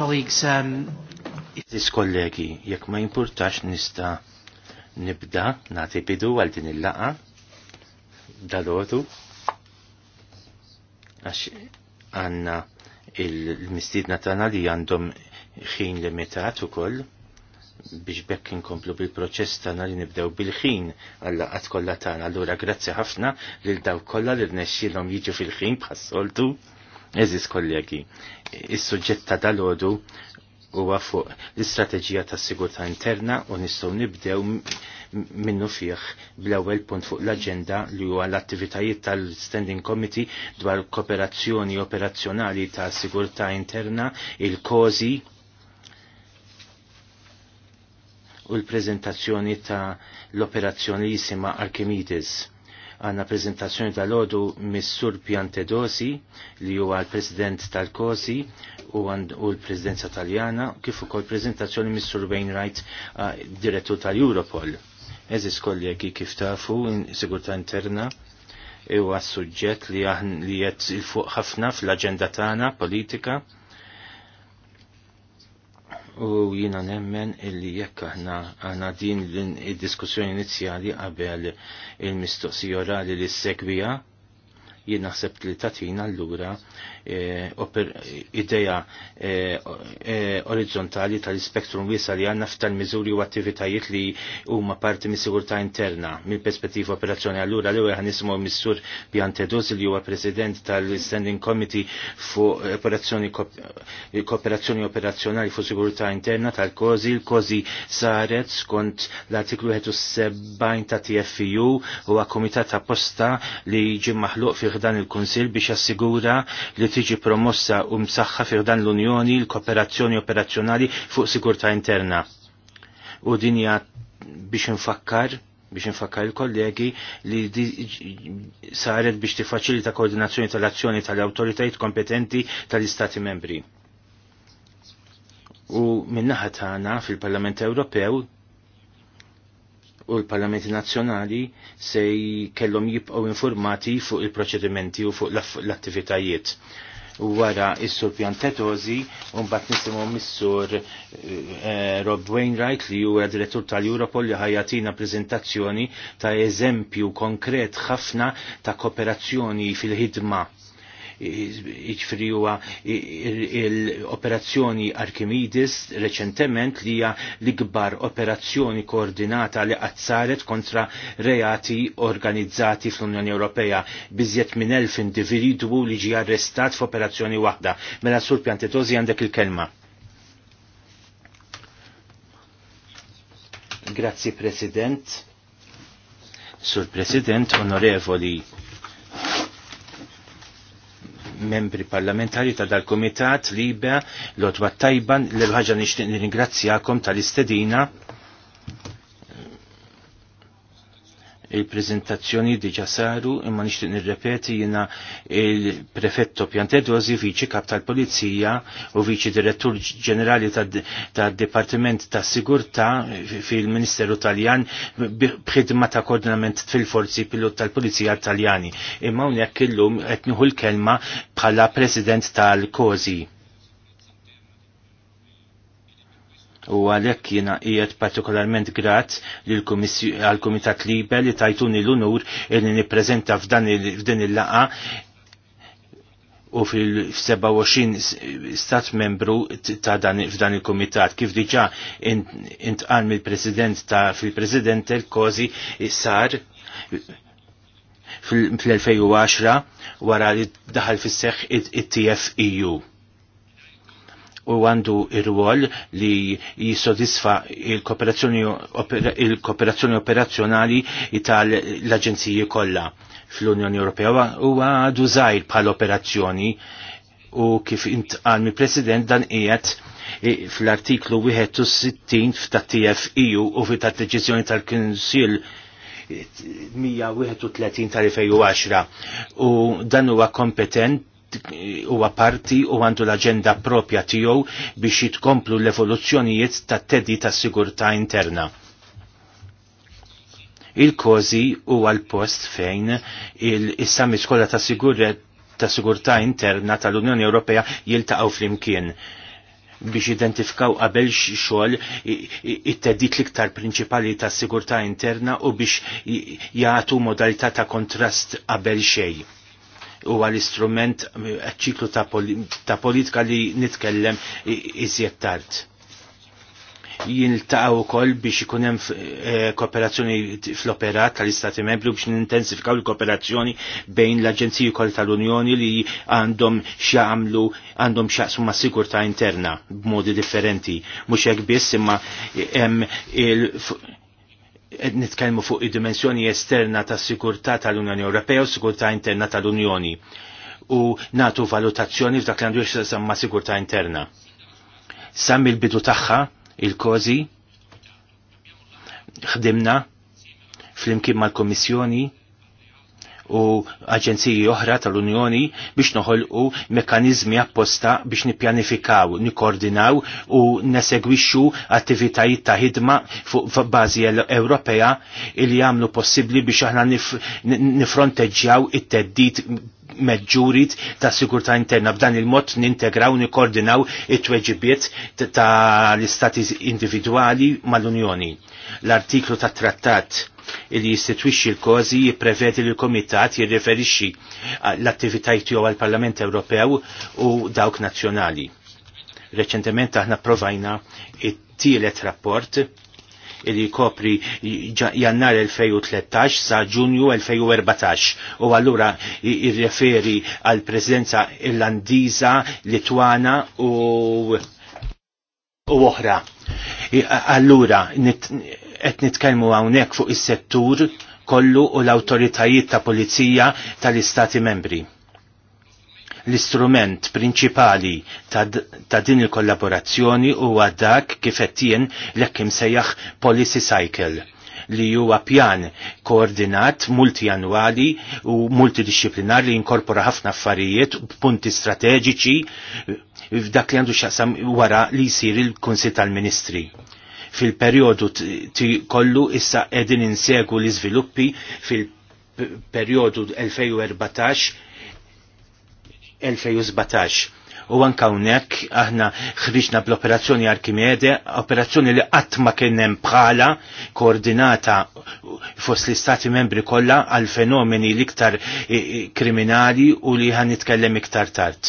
colleagues, um... this kollegi, jekk ma importax nista nibda nati bidu għal din il-laqa dal-għodu għax għanna il-mistidna tagħna li għandhom ħin limitat ukoll biex bekk inkomplu bil-proċess ta' li nibdew bil-ħin għalla qatt kollha tagħna. Allura grazzi ħafna lil daw kollha li rnexxilhom jiġu fil-ħin bħas-soltu Eżis kollegi, is-suġġett ta' dalodu huwa fuq l-istrateġija ta' sigurtà interna u nistgħu nibdew minnu fih bl-ewwel punt fuq l-aġenda li huwa l-attivitajiet tal-Standing Committee dwar kooperazzjoni operazzjonali ta' sigurtà interna, il-kozi u l-preżentazzjoni ta' l-operazzjoni jisima Archimedes Għanna prezentazzjoni tal-ħodu Missur Piantedosi li huwa l-President tal-Kosi u l-Presidenza Taljana kif ukoll prezentazzjoni Missur Wainwright direttur tal-Europol. Eżis kollegi kif tafu in sigurta interna huwa suġġett li jett il-fuq ħafna fl-aġenda tagħna politika u jina nemmen illi jekk aħna għana din l-diskussjoni inizjali qabel il-mistoqsija orali li s-segwija jien naħseb li tatina allura eh, ideja eh, eh, orizzontali tal-spektrum wiesa li għanna f'tal miżuri u attivitajiet li huma parti mis sigurtà interna mill perspettiva operazzjoni allura l-ewwel għan nismu Missur Piantedos li huwa President tal-Standing Committee fuq operazzjoni kooperazzjoni operazzjonali fuq sigurtà interna tal-Kozi, l-Kozi saret skont l-artiklu 71 ta' TFU huwa komitat apposta li ġimmaħluq maħluq fi dan il-Kunsil biex assigura li tiġi promossa u msaħħa dan l-Unjoni l-kooperazzjoni operazzjonali fuq sigurta interna. U dinja biex nfakkar biex nfakkar il-kollegi li di saret biex tifaċilita koordinazzjoni tal-azzjoni tal autoritajt kompetenti tal-Istati membri. U minnaħa tagħna fil-Parlament Ewropew u l-Parlamenti Nazzjonali se kellhom jibqgħu informati fuq il-proċedimenti u fuq l-attivitajiet. U wara is-sur Pjantetosi u mbagħad nisimgħu mis-sur eh, eh, Rob Wainwright li huwa direttur tal-Europol li ħajatina prezentazzjoni ta' eżempju konkret ħafna ta' kooperazzjoni fil-ħidma iġfri huwa l-operazzjoni Archimedes reċentement li hija l-ikbar operazzjoni koordinata li qatt kontra reati organizzati fl-Unjoni Ewropea biżjed minn elf individwu li ġie arrestat f'operazzjoni waħda. Mela sur Pjantetozi għandek il-kelma. Grazzi President. Sur President, onorevoli membri parlamentari ta' dal-Komitat Libe l-Otwa Tajban l-ħagġa nixtieq nirringrazzjakom tal-istedina il-prezentazzjoni diġa saru imma nixtieq nirrepeti jiena il-prefetto Piantedosi viċi kap tal-Polizija u viċi direttur ġenerali tad-Dipartiment ta' Sigurtà fil-Ministeru Taljan b'ħidma ta' koordinament fil-forzi pilot tal-Pulizija Taljani. Imma hawnhekk illum qed nieħu l-kelma bħala President tal-Kozi u għalhekk jiena qiegħed partikolarment grat għall-Kumitat Libe li tajtuni l-unur li nippreżenta f'din il-laqa u fil-27 stat membru ta' dan f'dan il-komitat. Kif diġa intqal mill-president ta' fil-president il-kozi sar fil-2010 wara li daħal fis it-TFEU. it-TFEU u għandu ir-rwol li jisodisfa il-kooperazzjoni operazzjonali tal-aġenziji kollha fl-Unjoni Ewropea u għadu żgħir bħal operazzjoni u kif intqal mill-President dan qiegħed fl-artiklu 61 f'tat TFEU u t e deċiżjoni tal-Kunsill 131 tal-2010 u dan huwa kompetent huwa parti u għandu l-aġenda propja tiegħu biex jitkomplu l-evoluzzjonijiet tat teddi tas-sigurtà interna. Il-kozi huwa l-post fejn il issam iskola ta' siguret ta' sigurtà interna tal-Unjoni Ewropea jiltaqgħu flimkien biex identifikaw qabel xogħol it-teddit l-iktar prinċipali ta' sigurtà interna u biex jagħtu modalità ta' kontrast qabel xejn huwa l-istrument ċiklu ta', poli, ta politika li nitkellem iżjed tard jiltaqaw wkoll biex ikun hemm eh, kooperazzjoni fl-operat tal-Istati Membri biex nintensifikaw il-kooperazzjoni bejn l-Aġenziji ukoll tal-Unjoni li għandhom x'jagħmlu għandhom x'jaqsmu ma' sigurtà interna b'modi differenti. Mhux hekk biss imma hemm nitkellmu fuq id-dimensjoni esterna tas sigurtà tal-Unjoni Ewropea u sigurtà interna tal-Unjoni u natu valutazzjoni f'dak li għandu jxsamma sigurtà interna. Sam il-bidu tagħha il-kozi ħdimna fl-imkien mal-Komissjoni u aġenziji oħra tal-Unjoni biex noħolqu mekanizmi apposta biex nippjanifikaw, nikkoordinaw u nesegwixxu attivitajiet ta' ħidma fuq bażi Ewropea li jagħmlu possibbli biex aħna nif, nifronteġġjaw it-teddid meġġurit ta' sigurta interna b'dan il-mod nintegraw nikkoordinaw it-tweġibiet ta' l-istati individuali mal-Unjoni. L-artiklu ta' trattat li jistitwixxi l-kozi jipprevedi li l-Komitat jirriferixxi l-attivitajt jew għall-Parlament Ewropew u dawk nazzjonali. Reċentement aħna provajna it-tielet rapport li jkopri jannar 2013 sa ġunju 2014 u allura jirreferi għal prezidenza irlandiża, Litwana u u oħra. Allura, qed nitkellmu hawnhekk fuq is-settur kollu u l-awtoritajiet ta' pulizija tal-istati membri. L-istrument prinċipali ta', ta din il-kollaborazzjoni huwa dak kif qed l-hekk imsejjaħ policy cycle li huwa pjan koordinat multianwali u multidisciplinar li inkorpora ħafna affarijiet punti strateġiċi f'dak li għandu xaqsam wara li jsir il-Kunsil tal-Ministri fil-periodu kollu issa edin insegu l iżviluppi fil-periodu 2014-2017. U anka unek, aħna ħriġna bl-operazzjoni Arkimede, operazzjoni li għatma kienem bħala koordinata fost l-istati membri kollha għal fenomeni liktar eh, eh, kriminali u li għan nitkellem iktar tard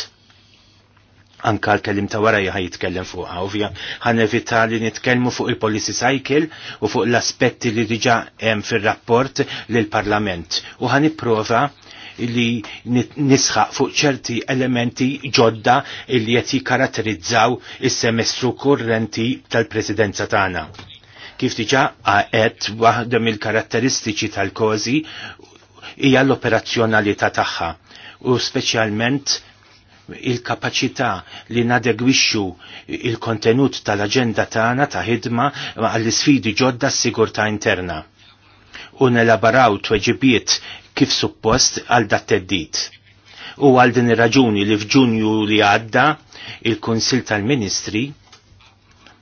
anka l-kellim ta' wara jħaj jitkellem fuqha, ovvja, ħan evita li nitkellmu fuq il-policy cycle u fuq l-aspetti li diġa hemm fir-rapport l parlament u għan iprofa li nisħaq fuq ċerti elementi ġodda li qed karatterizzaw is-semestru kurrenti tal-presidenza tagħna. Kif diġa qed waħdem il karatteristiċi tal-kozi hija l-operazzjonalità tagħha u speċjalment il-kapacità li nadegwixxu il-kontenut tal-aġenda tagħna ta' ħidma għall-isfidi ġodda s-sigurtà interna u nelabaraw tweġibiet kif suppost għal dat teddit. U għal din ir-raġuni li f'Ġunju li għadda il-Kunsil tal-Ministri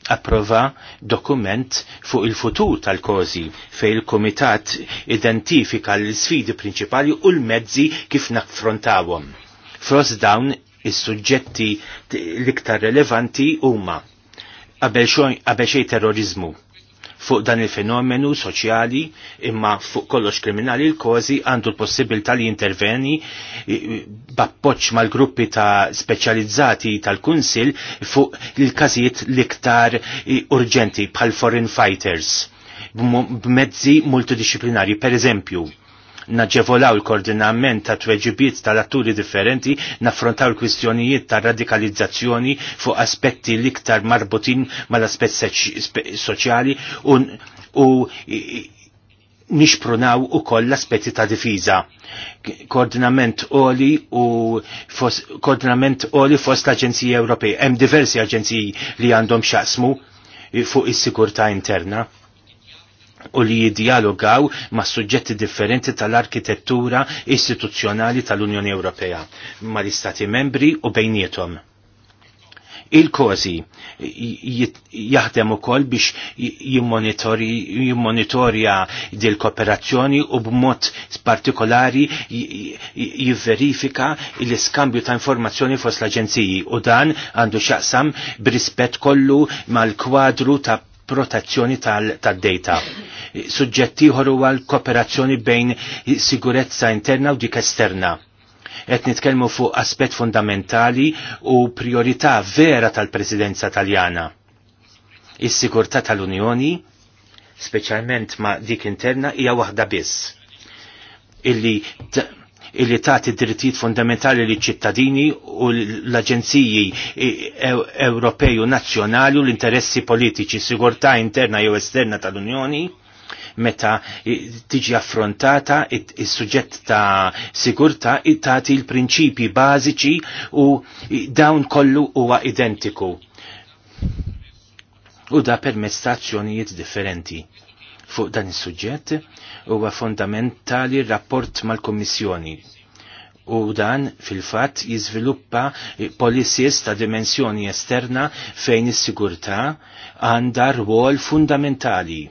approva dokument fuq il-futur tal-kozi fej il-Komitat identifika l-sfidi prinċipali u l-mezzi kif naffrontawhom. Frost dawn Is-suġġetti l-iktar relevanti huma qabel xejn terrorizmu fuq dan il-fenomenu soċjali imma fuq kollox kriminali l-kozi għandu l-possibilità li interveni b'appoġġ mal-gruppi ta' speċjalizzati tal-Kunsil fuq il-każijiet l-iktar urġenti bħal foreign fighters b'mezzi multidisciplinari. Per eżempju, naġevolaw il-koordinament ta' tweġibiet tal-atturi differenti, naffrontaw il-kwistjonijiet ta' radikalizzazzjoni fuq aspetti liktar marbutin mal-aspett soċjali u nixprunaw u koll l-aspetti ta' difiża. Koordinament oli u fos, koordinament oli fost l aġenzija Ewropej. Hemm diversi aġenziji li għandhom xaqsmu fuq is-sigurtà interna u li jiddialogaw ma' suġġetti differenti tal-arkitettura istituzzjonali tal-Unjoni Ewropea, ma' l-Istati membri u bejnietom. Il-kozi jaħdem ukoll biex jimmonitorja dil kooperazzjoni u b'mod partikolari jivverifika l-iskambju ta' informazzjoni fost l-aġenziji u dan għandu xaqsam b'rispett kollu mal-kwadru ta' protezzjoni tal-data. Suġġetti ħoru huwa l-kooperazzjoni bejn sigurezza interna u dik esterna. Qed nitkellmu fuq aspett fundamentali u priorità vera tal-Presidenza Taljana. Is-sigurtà tal-Unjoni, speċjalment ma' dik interna, hija waħda biss illi illi tagħti drittijiet fundamentali li ċittadini u l-aġenziji e, e, Ewropej u nazzjonali u l-interessi politiċi, sigurtà interna jew esterna tal-Unjoni meta tiġi affrontata il-suġġett ta' sigurta tagħti l-prinċipi bażiċi u dawn kollu huwa identiku. U da permess ta' azzjonijiet differenti fuq dan is-suġġett huwa fondamentali r-rapport mal-Kommissjoni u dan fil-fatt jiżviluppa policies ta' dimensjoni esterna fejn is-sigurtà għandha rwol fundamentali.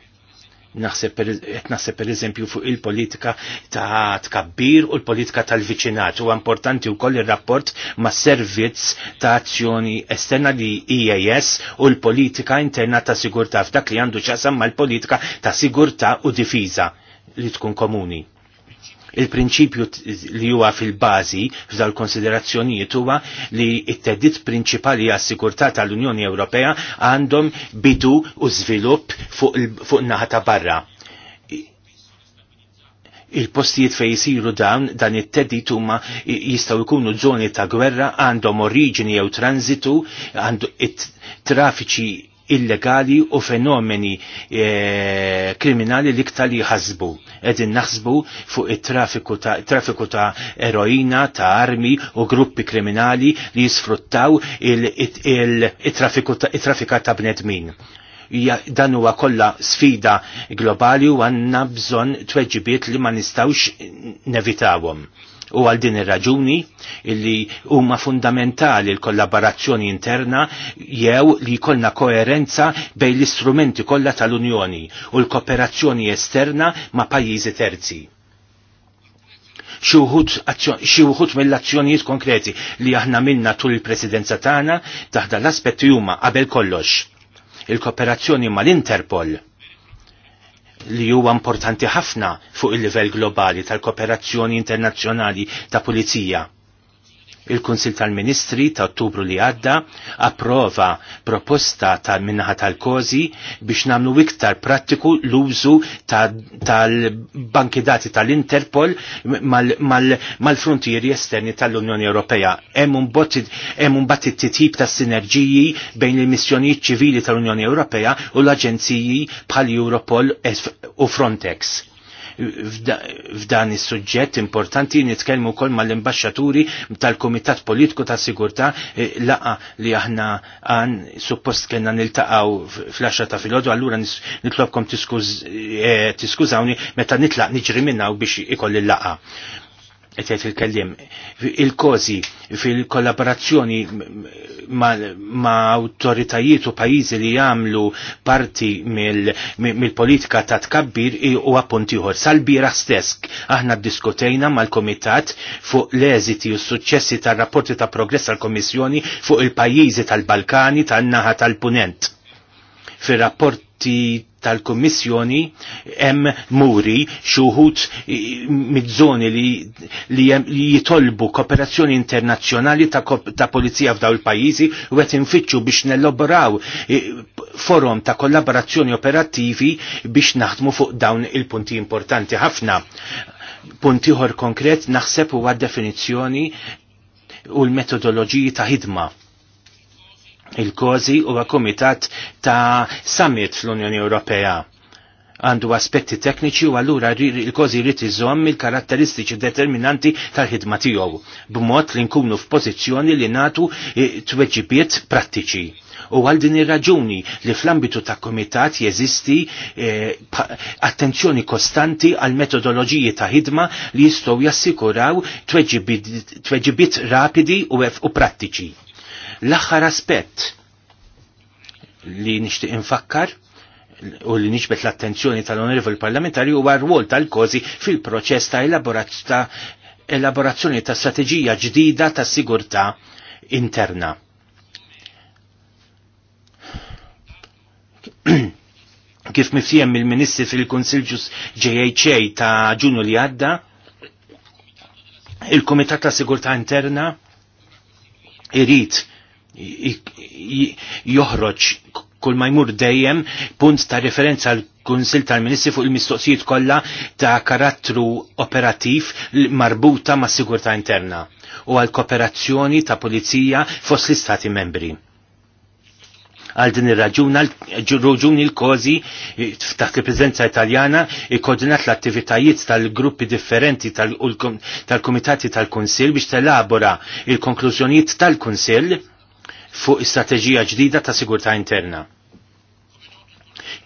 Naħseb per eżempju fuq il-politika ta' tkabbir u l-politika tal-viċinat. U importanti wkoll ir-rapport ma' servizz ta' azzjoni esterna li IAS e u l-politika interna ta' sigurtà f'dak li għandu ċasam mal-politika ta' sigurtà u difiża li tkun komuni. Il-prinċipju li huwa fil-bażi f'dal konsiderazzjonijiet huwa li t-teddit prinċipali għas sikurtà tal-Unjoni Ewropea għandhom bidu u żvilupp fuq naħa ta' barra. Il-postijiet fej jisiru dawn dan it-teddit huma jistgħu jkunu żoni ta' gwerra għandhom oriġini jew transitu għandu it-trafiċi illegali u fenomeni e, kriminali li ktali jħazbu. jħasbu. Edin naħsbu fuq il-traffiku ta', ta eroina, ta' armi u gruppi kriminali li jisfruttaw il trafika ta', bnedmin. bnedmin dan huwa kollha sfida globali u għandna bżonn tweġibiet li ma nistgħux nevitawhom. U għal din ir-raġuni illi huma fundamentali l-kollaborazzjoni interna jew li jkollna koerenza bejn l-istrumenti kollha tal-Unjoni u l-kooperazzjoni esterna ma' pajjiżi terzi. Xi wħud mill-azzjonijiet konkreti li aħna minna tul il-presidenza tagħna taħda l-aspetti huma qabel kollox il-kooperazzjoni mal-Interpol li huwa importanti ħafna fuq il-livell globali tal-kooperazzjoni internazzjonali ta' pulizija il-Kunsil tal-Ministri ta' Ottubru li għadda approva proposta ta' minnaħa tal-kozi biex namlu iktar prattiku l-użu tal-banki dati tal-Interpol mal-frontieri esterni tal-Unjoni Ewropea. Hemm bat it-titjib ta' sinerġiji bejn il-missjonijiet ċivili tal-Unjoni Ewropea u l-aġenziji bħal Europol e u Frontex f'dan is-suġġett importanti nitkellmu wkoll mal-imbaxxaturi tal-Kumitat Politiku ta' Sigurtà e, laqa li aħna għan suppost kellna niltaqgħu fl ta' filgħodu allura nitlobkom e, tiskużawni meta nitlaq niġri minnaw biex il laqa qed il-kellim il-kozi fil-kollaborazzjoni ma' awtoritajiet u pajjiżi li jagħmlu parti mill-politika ta' tkabbir u appunti ieħor. Sal-bira stess aħna ddiskutejna mal-Komitat fuq l-eżiti u s-suċċessi tar-rapporti ta' progress tal-Komissjoni fuq il-pajjiżi tal-Balkani tan-naħa tal-Punent fil-rapport fil-parti tal-Kommissjoni hemm muri xuħut mid-żoni li, li, jitolbu kooperazzjoni internazzjonali ta', ta polizija f'daw il-pajjiżi u qed infittxu biex nellobraw forum ta' kollaborazzjoni operattivi biex naħdmu fuq dawn il-punti importanti ħafna. Punti ħor konkret naħseb huwa definizzjoni u l-metodoloġiji ta' ħidma Il-kozi huwa għakomitat ta' summit fl-Unjoni Ewropea għandu aspetti tekniċi u allura il-kozi rrit iżomm il-karatteristiċi determinanti tal-ħidma tiegħu b'mod li nkunu f'pożizzjoni li natu eh, tweġibiet prattiċi. U għal din ir-raġuni li fl-ambitu ta' komitat jeżisti eh, attenzjoni kostanti għal metodoloġiji ta' ħidma li jistgħu jassikuraw tweġibiet rapidi u, u prattiċi L-aħħar aspett li nixtieq infakkar u li nixbet l-attenzjoni tal onorevol parlamentari huwa rwol tal-kozi fil-proċess ta' elaborazzjoni ta' strateġija ġdida ta' sigurtà interna. Kif miftijem il-Ministri fil-Konsil JHA ta' ġunju li għadda, il-Komitat ta' Sigurtà Interna irrit joħroġ kull ma jmur dejjem punt ta' referenza għal kunsil tal-Ministri fuq il-mistoqsijiet kollha ta' karattru operattiv marbuta ma' sigurtà interna u għal kooperazzjoni ta' pulizija fost l-Istati membri. Għal din ir-raġuni l-kozi taħt il prezenza italjana ikkoordinat l-attivitajiet tal-gruppi differenti tal-kumitati tal-Kunsil biex telabora il-konklużjonijiet tal-Kunsil tal kunsil biex telabora il konklużjonijiet tal tal kunsil fuq istrateġija ġdida ta' sigurtà interna.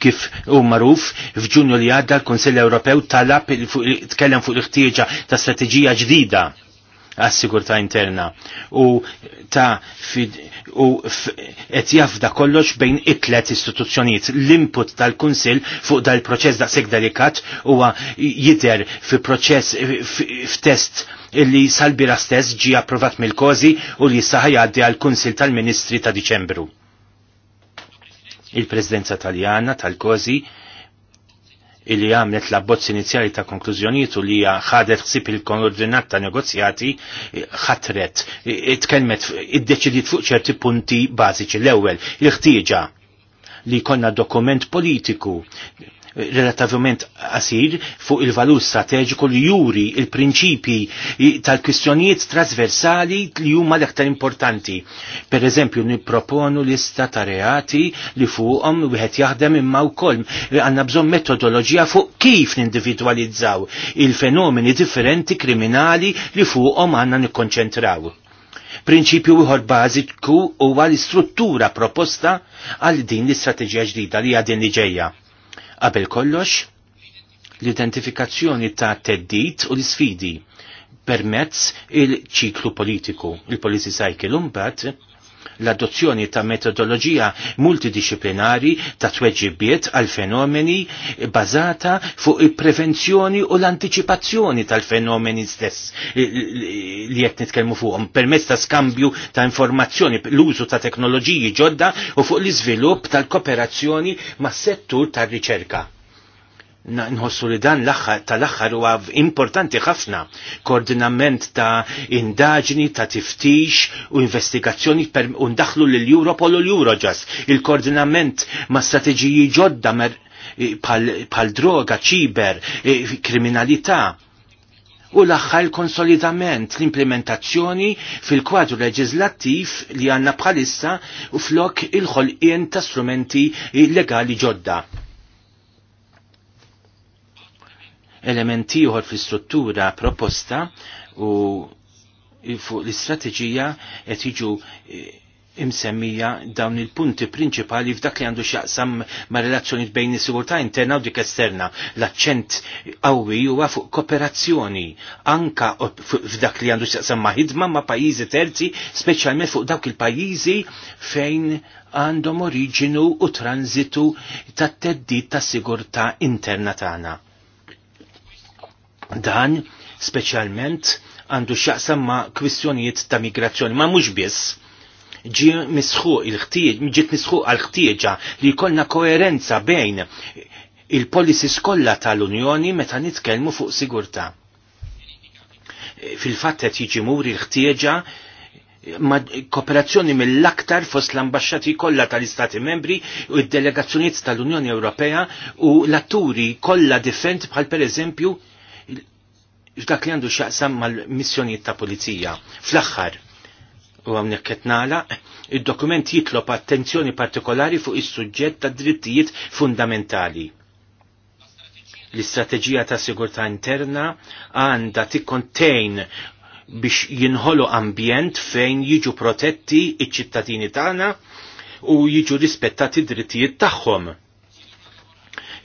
Kif u maruf, f'Ġunju li għadda l-Konsell Ewropew talab tkellem fuq il-ħtieġa ta' strateġija ġdida għas-sigurtà interna u ta' fid, u qed jafda kollox bejn it-tlet istituzzjonijiet. L-input tal-Kunsill fuq dal-proċess daqshekk delikat huwa jidher fi proċess f'test illi salbira stess ġi approvat mill-kozi u li saħ jgħaddi għall-Kunsill tal-Ministri ta' Diċembru. Il-Presidenza Taljana tal-Kozi illi għamlet la bozz inizjali ta' konklużjonijiet u li ħadet ħsib il-koordinat ta' negozjati eh, ħatret, eh, itkelmet, id-deċidiet fuq ċerti punti bażiċi l-ewwel, il-ħtieġa li konna dokument politiku relattivament qasir fuq il-valur strateġiku li juri il-prinċipi tal-kwistjonijiet trasversali li huma l-aktar importanti. Per eżempju, nipproponu lista ta' reati li fuqhom wieħed jaħdem imma wkoll għandna bżonn metodoloġija fuq kif nindividwalizzaw il-fenomeni differenti kriminali li fuqhom għandna nikkonċentraw prinċipju ieħor bażiku huwa l-istruttura proposta għal din l-istrateġija ġdida li għadin li ġejja. Qabel kollox, l-identifikazzjoni ta' teddit u l-sfidi permezz il-ċiklu politiku, il-policy cycle, umbat, l-adozzjoni ta' metodoloġija multidisciplinari ta' tweġibiet għal fenomeni bazata fuq il-prevenzjoni u l-anticipazzjoni tal-fenomeni stess li jek nitkelmu fuqhom permezz ta' skambju ta' informazzjoni l-użu ta' teknoloġiji ġodda u fuq l-iżvilupp tal-kooperazzjoni ma' settur tar-riċerka nħossu li dan l-axħar tal-axħar huwa importanti ħafna koordinament ta' indaġni, ta' tiftix u investigazzjoni per undaħlu l europol u l-Eurojust. Il-koordinament ma' strateġiji ġodda pal droga ċiber, kriminalità u l-axħar konsolidament l-implementazzjoni fil-kwadru leġislattiv li għanna bħalissa u flok il-ħolqien ta' strumenti legali ġodda. elementi uħor fl struttura proposta u fuq l-istrateġija qed jiġu eh, imsemmija dawn il-punti prinċipali f'dak li għandu xaqsam ma' relazzjoni bejn is-sigurtà interna u dik esterna. L-aċċent qawwi huwa fuq kooperazzjoni anka f'dak li għandu xaqsam ma' ħidma ma' pajjiżi terzi, speċjalment fuq dawk il-pajjiżi fejn għandhom oriġinu u tranzitu tat-teddid tas-sigurtà interna tagħna. Dan speċjalment għandu x'jaqsam ma' kwistjonijiet ta' migrazzjoni, ma' mhux biss ġi misħu il-ħtieġ, ġiet misħu għal-ħtieġa li jkollna koerenza bejn il-policies kollha tal-Unjoni meta nitkellmu fuq sigurtà. Fil-fatt qed jiġi muri l-ħtieġa ma kooperazzjoni mill-aktar fost l-ambasċati kollha tal-Istati membri u d-delegazzjonijiet tal-Unjoni Ewropea u l-atturi kollha different bħal pereżempju x'dak li għandu x'jaqsam mal-missjonijiet ta' pulizija. Fl-aħħar, u għamnek ketnala, il-dokument jitlob attenzjoni partikolari fuq is-suġġett ta' drittijiet fundamentali. L-istrateġija ta' sigurtà interna għandha tikkontejn biex jinħolu ambjent fejn jiġu protetti iċ-ċittadini tagħna u jiġu rispettati drittijiet tagħhom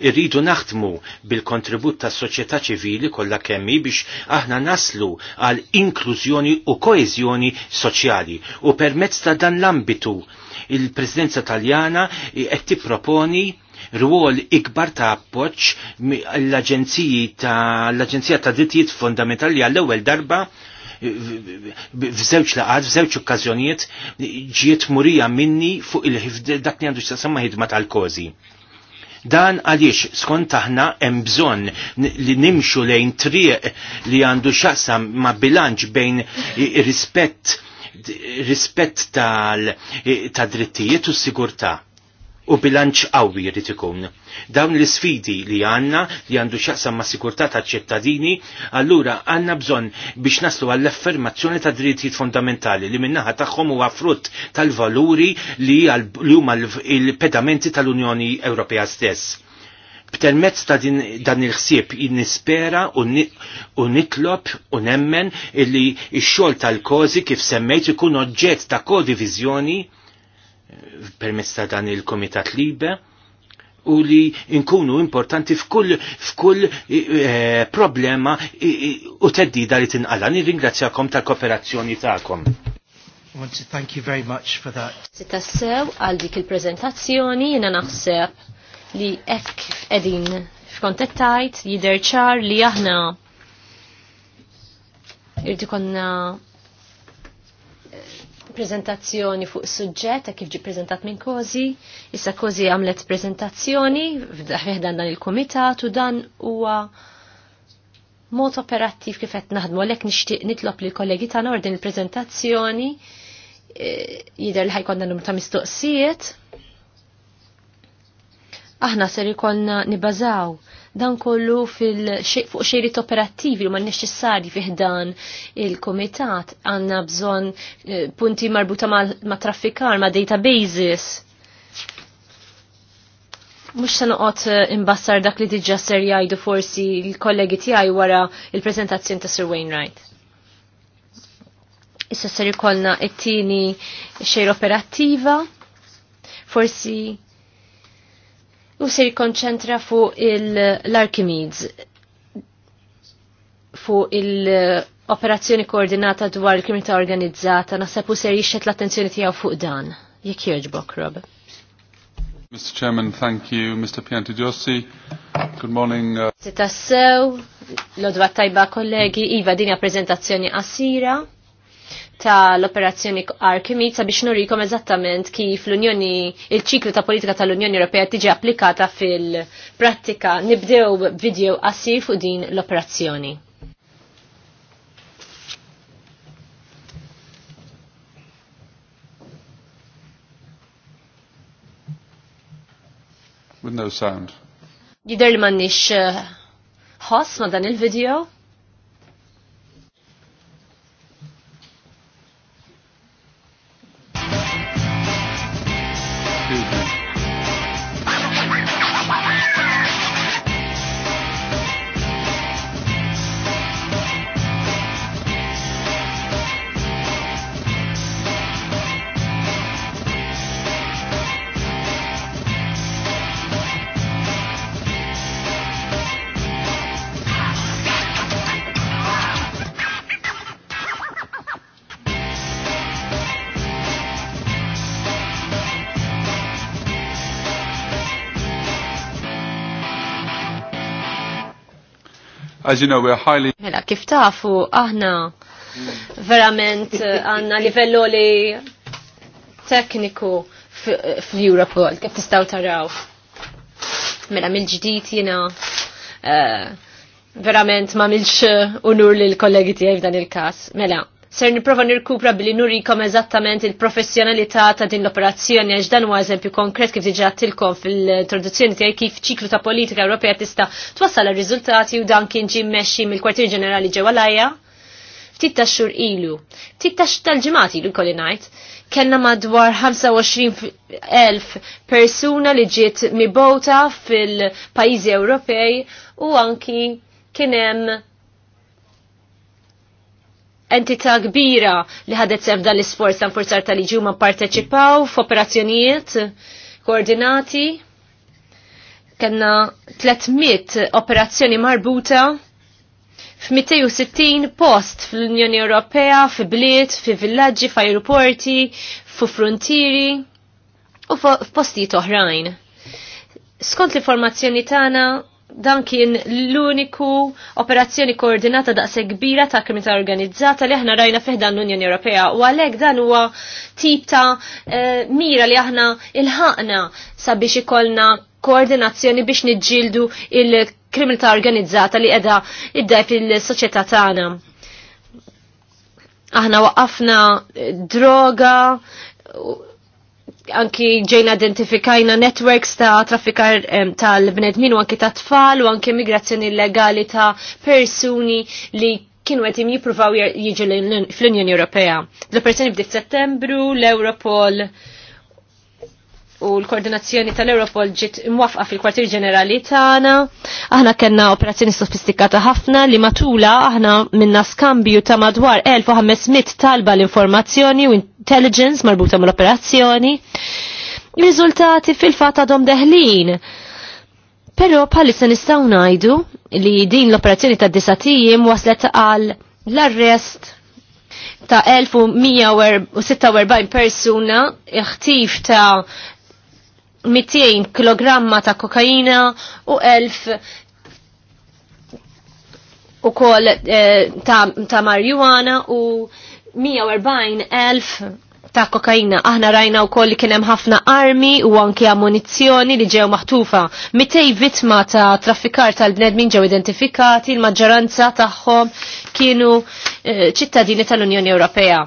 irridu naħdmu bil-kontribut tas soċjetà ċivili kollha kemmi biex aħna naslu għal inklużjoni u koeżjoni soċjali u permezz ta' dan l-ambitu il-Presidenza Taljana qed tipproponi rwol ikbar ta' appoġġ l-Aġenzija ta' l-Aġenzija ta' Drittijiet Fundamentali għall-ewwel darba f'żewġ laqat, f'żewġ okkażjonijiet ġiet murija minni fuq il-ħifd dak li għandu x'tasemma ħidma tal-kozi. Dan għaliex skont aħna hemm bżonn li nimxu lejn triq li għandu xaqsam ma' bilanċ bejn rispett rispett tal drittijiet u s sigurtà u bilanċ qawwi jrid ikun. Dawn l-isfidi li għandna li għandu x'jaqsam ma' sikurtà taċ-ċittadini, allura għandna bżonn biex naslu għall-affermazzjoni ta' drittijiet fondamentali li minnaħa tagħhom huwa frutt tal-valuri li huma l pedamenti tal-Unjoni Ewropea stess b'termezz ta' din, dan il-ħsieb nispera u nitlob u nemmen illi x-xogħol tal-kozi kif semmejt ikun oġġett ta' kodivizjoni permezz ta' dan il-Komitat Libe u li nkunu importanti f'kull f'kull eh, problema u teddida li tinqala. Nirringrazzjakom tal-kooperazzjoni tagħkom. I want to thank you very much for that. Sitassew għal dik il-prezentazzjoni jiena naħseb li hekk qegħdin f'kontettajt jidher ċar li aħna irdi konna prezentazzjoni fuq suġġett ta' kif ġi prezentat minn kozi, issa kozi għamlet prezentazzjoni f'dan dan il-komitat u dan huwa mod operattiv kif qed naħdmu għalhekk nixtieq nitlob li kollegi tagħna ordin il-preżentazzjoni eh, jidher li ħajkonna numru ta' mistoqsijiet. Aħna ser ikollna nibbażaw dan kollu fuq xejrit operattivi u ma neċessarji fiħdan il-komitat għanna bżon eh, punti marbuta ma, traffikar, ma databases. Mux sa noqot eh, imbassar dak li diġa ser jajdu forsi il-kollegi tijaj wara il prezentazzjon ta' Sir Wainwright. Issa ser ikolna it-tini xejr operattiva, forsi u se jikkonċentra fuq l-Archimedes fuq il-operazzjoni koordinata dwar il-kriminalità organizzata nasabu se jixet l-attenzjoni tiegħu fuq dan. Jekk jogħġbok, Rob. Mr. Chairman, thank you. Mr. Pianti Giossi, good morning. Sitassew, uh, l-odwa tajba kollegi, Iva dinja prezentazzjoni qasira l operazzjoni Archimedes sabiex nurikom eżattament kif l-Unjoni, il-ċiklu ta' politika tal-Unjoni Ewropea tiġi applikata fil-prattika. Nibdew video qasir fuq din l-operazzjoni. With no sound. Jider li mannix eh, ħoss ma dan il-video. As you know, we're highly... Mela, kif tafu, aħna verament eh, għanna livello li tekniku fl-Europol, kif tistaw taraw. Mela, mill-ġdijt jina eh, verament ma milx unur li l-kollegi tijaj f'dan il-kas. Mela, ser niprofa nirkupra billi nurikom eżattament il-professjonalità ta' din l-operazzjoni għax dan huwa eżempju konkret kif diġà tilkom fil traduzzjoni tiegħi kif ċiklu ta' politika Ewropea tista' twassal ir-riżultati u dan kien ġie mmexxi mill-Kwartier Ġenerali ġewwa Lajja. Ftit ta' xhur ilu, ftit ta' tal-ġimgħat ilu kolli ngħid, kellna madwar 25,000 persuna li ġiet mibota fil-pajjiżi Ewropej u anki kien hemm entità kbira li ħadet sef dan l-isforz tan forzar tal-liġi parteċipaw f'operazzjonijiet koordinati. Kenna 300 operazzjoni marbuta f-260 post fl-Unjoni Ewropea, fi bliet, fi villaġġi, f'ajruporti, fu frontieri u f'postijiet oħrajn. Skont l-informazzjoni tagħna dan kien l-uniku operazzjoni koordinata da' kbira ta' kriminalità organizzata li aħna rajna fiħdan l-Unjoni Ewropea u għalhekk dan huwa tip ta' uh, mira li aħna ilħaqna sabiex ikollna koordinazzjoni biex niġġieldu il-kriminalità organizzata li qiegħda iddej fil-soċjetà tagħna. Aħna waqafna droga, anki ġejna identifikajna networks ta' traffikar tal-bnedmin u anki ta' tfal u anki migrazzjoni illegali ta' persuni li kienu għetim jipruvaw jiġu fl-Unjoni Ewropea. L-operazzjoni bdiet settembru, l-Europol u l-koordinazzjoni tal-Europol ġiet imwafqa fil-kwartier ġenerali tagħna. Aħna kellna operazzjoni sofistikata ħafna li matula aħna minna skambju ta' madwar 1500 talba l-informazzjoni u intelligence marbuta mal-operazzjoni. Riżultati fil fat għadhom deħlin. Però bħalissa nistgħu ngħidu li din l-operazzjoni ta' disatijiem waslet għal l-arrest ta' 1146 persuna iħtif ta' 200 kg ta' kokaina u 1000 u kol eh, ta', ta marijuana u 140.000 ta' kokaina. Aħna rajna u koll kienem ħafna armi u anki ammunizzjoni li ġew maħtufa. Mitej vitma ta' traffikar tal-bnedmin ġew identifikati, il-maġġoranza tagħhom kienu eh, ċittadini tal-Unjoni Ewropea.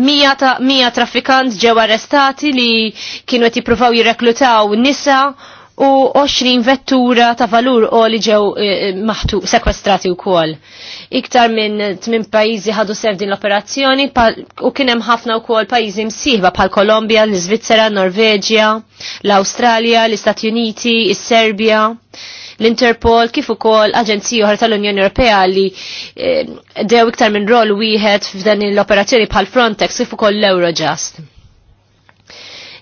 Mija, ta, mija traffikant ġew arrestati li kienu qed jippruvaw jirreklutaw nisa u 20 vettura ta' valur u li ġew eh, eh, maħtu sekwestrati u kol. Iktar minn tmin pajizi ħadu sef din l-operazzjoni u kienem ħafna u kol pajizi msiħba pal Kolombia, l-Svizzera, Norveġja, l-Australia, l-Istati Uniti, l serbja l-Interpol kif ukoll aġenziji oħra tal-Unjoni Ewropea li eh, dew iktar minn rol wieħed f'dan l-operazzjoni bħal Frontex kif ukoll l-Eurojust.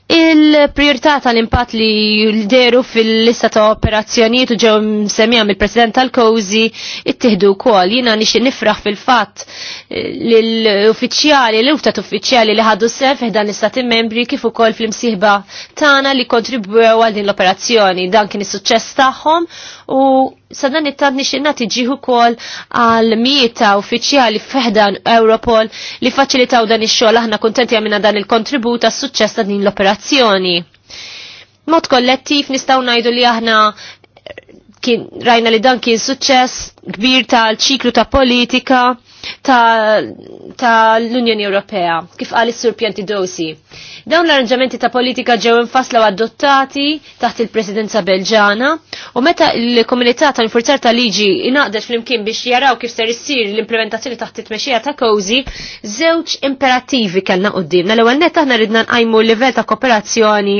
Il-priorità tal-impatt li deru fil-lista ta' operazzjonijiet u ġew semija mill-President tal-Kozi ittieħdu wkoll. Jiena nixi nifraħ fil-fatt eh, l-uffiċjali, l-uftat uffiċjali li ħadu sef dan l-istati membri kif ukoll fl-imsieħba tagħna li kontribwew għal din l-operazzjoni. Dan kien is-suċċess tagħhom u sadan it-tad nixinna tiġiħu kol għal mieta uffiċjali fħedan Europol li faċilitaw dan ix-xogħol aħna kuntenti għamilna dan il-kontribut għas suċċess ta' din l-operazzjoni. Mod kollettiv nistgħu ngħidu li aħna kien rajna li dan kien suċċess kbir tal-ċiklu ta' politika tal-Unjoni ta Ewropea, kif għal is-Sur Dosi. Dawn l-arranġamenti ta' politika ġew infasla u adottati taħt il-Presidenza Belġana u meta l-Komunità tal infurzar tal-Liġi inaqdet flimkien biex jaraw kif ser issir l-implementazzjoni taħt it-tmexxija ta' Kozi, żewġ imperattivi kellna qudiemna. L-ewwel nett aħna ridna nqajmu l-livell ta' kooperazzjoni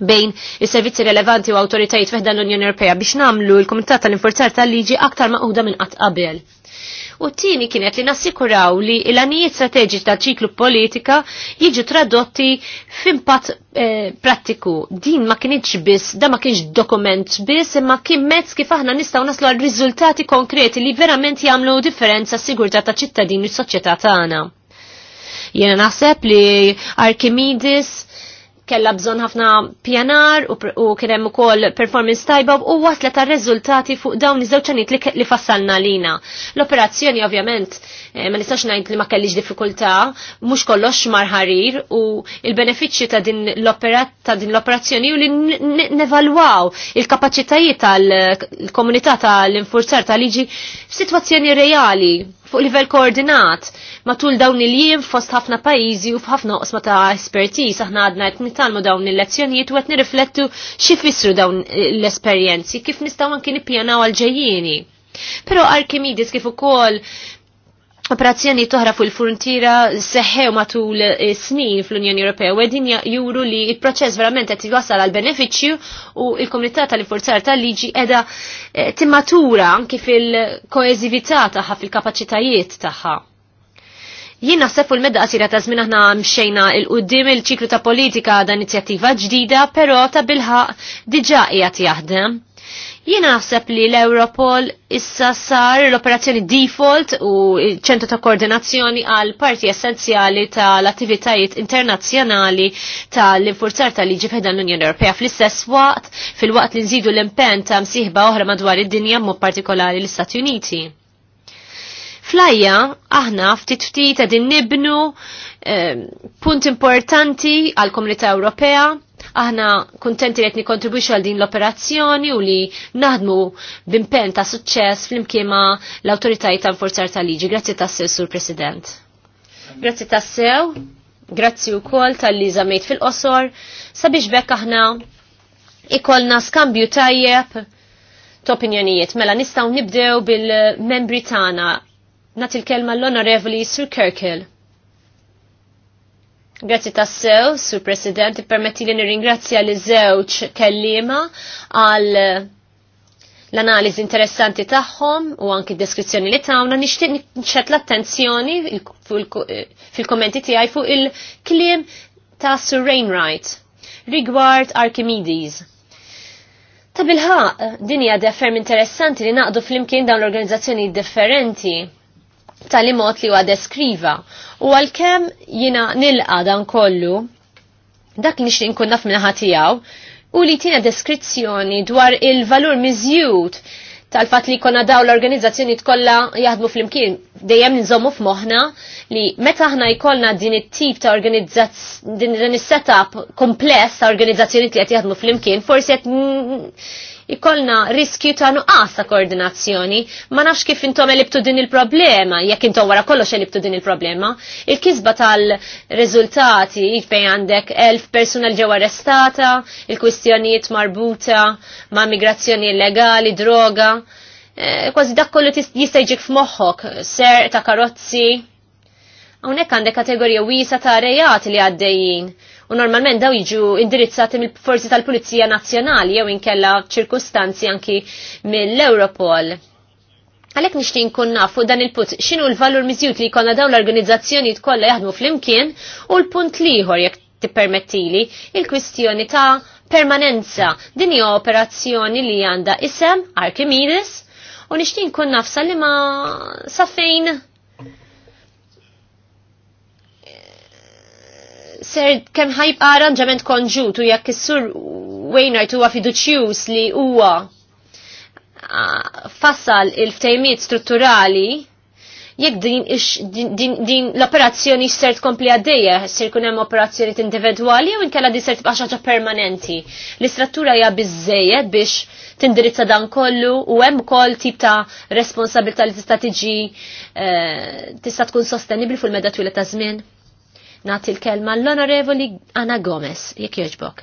bejn is-servizzi relevanti u awtoritajiet feħda l-Unjoni Ewropea biex namlu l kumitat tal-Inforzar tal-Liġi aktar maqhuda minn qatt qabel. U t-tieni kienet li nassikuraw li l-anijiet strateġiċi tal ċiklu politika jiġu tradotti f'impatt eh, prattiku. Din ma kienx biss, da ma kienx dokument biss, imma kien mezz kif aħna nistgħu naslu għal riżultati konkreti li verament jagħmlu differenza s-sigurtà ta' ċittadini u s-soċjetà tagħna. Jiena naħseb li Archimedes kella bżon ħafna pjanar u kienem u kol performance tajba u wasla ta' rezultati fuq dawn iż-żewċaniet li, li fassalna lina. L-operazzjoni ovvjament eh, ma nistax ngħid li ma kellix diffikultà, mhux kollox marħarir u il-benefiċċju ta' din l-operazzjoni u li nevalwaw il-kapaċitajiet tal-komunità tal-infurzar tal-liġi f'sitwazzjoni reali fuq livell koordinat matul dawn il-jiem fost ħafna pajizi u f'ħafna qosma ta' espertiż aħna għadna qed nitalmu dawn il-lezzjonijiet u qed nirriflettu x'ifissru fissru dawn l-esperjenzi kif nistgħu anke nippjanaw għal ġejjieni. Però Archimedes kif ukoll operazzjoni toħra fuq il-frontiera seħħew matul snin fl-Unjoni Ewropea u għedin juru li il-proċess verament qed jwassal għal benefiċċju u il-komunità tal-forzar tal-liġi qiegħda eh, timmatura anki fil-koeżività tagħha fil-kapaċitajiet tagħha. Jien naħseb fuq il-medda qasira ta' żmien aħna mxejna il qudiem il-ċiklu ta' politika għadha inizjattiva ġdida, però ta' bilħaq diġà qiegħed jaħdem. Jien naħseb li l-Europol issa sar l-operazzjoni default u ċentru ta' koordinazzjoni għal parti essenzjali tal-attivitajiet internazzjonali tal-infurzar tal-liġi f'ħedan l-Unjoni Ewropea fl-istess waqt fil-waqt li nżidu l-impenn ta' msieħba oħra madwar id-dinja mu partikolari l-Istati Uniti. Flajja, aħna ftit ftit għedin nibnu eh, punt importanti għal komunità Ewropea Aħna kuntenti li qed għal din l-operazzjoni u li naħdmu b'impenn ta' suċċess flimkien ma' l-awtoritajiet ta' forzar ta' liġi. Grazzi tassew, Sur President. Grazzi tassew. Grazzi wkoll tal-li zamejt fil-qosor sabiex bekk aħna ikolna skambju tajjeb opinjonijiet, Mela nistgħu nibdew bil-membri tagħna. Nagħti l-kelma l-Onorevoli Sir Kirkill. Grazzi tassew, Sur President, permetti li nirringrazzja li żewġ kellima għal l-analiż interessanti tagħhom u anki deskrizzjoni li tawna nixtieq nċet l-attenzjoni eh, fil-kommenti tiegħi fuq il-kliem ta' Sir Rainwright rigward Archimedes. Ta' bilħaq, din hija ferm interessanti li naqdu flimkien dawn l-organizzazzjoni differenti tal mod li huwa deskriva. U għalkemm jina nilqa dan kollu, dak li nixtieq kunnaf naf tiegħu, u li tina deskrizzjoni dwar il-valur miżjud tal-fat li konna daw l-organizzazzjoni tkolla jaħdmu fl-imkien dejjem nżommu f'moħna li meta ħna jkollna din it-tip ta' organizzazzjoni din is-setup kompless ta' organizzazzjoni li jahdmu jaħdmu fl-imkien forsi qed ikolna riskju ta' nuqqas ta' koordinazzjoni, ma nafx kif intom elibtu din il-problema, jekk intom wara kollox elibtu din il-problema. Il-kisba tal-rezultati fejn għandek elf persuna l ġew arrestata, il-kwistjonijiet marbuta ma' migrazzjoni illegali, droga, eh, kważi dak kollu jista' f'moħħok, ser ta' karozzi. Hawnhekk għandek kategorija wiesa ta' rejat li għaddejjin U normalment daw jiġu indirizzati mill-forzi tal-Pulizija Nazzjonali jew inkella ċirkustanzi anki mill-Europol. Għalek nishtin kun nafu dan il-punt xinu l-valur mizjut li konna dawn l-organizzazzjoni tkolla jaħdmu fl-imkien u l-punt liħor jek tippermettili il-kwistjoni ta' permanenza. Din hija operazzjoni li għandha isem Archimedes u nishtin kun nafsa li ma safejn. ser kem ħajb arranġament konġut u jekk is-sur Wainwright huwa fiduċjus li huwa fassal il-ftejmiet strutturali jekk din, din, din l-operazzjoni ser tkompli għaddejja, ser kun hemm operazzjonijiet individwali jew inkella din ser tibqa' ħaġa permanenti. L-istruttura hija bizzeje biex tindirizza dan kollu u hemm ukoll tip ta' responsabilità li tista' tiġi eh, tista' tkun sostenibli fil-meda twila ta' żmien. Nati l-kelma l-onorevoli Anna Gomez, jek joġbok.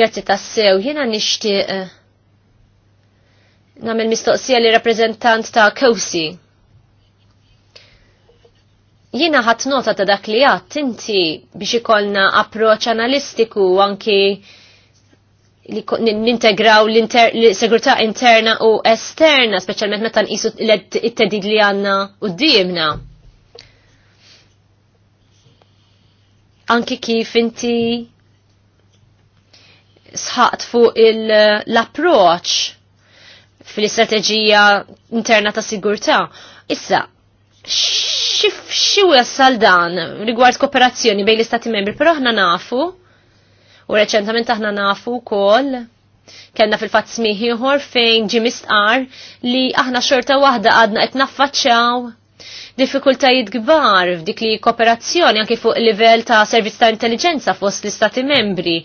Grazzi tassew, jena nishti uh, eh, namel mistoqsija li rappresentant ta' Kowsi. Jena ħat nota ta' dak li għat, inti biex ikolna approċ analistiku anki li nintegraw l-segurtà interna u esterna, specialment meta nqisu l-tedid li għanna u d-diemna. anki kif inti sħaqt fuq l approach fil-istrateġija interna ta' sigurtà. Issa, xi wassal dan rigward kooperazzjoni bejn l-istati membri, però aħna nafu u reċentament aħna nafu wkoll kellna fil-fatt smieħ ieħor fejn ġimistqar li aħna xorta waħda għadna qed naffaċċjaw diffikultajiet kbar f'dik li kooperazzjoni anki fuq il livell ta' servizz ta' intelligenza fost l-istati membri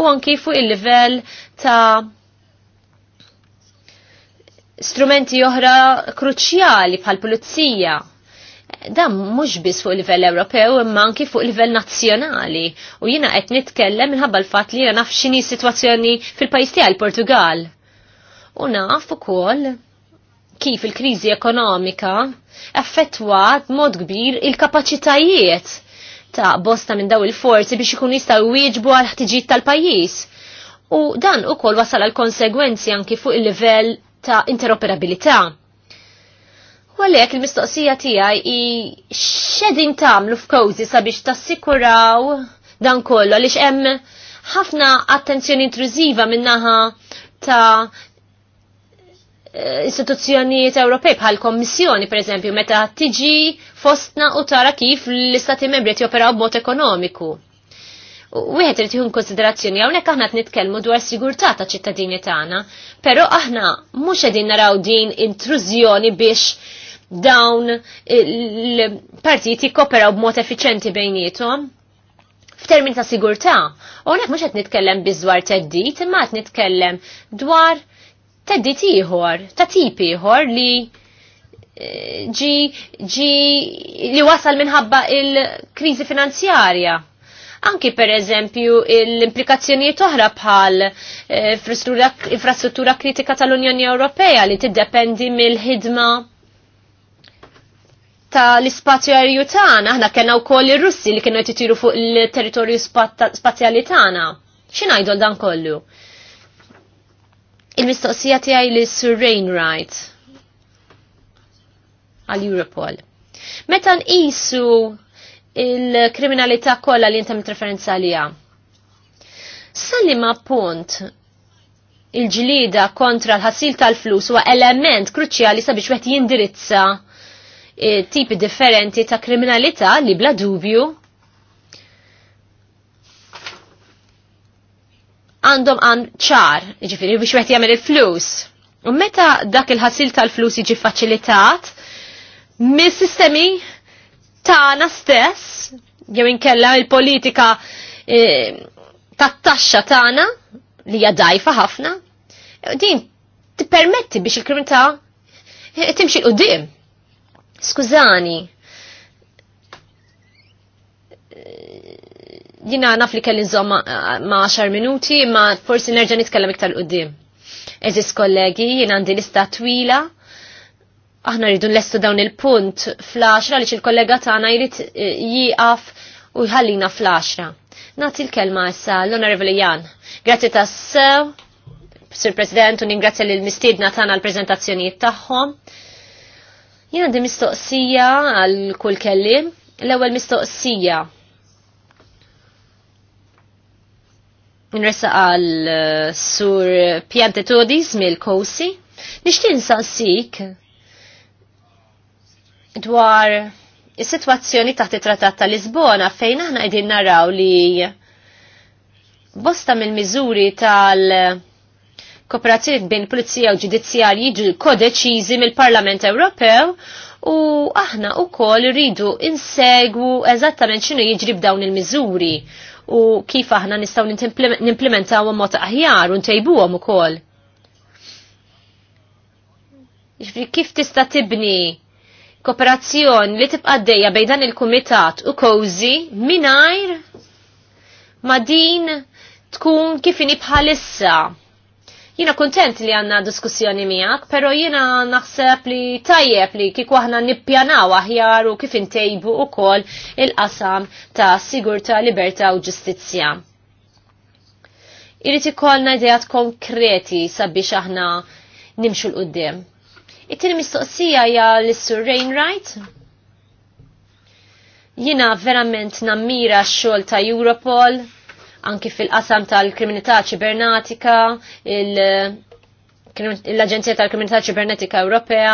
u anki fuq il-livell ta' strumenti oħra kruċjali bħal pulizija. Dan mhux biss fuq livell Ewropew imma anki fuq livell nazzjonali u jiena qed nitkellem minħabba l-fatt li jiena naf x'inhi sitwazzjoni fil-pajjiż tiegħi Portugal. U naf ukoll kif il-kriżi ekonomika affettwat mod kbir il-kapaċitajiet ta' bosta minn daw il-forzi biex ikun jistaw wieġbu għal ħtiġijiet tal-pajjiż. U dan ukoll wasal għal konsegwenzi anki fuq il-livell ta' interoperabilità. U għalhekk il-mistoqsija tiegħi i x'edin tagħmlu f'kawżi sabiex tassikuraw dan kollu għalix hemm ħafna attenzjoni intruziva minnaħa ta' istituzzjonijiet Ewropej bħal Kommissjoni pereżempju meta tiġi fostna u tara kif l-istati membri qed joperaw b'mod ekonomiku. Wieħed irid jkun konsiderazzjoni hawnhekk aħna qed nitkellmu dwar sigurtà ta' ċittadini tagħna, però aħna mhux qegħdin naraw din intrużjoni biex dawn il-partijiet jikkoperaw b'mod effiċenti bejnietom f'termin ta' sigurtà. Hawnhekk mhux qed nitkellem biżwar teddit, imma qed nitkellem dwar teddi ieħor, ta' tip ieħor li eh, ġi ġi li wasal minħabba il-kriżi finanzjarja. Anki per eżempju l-implikazzjonijiet oħra bħal eh, infrastruttura kritika tal-Unjoni Ewropea li tiddependi mill-ħidma tal ispazju aerju tagħna, aħna kellna wkoll ir-Russi li kienu qed fuq il-territorju spazjali tagħna. X'ingħidu dan kollu? Il-mistoqsija tiegħi li Sir Rainwright għal Europol. Meta nqisu il-kriminalità kollha li inta referenza għalija. Salli ma punt il-ġlida kontra l-ħassil tal-flus huwa element kruċjali sabiex wieħed jindirizza eh, tipi differenti ta' kriminalità li bla dubju għandhom għan ċar, ġifiri biex meħti jagħmel il-flus. U meta dak il-ħasil tal-flus jiġi faċilitat, mis-sistemi tagħna stess, jew inkella il-politika e, tat-taxxa tagħna li hija dajfa ħafna, din tippermetti biex il-kriminalità timxi l-qudiem. Skużani, jina naf li kelli nżom ma' 10 minuti, ma forsi nerġa' nitkellem iktar qoddim. Eżis kollegi, jina għandi lista twila. Aħna rridu nlestu dawn il-punt fl axra li il-kollega tagħna jrid eh, jieqaf u jħallina fl axra Nagħti l-kelma issa l-Onorevoli Jan. Grazzi sew Sir President, u ningrazzja lil mistiedna tagħna l-preżentazzjonijiet tagħhom. Jien għandi mistoqsija għal kull kellim. L-ewwel mistoqsija Nresa għal eh, sur Pjante Todis mill-Kosi. Nishtin sansik dwar is-sitwazzjoni taħt it tratat ta' Lisbona fejn aħna qegħdin naraw li bosta mill-miżuri tal- kooperazzjoni bejn pulizija u ġudizzjarji jiġu kodeċiżi mill-Parlament Ewropew u aħna wkoll koll rridu insegwu eżattament x'inhu jiġri b'dawn il-miżuri u kif aħna nistgħu nimplementaw mot aħjar u ntejbuhom ukoll. Kif tista' tibni kooperazzjon li tibqa' dejja bejn dan il-kumitat u kozi mingħajr ma din tkun kif ini bħalissa Jina kontent li għanna diskussjoni miegħek, pero jina naħseb li tajjeb li kik aħna nippjanaw aħjar u kif intejbu kol il-qasam ta' sigurta, libertà u ġustizzja. Irrid ikollna idejat konkreti sabiex aħna nimxu l-qudiem. It-tieni mistoqsija hija l-Sur Rainwright. Jina verament nammira x-xogħol ta' Europol, anki fil-qasam tal kriminità ċibernatika, l-Aġenzija tal kriminità Ċibernetika Ewropea.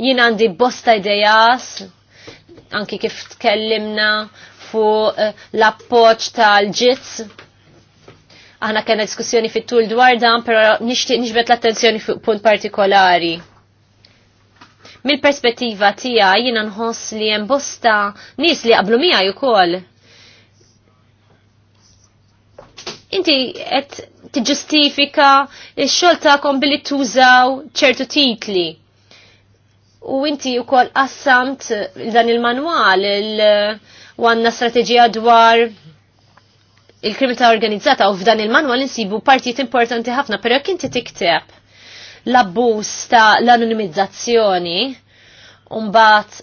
Jien għandi bosta idejas, anki kif tkellimna fu eh, l-appoċ tal-ġitz. Aħna kena diskussjoni fit-tul dwar dan, pero nixtieq nixbet l-attenzjoni fuq punt partikolari. Mill-perspettiva tija jiena nħoss li hemm bosta nies li qablu mija jukoll inti qed tiġġustifika x-xogħol tagħkom billi tużaw ċertu titli. U inti wkoll qassamt dan il-manwal il għandna strateġija dwar il-kriminalità organizzata u f'dan il-manwal insibu partijiet importanti ħafna, però jekk inti tikteb l-abbuż ta' l-anonimizzazzjoni u mbagħad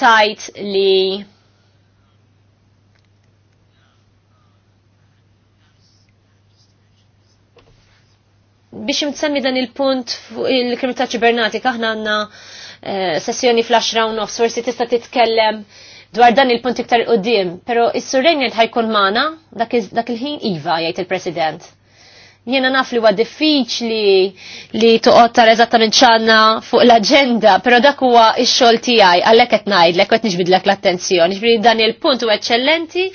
tajt li biex imtsemmi dan il-punt il-kriminalità ċibernatika aħna għandna eh, sessjoni fl-10 u nofs forsi tista' titkellem dwar dan il-punt iktar qudiem, però is-surrenjent ħajkun magħna dak il-ħin iva jgħid il-President. Jiena naf li huwa diffiċli li toqgħod tara eżattament ċanna fuq l-aġenda, però dak huwa x-xogħol tiegħi għalhekk qed ngħidlek qed nixbidlek l-attenzjoni. Ġifieri dan il-punt huwa eċċellenti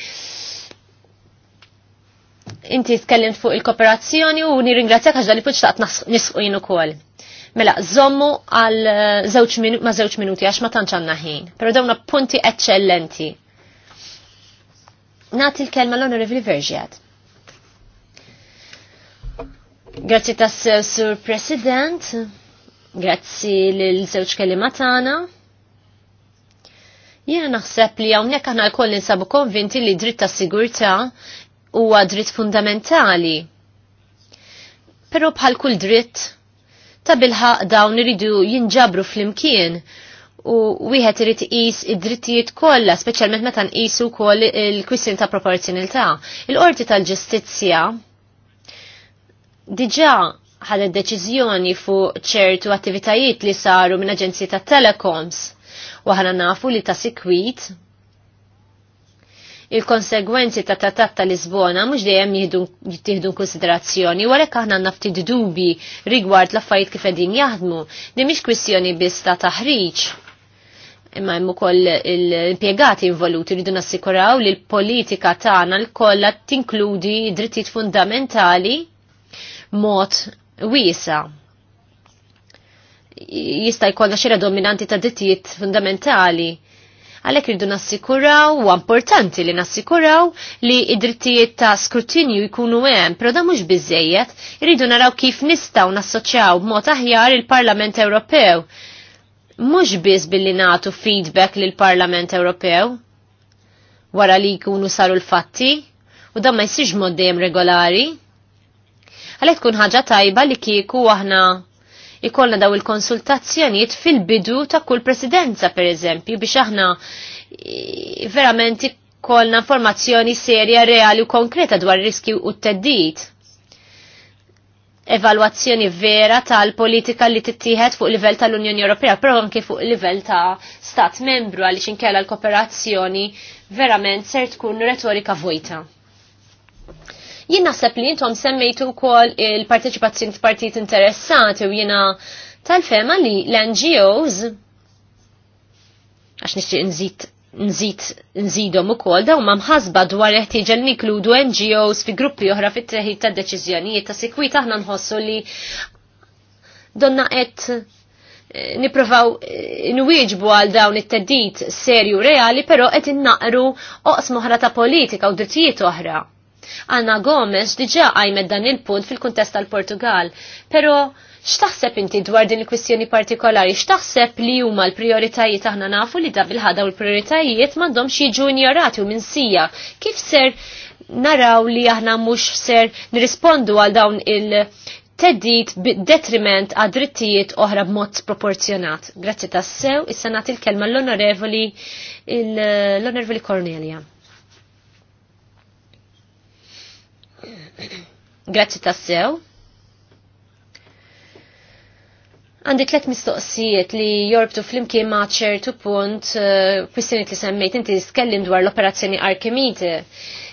inti tkellimt fuq il-kooperazzjoni u nirringrazzjak għax dan li taqt nisqu jien ukoll. Mela, zommu għal zewċ ma zewċ minuti għax ma tanċanna ħin, pero dawna punti eccellenti. Nati l-kelma l-Honorable Vergiat. Grazzi tas Sur President, grazzi l-żewġ kelima tagħna. Jiena naħseb li hawnhekk aħna lkoll insabu konvinti li dritt tas sigurtà huwa dritt fundamentali. Però bħal kull dritt ta' bilħaq dawn iridu jinġabru fl-imkien u wieħed irid iqis id-drittijiet kollha, speċjalment meta nqisu wkoll il-kwissjoni ta' proporzjonalità. Il-Qorti tal-Ġustizzja diġà ħadet deċiżjoni fuq ċertu attivitajiet li saru minn aġenzji tat telecoms u nafu li ta' sikwit il-konsegwenzi ta' ta' ta' Lisbona mhux dejjem jittieħdu konsiderazzjoni u għalhekk aħna naftit dubi rigward l-affarijiet kif edin jaħdmu. di mhix kwissjoni biss ta' taħriġ imma hemm ukoll l-impjegati involuti rridu nassikuraw li l-politika tagħna l-kollha tinkludi drittijiet fundamentali mod wiesa jista' jkollna xira dominanti ta' drittijiet fundamentali Għalhekk irridu nassikuraw u importanti li nassikuraw li id-drittijiet ta' skrutinju jkunu hemm, pero da mhux biżejjed, irridu naraw kif nistgħu nassoċjaw b'mod aħjar il-Parlament Ewropew. Mhux biss billi nagħtu feedback lil Parlament Ewropew wara li jkunu saru l-fatti u dan ma jsirx mod dejjem regolari. Għalhekk tkun ħaġa tajba li kieku aħna ikollna daw il-konsultazzjonijiet fil-bidu ta' kull presidenza per eżempju biex aħna verament ikollna informazzjoni serja, reali u konkreta dwar riski u t-teddit evalwazzjoni vera tal-politika li tittieħed fuq livell tal-Unjoni Ewropea, però anke fuq livell ta' stat membru għaliex inkella l-kooperazzjoni verament ser tkun retorika vojta. Jien naħseb li intom semmejtu wkoll il t-partijt interessati u jiena tal-fema li l-NGOs għax nixtieq nżid nżid nżidhom ukoll dawn ma mħasba dwar jeħtieġa nikludu NGOs fi gruppi oħra fit-teħid ta' deċiżjonijiet ta' sikwit aħna nħossu li donna qed eh, nipprovaw eh, nwieġbu għal dawn it teddid serju reali, però qed innaqru oqs moħra ta' politika u drittijiet oħra. Anna Gomes diġa għajmed dan il-punt fil-kuntest tal-Portugal, pero x'taħseb inti dwar din il-kwistjoni partikolari, x'taħseb li huma l-prioritajiet aħna nafu li dabil bil-ħada u l-prioritajiet mandom xie jiġu injorati u minsija. Kif ser naraw li aħna mhux ser nirrispondu għal dawn il- teddit detriment għad drittijiet oħra b'mod proporzjonat. Grazzi tassew, is nagħti il-kelma l-onorevoli l-onorevoli Cornelia. Grazzi tassew. Għandi tlet mistoqsijiet li jorbtu fl-imkien ma' ċertu punt eh, kwistjoniet li semmejt inti skellim dwar l-operazzjoni Arkemide.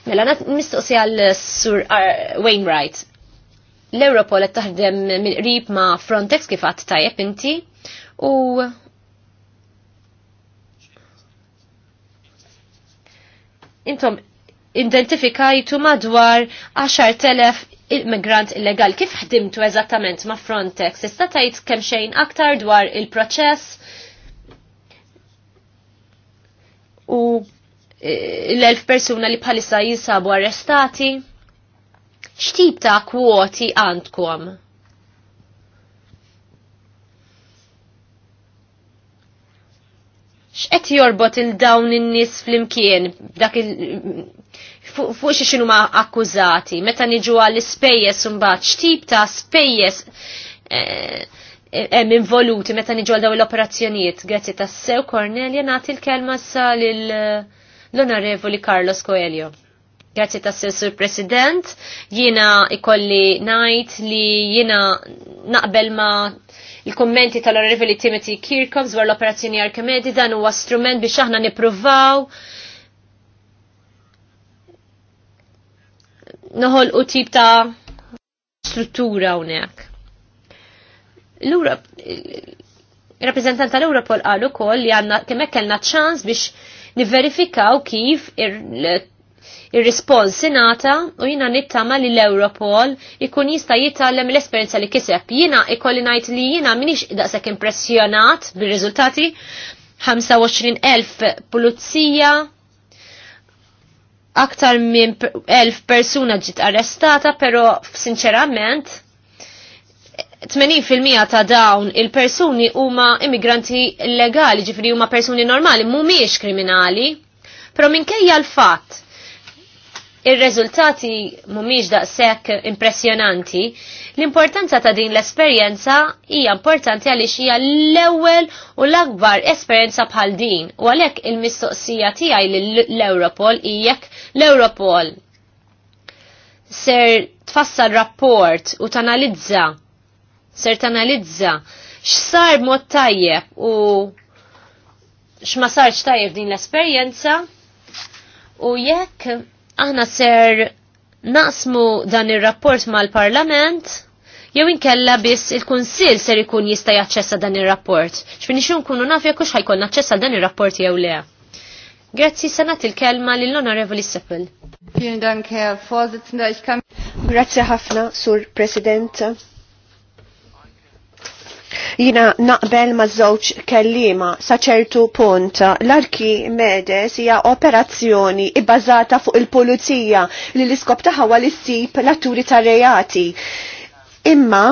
Mela mistoqsija għal Sur Wainwright. L-Europol qed taħdem mill-qrib ma' Frontex kif għat tajjeb inti u intom identifikajtu madwar 10.000 immigrant illegal. Kif ħdimtu eżattament ma' Frontex? Ista' tgħid kemm xejn aktar dwar il-proċess u e, l-elf persuna li bħalissa jinsabu arrestati? X'tip ta' kwoti għandkom? x'qed jorbot il-dawn in-nies flimkien dak il fuq xi xinu ma akkużati, meta niġu għall ispejjeż imbagħad x'tip ta' spejjeż eh, eh, hemm involuti meta niġu għal dawn l-operazzjonijiet. Grazzi tassew Cornelia nagħti l-kelma sa lil eh, l-Onorevoli Carlos Coelho. Grazzi sew sur President, jiena ikolli ngħid li jiena naqbel ma' il-kommenti tal-Onorevoli Timothy Kirkov dwar l-operazzjoni Arkemedi dan huwa strument biex aħna nippruvaw noħol u tip ta' struttura hawnhekk. il europ tal-Europol qal ukoll li għandna kemm hekk ċans biex niverifikaw kif Ir-rispons sinata u jina nittama li l-Europol ikun jista jittallem l-esperienza li kiseb. Jina ikolli najt li jina minix daqsek impressjonat bil-rizultati 25.000 pulizija aktar minn 1000 persuna ġit arrestata, pero sinċerament 80% ta' dawn il-persuni huma immigranti illegali, ġifri huma persuni normali, mhumiex kriminali, però minkejja l-fatt ir mumiġ mhumiex daqshekk impressjonanti. L-importanza ta' din l-esperjenza hija importanti għaliex hija l-ewwel u l-akbar esperjenza bħal din. U għalhekk il-mistoqsija tiegħi l-Europol jekk l-Europol ser tfassal rapport u tanalizza ser tanalizza x'sar mod tajjeb u x'ma sarx tajjeb din l-esperjenza u jekk aħna ser naqsmu dan ir-rapport mal-Parlament jew inkella biss il-Kunsill ser ikun jista' jaċċessa dan ir-rapport. X'fini xi nkunu naf jekk hux ħajkun naċċessa dan ir-rapport jew le. Grazzi sanat il-kelma lill onorevoli Seppel. Vielen Dank, Herr Vorsitzender. Ich kann... Grazie ħafna, Sur President Jina naqbel ma' żewġ kellima sa' ċertu punt. L-arki medes hija operazzjoni ibbażata fuq il-pulizija li l-iskop tagħha huwa li ssib l-atturi tar-reati. Imma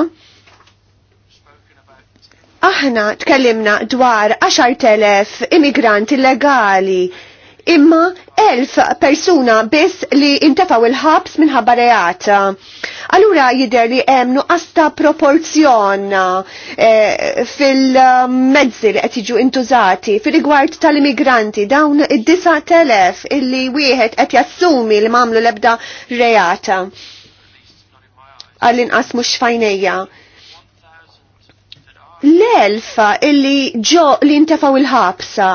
aħna tkellimna dwar 10,000 immigranti illegali imma elf persuna biss li intafaw il-ħabs minħabba reat. Allura jider li hemm nuqasta proporzjon eh, fil-mezzi li qed jiġu intużati fil-rigward tal-immigranti dawn id-disa telef illi wieħed qed jassumi li mamlu lebda reata. Għall-inqas mhux fajnejja l-elfa illi ġo li intafaw il-ħabsa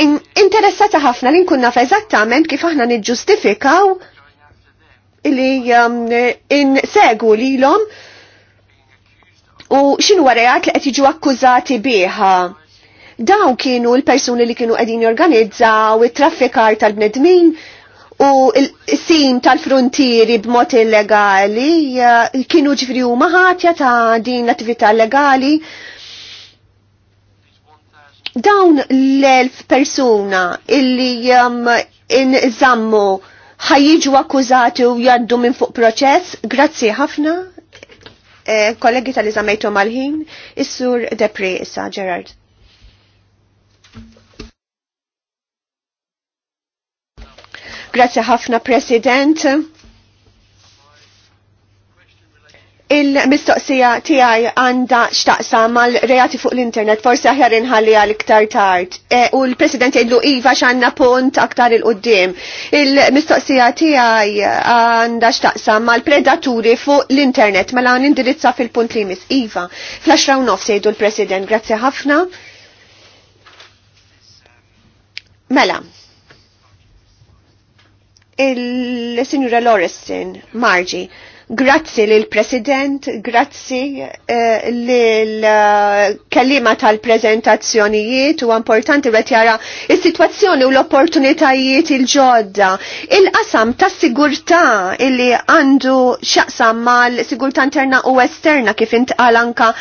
interessata ħafna li nkun naf eżattament kif aħna niġġustifikaw li l um, lilhom u xinu għarajat li qed jiġu akkużati biħa. Dawn kienu l-persuni li kienu qegħdin jorganizzaw it-traffikar tal-bnedmin u l-sim tal-frontieri b'mod illegali uh, kienu ġifri huma ħatja ta' din l-attività legali. Dawn l-elf persuna illi um, inżammu ħajjiġu akkużati u jaddu minn fuq proċess, grazzi ħafna, eh, kollegi tal izamajtu mal-ħin, is-sur Depri issa, Gerard. Grazzi ħafna, President. Il-mistoqsija tiegħi għandha xtaqsa mal-reati fuq l-internet forsi aħjar inħalli għal iktar tard. E, u l-President jgħidlu iva x'għandna punt aktar il qudiem Il-mistoqsija tiegħi għandha xtaqsa mal-predaturi fuq l-internet mela indirizza fil-punt li jmiss iva. Flash rawn off jgħidu l-President, grazzi ħafna. Mela. Il-Sinjura Lorestin Marġi Grazzi lill-President, grazzi lil eh, lill-kellima eh, tal-prezentazzjonijiet u importanti għet jara il-situazzjoni u l-opportunitajiet il-ġodda. Il-qasam ta' sigurta illi għandu xaqsam mal-sigurta interna u esterna kif intqalanka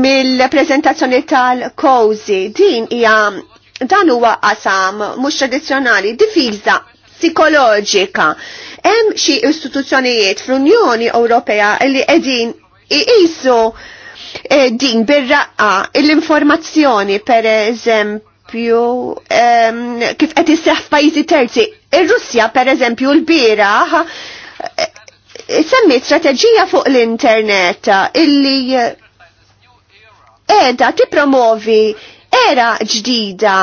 mill-prezentazzjoni tal-kozi. Din hija dan huwa qasam mhux tradizzjonali, difiża psikoloġika Hemm xi istituzzjonijiet fl-Unjoni Ewropea li qegħdin iqisu eh, din bir-raqqa l-informazzjoni per eżempju ehm, kif qed isseħħ f'pajjiżi terzi. Ir-Russja per eżempju l-bieraħ eh, semmi strateġija fuq l-internet illi eh, qiegħda tipromovi era ġdida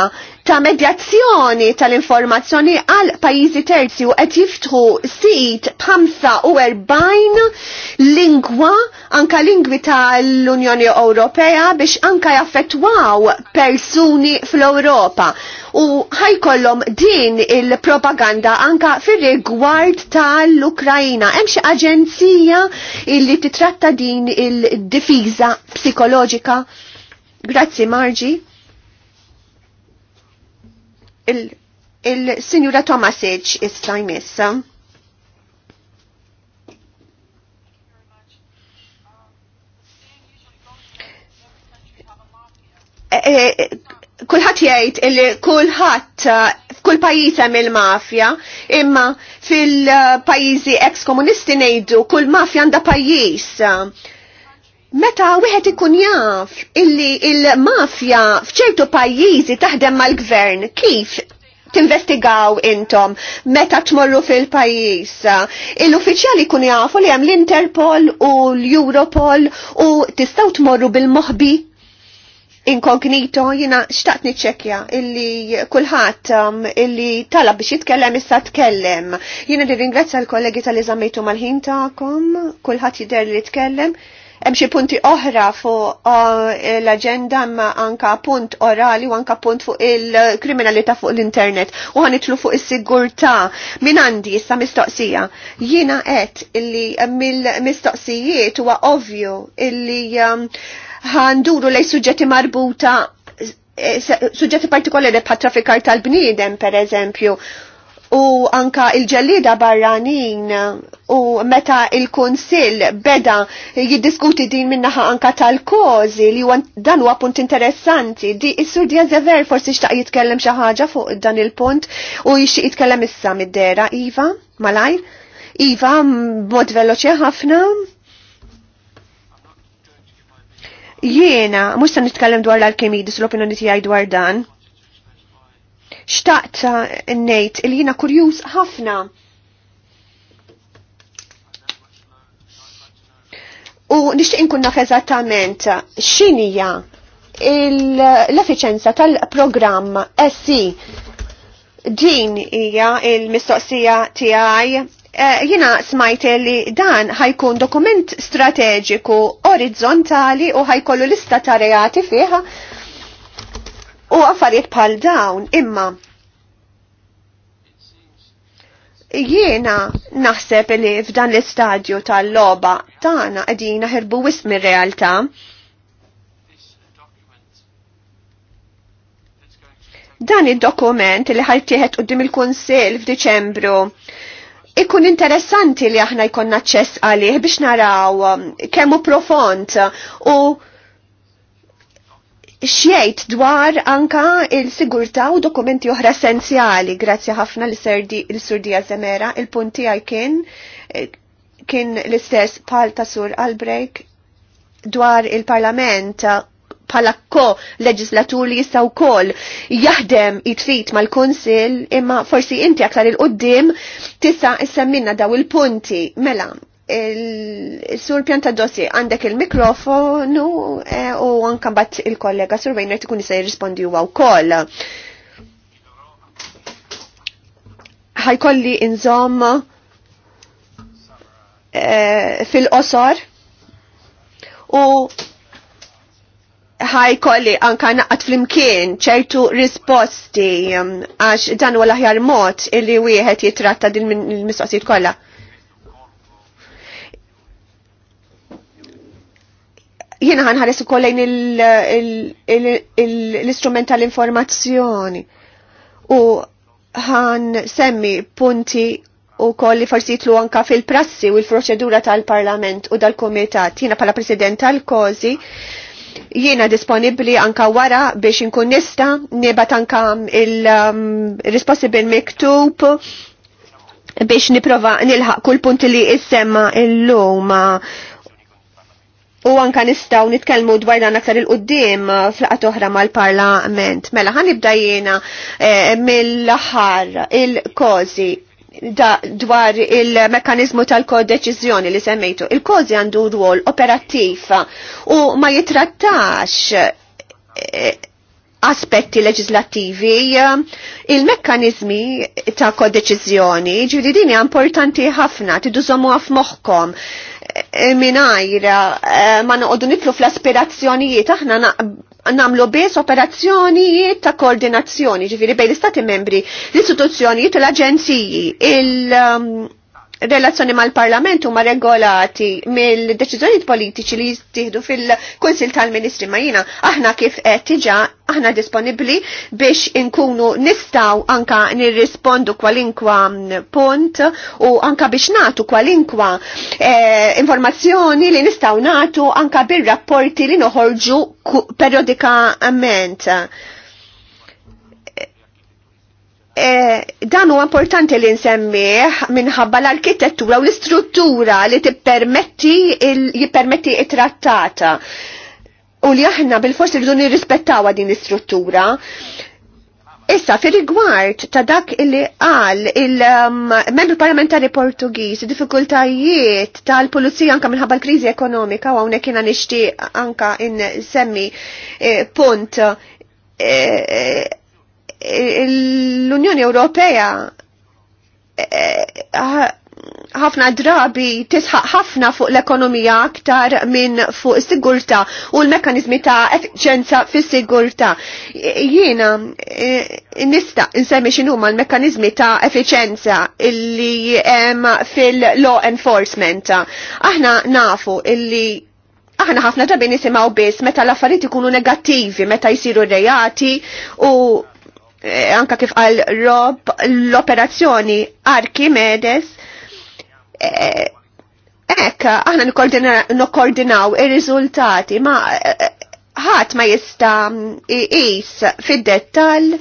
ta' medjazzjoni tal-informazzjoni għal pajjiżi terzi u qed jiftħu sit 45 lingwa anka lingwi tal-Unjoni Ewropea biex anka jaffettwaw persuni fl-Ewropa u ħajkollom din il-propaganda anka fir-rigward tal ukrajina Hemm xi aġenzija illi titratta din il-difiża psikoloġika. Grazzi Margie il-Sinjura il Tomasic issa jmissa. E, kulħadd jgħid illi kulħadd f'kull pajjiż hemm il-mafja, imma fil-pajjiżi ex-komunisti ngħidu kull mafja għandha pajjiż Meta wieħed ikun jaf illi il-mafja f'ċertu pajjiżi taħdem mal-gvern, kif tinvestigaw intom meta tmorru fil-pajjiż? Il-uffiċjali kun jafu li hemm l-Interpol u l-Europol u tistgħu tmorru bil-moħbi inkognito jina xtaqt niċċekkja illi kulħadd um, illi talab biex jitkellem issa tkellem. Jina nirringrazzja l-kollegi tal-eżamitu mal-ħin tagħkom, kulħadd jidher li tkellem hemm xi punti oħra fuq uh, l-aġenda ma anka punt orali u anka punt fuq il-kriminalità fuq l-internet u ħanitlu fuq is-sigurtà. Min għandi issa mistoqsija. Jiena qed illi mill-mistoqsijiet huwa ovvju illi um, ħanduru um, lej suġġetti marbuta eh, suġġetti partikolari bħat trafikar tal-bniedem per eżempju u anka il-ġellida barranin u meta il-Kunsill beda jiddiskuti din minnaħa anka tal-kozi li dan huwa punt interessanti. Di is-Sur Diazever forsi xtaq jitkellem xi ħaġa fuq dan il-punt u jixtieq jitkellem issa mid-dera Iva malaj Iva mod veloċi ħafna. Jiena, mhux se nitkellem dwar l-alkemidis l-opinjoni tiegħi dwar dan xtaqt ngħid il jina kurjuż ħafna. U nixtieq inkun naf eżattament x'inhija l-efficienza tal-programm SI din hija il-mistoqsija tiegħi eh, jina smajt li dan ħajkun dokument strateġiku orizzontali u ħajkollu lista ta' reati fiħa u affarijiet bħal dawn imma jiena naħseb li f'dan l-istadju tal-loba tagħna qegħdin naħirbu wismi mir-realtà. Dan id-dokument li ħaltieħed qudiem il kunsil f'Diċembru ikun interessanti li aħna jkun naċċess għalih biex naraw um, kemmu profond u xiejt dwar anka il-sigurta u dokumenti oħra essenzjali. Grazzi ħafna l-surdija zemera. Il-punti għaj kien eh, kien l-istess pal ta' sur Albrecht dwar il-parlament eh, pala ko leġislatur li jistaw kol jaħdem it-fit mal-konsil imma forsi inti aktar il-qoddim tista' issemminna daw il-punti mela il-sur pjanta dossi għandek il-mikrofonu eh, u għankan bat il-kollega sur Vejner tikun se jirrispondi huwa wkoll. Ħajkolli inżomm eh, fil-qosor u ħajkolli anka naqat flimkien ċertu risposti għax dan huwa l-aħjar mod illi wieħed jitratta din il-mistoqsijiet kollha. Jiena ħanħares ukoll l-istrument tal-informazzjoni u ħan semmi punti u kolli li forsi jitlu anka fil-prassi u l-proċedura tal-parlament u dal-komitat. Jiena pala president tal-kozi, jiena disponibli anka wara biex inkun nista nibat anka il-responsi um, miktub biex niprofa nilħaq kull punti li issemma il-lum U anka nistaw nitkellmu dwar dan aktar il-qoddim uh, flaqat oħra mal-parlament. Mela, ħanibda jiena eh, mill ħar il-kozi dwar il-mekanizmu tal-kodeċizjoni li semmejtu. Il-kozi għandu rwol operattiv u ma jitrattax eh, aspetti leġislattivi, il-mekkanizmi ta' kodeċizjoni, ġiri importanti ħafna, tidu zomu għaf moħkom minajra eh, ma noqogħdu nitlu fl-aspirazzjonijiet aħna namlu biss operazzjonijiet ta' koordinazzjoni, ġifiri bej l-istati membri, l-istituzzjonijiet l-aġenziji, um, relazzjoni mal-Parlament huma regolati mill-deċiżjonijiet politiċi li jittieħdu fil-Kunsil tal-Ministri ma jiena aħna kif qed tiġa aħna disponibbli biex inkunu nistgħu anka nirrispondu kwalinkwa mm, punt u anka biex natu kwalinkwa eh, informazzjoni li nistgħu natu anka bir-rapporti li noħorġu periodikament Eh, dan huwa importanti li nsemmih minħabba l-arkitettura u l-istruttura li tippermetti jippermetti it-trattata. U li aħna bil-forsi rridu nirrispettawa din l-istruttura. Issa, fi rigward ta' dak illi qal il-membru um, parlamentari Portugiż, diffikultajiet tal-pulizija anka minħabba l krizi ekonomika, u hawnhekk jiena nixtieq anka insemmi eh, punt eh, l-Unjoni Ewropea eh, eh, ħafna drabi tisħaq ħafna fuq l-ekonomija aktar minn fuq is-sigurtà u l mekanizmi ta' effiċenza fis-sigurtà. Jiena eh, nista' nsemmi xinu huma l-mekkanizmi ta' effiċenza illi hemm fil-law enforcement. Aħna nafu illi aħna ħafna drabi nisimgħu biss meta l-affarijiet ikunu negattivi, meta jsiru rejati u Eh, anka kif għal Rob, l-operazzjoni Archimedes, eh, ekk, aħna n-koordinaw ir-riżultati ma eh, ħadd ma jista jqis fid-dettall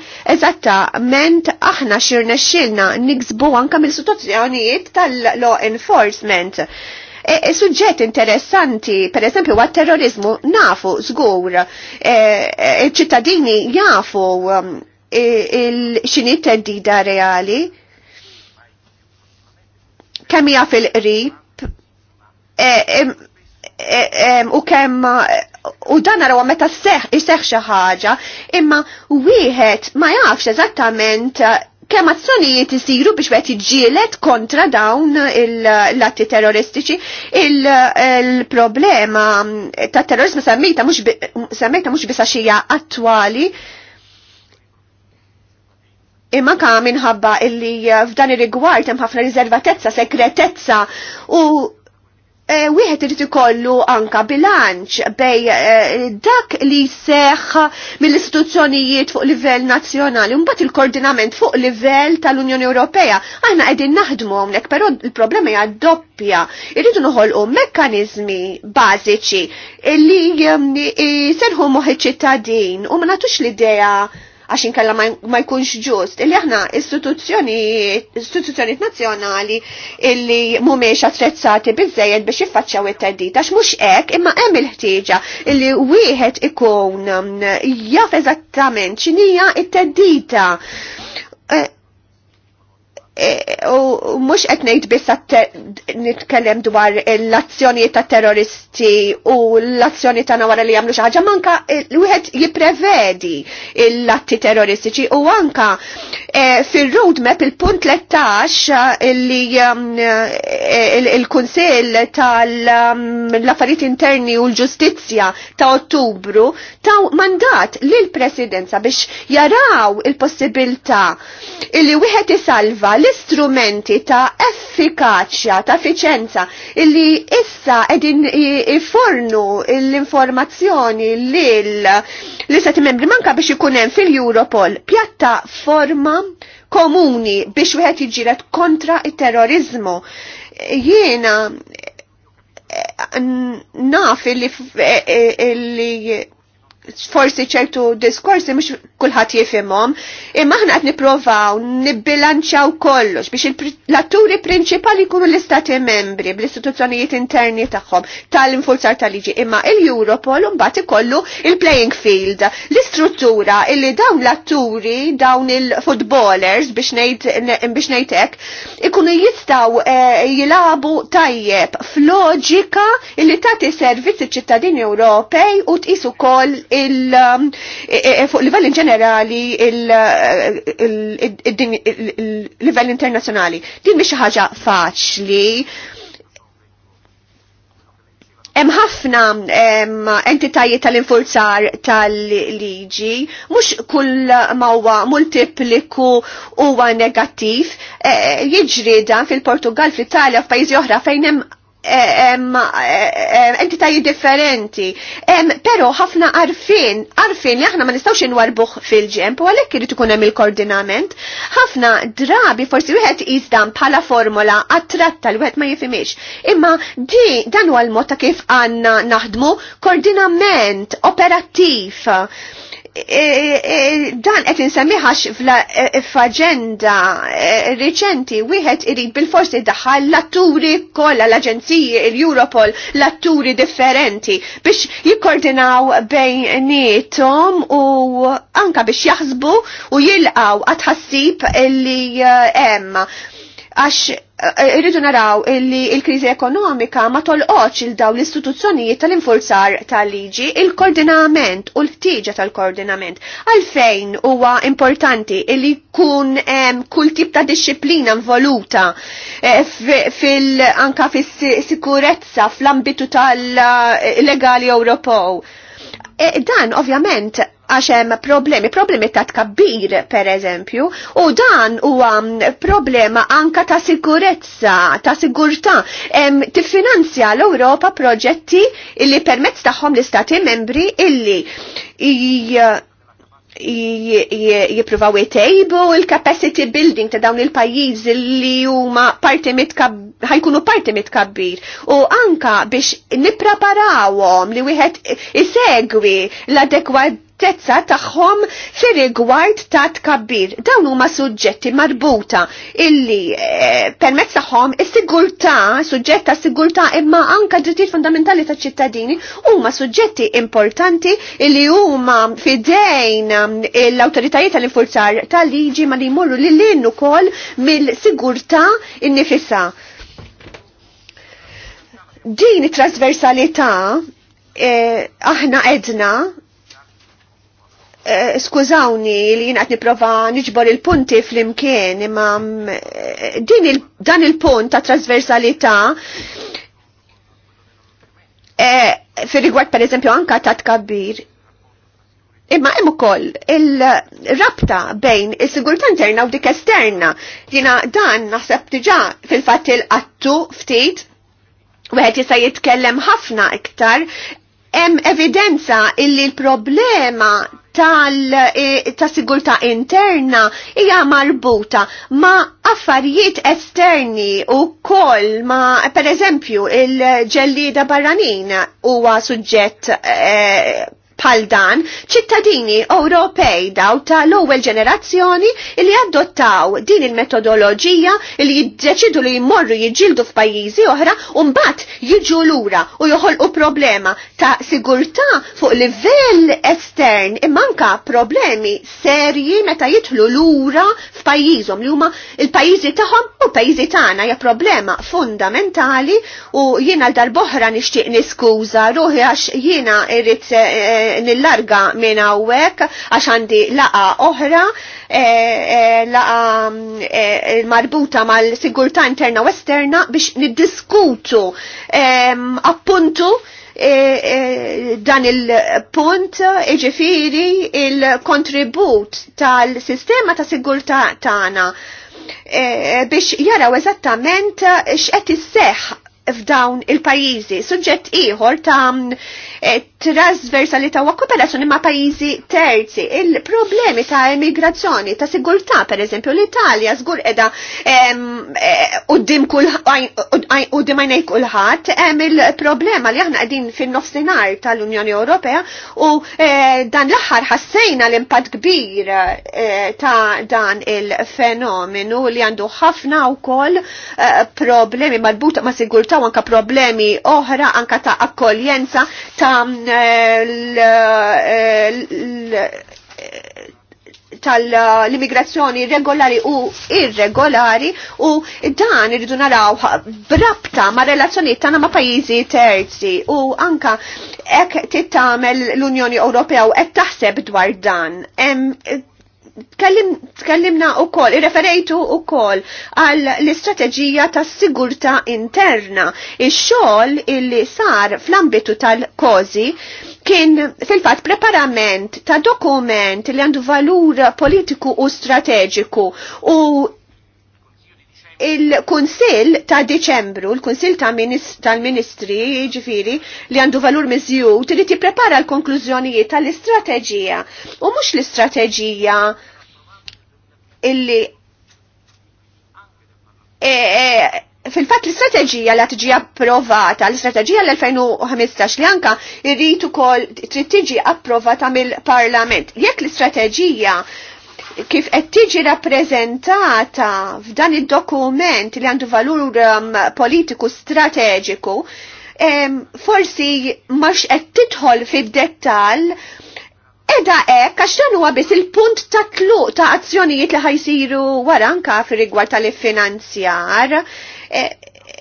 ment aħna xirna xilna niksbu anka mill situazzjonijiet tal-law enforcement. Suġġet e, suġġett interessanti, per esempio, għat terrorizmu nafu, zgur, e, e, ċittadini jafu um, xini teddida reali, kemija fil-qrib, e, e, e, u kemm u dan naraw meta seħ iseħ xi ħaġa, imma wieħed ma jafx eżattament kemm azzjonijiet isiru biex qed jiġġieled kontra dawn l-atti terroristiċi. Il-problema ta' terrorizmu semmejta mhux biss għaxija attwali Imma ka minħabba illi eh, f'dan ir-rigward hemm ħafna riservatezza, segretezza, u eh, wieħed irid ikollu anka bilanċ bej eh, dak li seħ mill-istituzzjonijiet fuq livell nazzjonali u mbagħad il-koordinament fuq livell tal-Unjoni Ewropea. Aħna qegħdin naħdmu hawnhekk, però il-problema hija doppja. Irridu noħolqu mekkaniżmi bażiċi li serħu moħħ iċ-ċittadin u ma nagħtux l-idea għax inkella ma jkunx ġust. Illi aħna istituzzjonijiet nazzjonali illi mhumiex attrezzati biżejjed biex jiffaċċaw it-teddit għax mhux hekk imma hemm il-ħtieġa illi wieħed ikun mm, jaf eżattament x'inhija it-teddita. Eh, Eh, u mux etnejt bissa nitkellem dwar l-azzjoni ta' terroristi u l-azzjoni ta' nawara li jamlu xaħġa, manka l-wħed eh, jiprevedi l-atti terroristiċi u anka eh, fil-roadmap il-punt 13 li um, il-Kunsil tal-affarijiet um, interni u l-ġustizja ta' ottubru ta' mandat lill presidenza biex jaraw il-possibilta li wieħed isalva l l-istrumenti ta' effikaċja, ta' efficienza illi issa edin ifornu l-informazzjoni li l membri manka biex ikunem fil-Europol Pjatta forma komuni biex wieħed jiġiret kontra il-terrorizmu. Jiena eh, naf illi eh, eh, forsi ċertu diskorsi mux kulħadd jifimom, imma aħna qed nipprovaw nibbilanċaw kollox biex l-atturi prinċipali jkunu l-istati membri bl-istituzzjonijiet interni tagħhom tal-infurzar tal-liġi, imma il-Europol mbagħad ikollu il-playing field, l-istruttura illi dawn l-atturi, dawn il-footballers biex ngħid hekk ikunu jistgħu eh, jilabu tajjeb f'loġika illi tagħti servizz iċ-ċittadini Ewropej u tqisu koll Um, e, e, e, fuq livell ġenerali il-livell uh, internazzjonali. Din mhix ħaġa faċli hemm ħafna entitajiet tal-infurzar tal-liġi, mhux kull mawa multipliku huwa negattiv, jiġri dan fil-Portugal, fl-Italja, f'pajjiżi oħra fejn hemm entitajiet differenti. Pero ħafna arfin, arfin li aħna ma nistawx inwarbuħ fil-ġemp, u għalhekk irid ikun hemm il-koordinament. Ħafna drabi forsi wieħed iżdam bħala formola attratta li wieħed ma jifimix. Imma di dan huwa l-mod ta' kif għandna naħdmu koordinament operattiv E, e, dan qed insemmiħax e, f'aġenda riċenti wieħed irid bil-forsi daħal l-atturi kollha l-aġenziji l-Europol l-atturi differenti biex jikkordinaw nietom u anka biex jaħsbu u jilqaw għatħassib li hemm għax eh, eh, irridu naraw li il-kriżi ekonomika ma tolqoċ il-daw l-istituzzjonijiet tal-infurzar tal-liġi, il-koordinament u l-ħtieġa tal-koordinament. Għalfejn huwa importanti li kun kull tip ta' disciplina involuta eh, fil anka fis-sikurezza fl-ambitu tal-legali Ewropew. Dan ovvjament għax hemm problemi, problemi ta' tkabbir per eżempju, u dan huwa mm, problema anka ta' sikurezza, ta' sigurtà. Tiffinanzja l-Ewropa proġetti illi permezz tagħhom l-istati membri illi jipruvaw jtejbu il-capacity building ta' dawn il-pajjiżi li huma parti ħajkunu parti mitkabbir u anka biex nippreparawhom li wieħed isegwi l-adekwat ċertezza tagħhom fil rigward ta' tkabbir. Dawn huma suġġetti marbuta illi eh, permezz tagħhom is-sigurtà, suġġett ta' sigurtà imma anka drittijiet fundamentali ta' ċittadini huma suġġetti importanti illi huma fidejn mm, l-awtoritajiet tal-infurzar tal-liġi ma li jmorru li lin ukoll mill-sigurtà nnifisha. Din it-trasversalità eh, aħna edna Eh, skużawni li jina għat niprofa nġbor il-punti fl-imkien imma eh, din il, dan il-punt ta' trasversalità eh, fil rigward per eżempju anka ta' tkabbir Imma hemm ukoll il-rabta bejn is-sigurtà interna u dik esterna. Jiena dan naħseb diġà fil-fatt il-qattu ftit wieħed jista' jitkellem ħafna iktar hemm evidenza illi l-problema tal-sigurta e, ta interna hija marbuta ma' affarijiet esterni u koll ma' per eżempju il-ġellida barranin huwa suġġett e, bħal dan ċittadini Ewropej daw tal-ewwel ġenerazzjoni li adottaw din il-metodoloġija li jiddeċidu li jmorru jiġġieldu f'pajjiżi oħra u mbagħad jiġu lura u joħolqu problema ta' sigurtà fuq livell estern imanka problemi serji meta jidħlu lura f'pajjiżhom li huma il-pajjiżi tagħhom u pajjiżi tagħna hija problema fundamentali u jiena l-darboħra nixtieq niskuża ruħi għax jiena irrid eh, nillarga minn hawnhekk għax għandi laqa oħra eh, eh, laqa eh, marbuta mal-sigurtà interna u esterna biex niddiskutu ehm, appuntu dan il-punt iġifiri il-kontribut tal-sistema ta' sigurtà tagħna biex jaraw eżattament x'qed isseħħ f'dawn il-pajjiżi. Suġġett ieħor ta' Eh, trasversalità u kooperazzjoni ma' pajjiżi terzi. Il-problemi ta' emigrazzjoni, ta' sigurtà per eżempju, l-Italja żgur qiegħda qudiem għajnej kulħadd hemm il-problema li aħna qegħdin fin-nofsinhar tal-Unjoni Ewropea u eh, dan l-aħħar ħassejna l-impatt kbir eh, ta' dan il-fenomenu li għandu ħafna wkoll problemi malbuta ma' sigurtà u anka problemi oħra anka ta' akkoljenza ta' ta' tal-immigrazzjoni regolari u irregolari u dan irridu naraw brabta ma' relazzjoni tagħna ma' pajjiżi terzi u anka hekk tittamel l-Unjoni Ewropea u qed taħseb dwar dan tkellimna u kol, irreferejtu u kol għal l-istrateġija tas sigurta interna. Ix-xogħol illi sar fl-ambitu tal-kozi kien fil-fat preparament ta' dokument li għandu valur politiku u strateġiku u Il-Kunsil ta' Deċembru, il-Kunsil ta' tal-Ministri, ġifiri, li għandu valur miżjut, li prepara l-konklużjonijiet tal-istrateġija. U mhux l-istrateġija illi e, e, fil-fat l-istrateġija li tiġi approvata, l-istrateġija l-2015 li anka irritu ukoll trid tiġi approvata mill-Parlament. Jekk l-istrateġija kif qed tiġi rappreżentata f'dan id-dokument li għandu valur um, politiku strateġiku, forsi mhux qed tidħol fid-dettall Eda e, għax dan huwa biss il-punt ta' tluq ta' azzjonijiet li ħajsiru wara anka fir-rigward tal-finanzjar. E,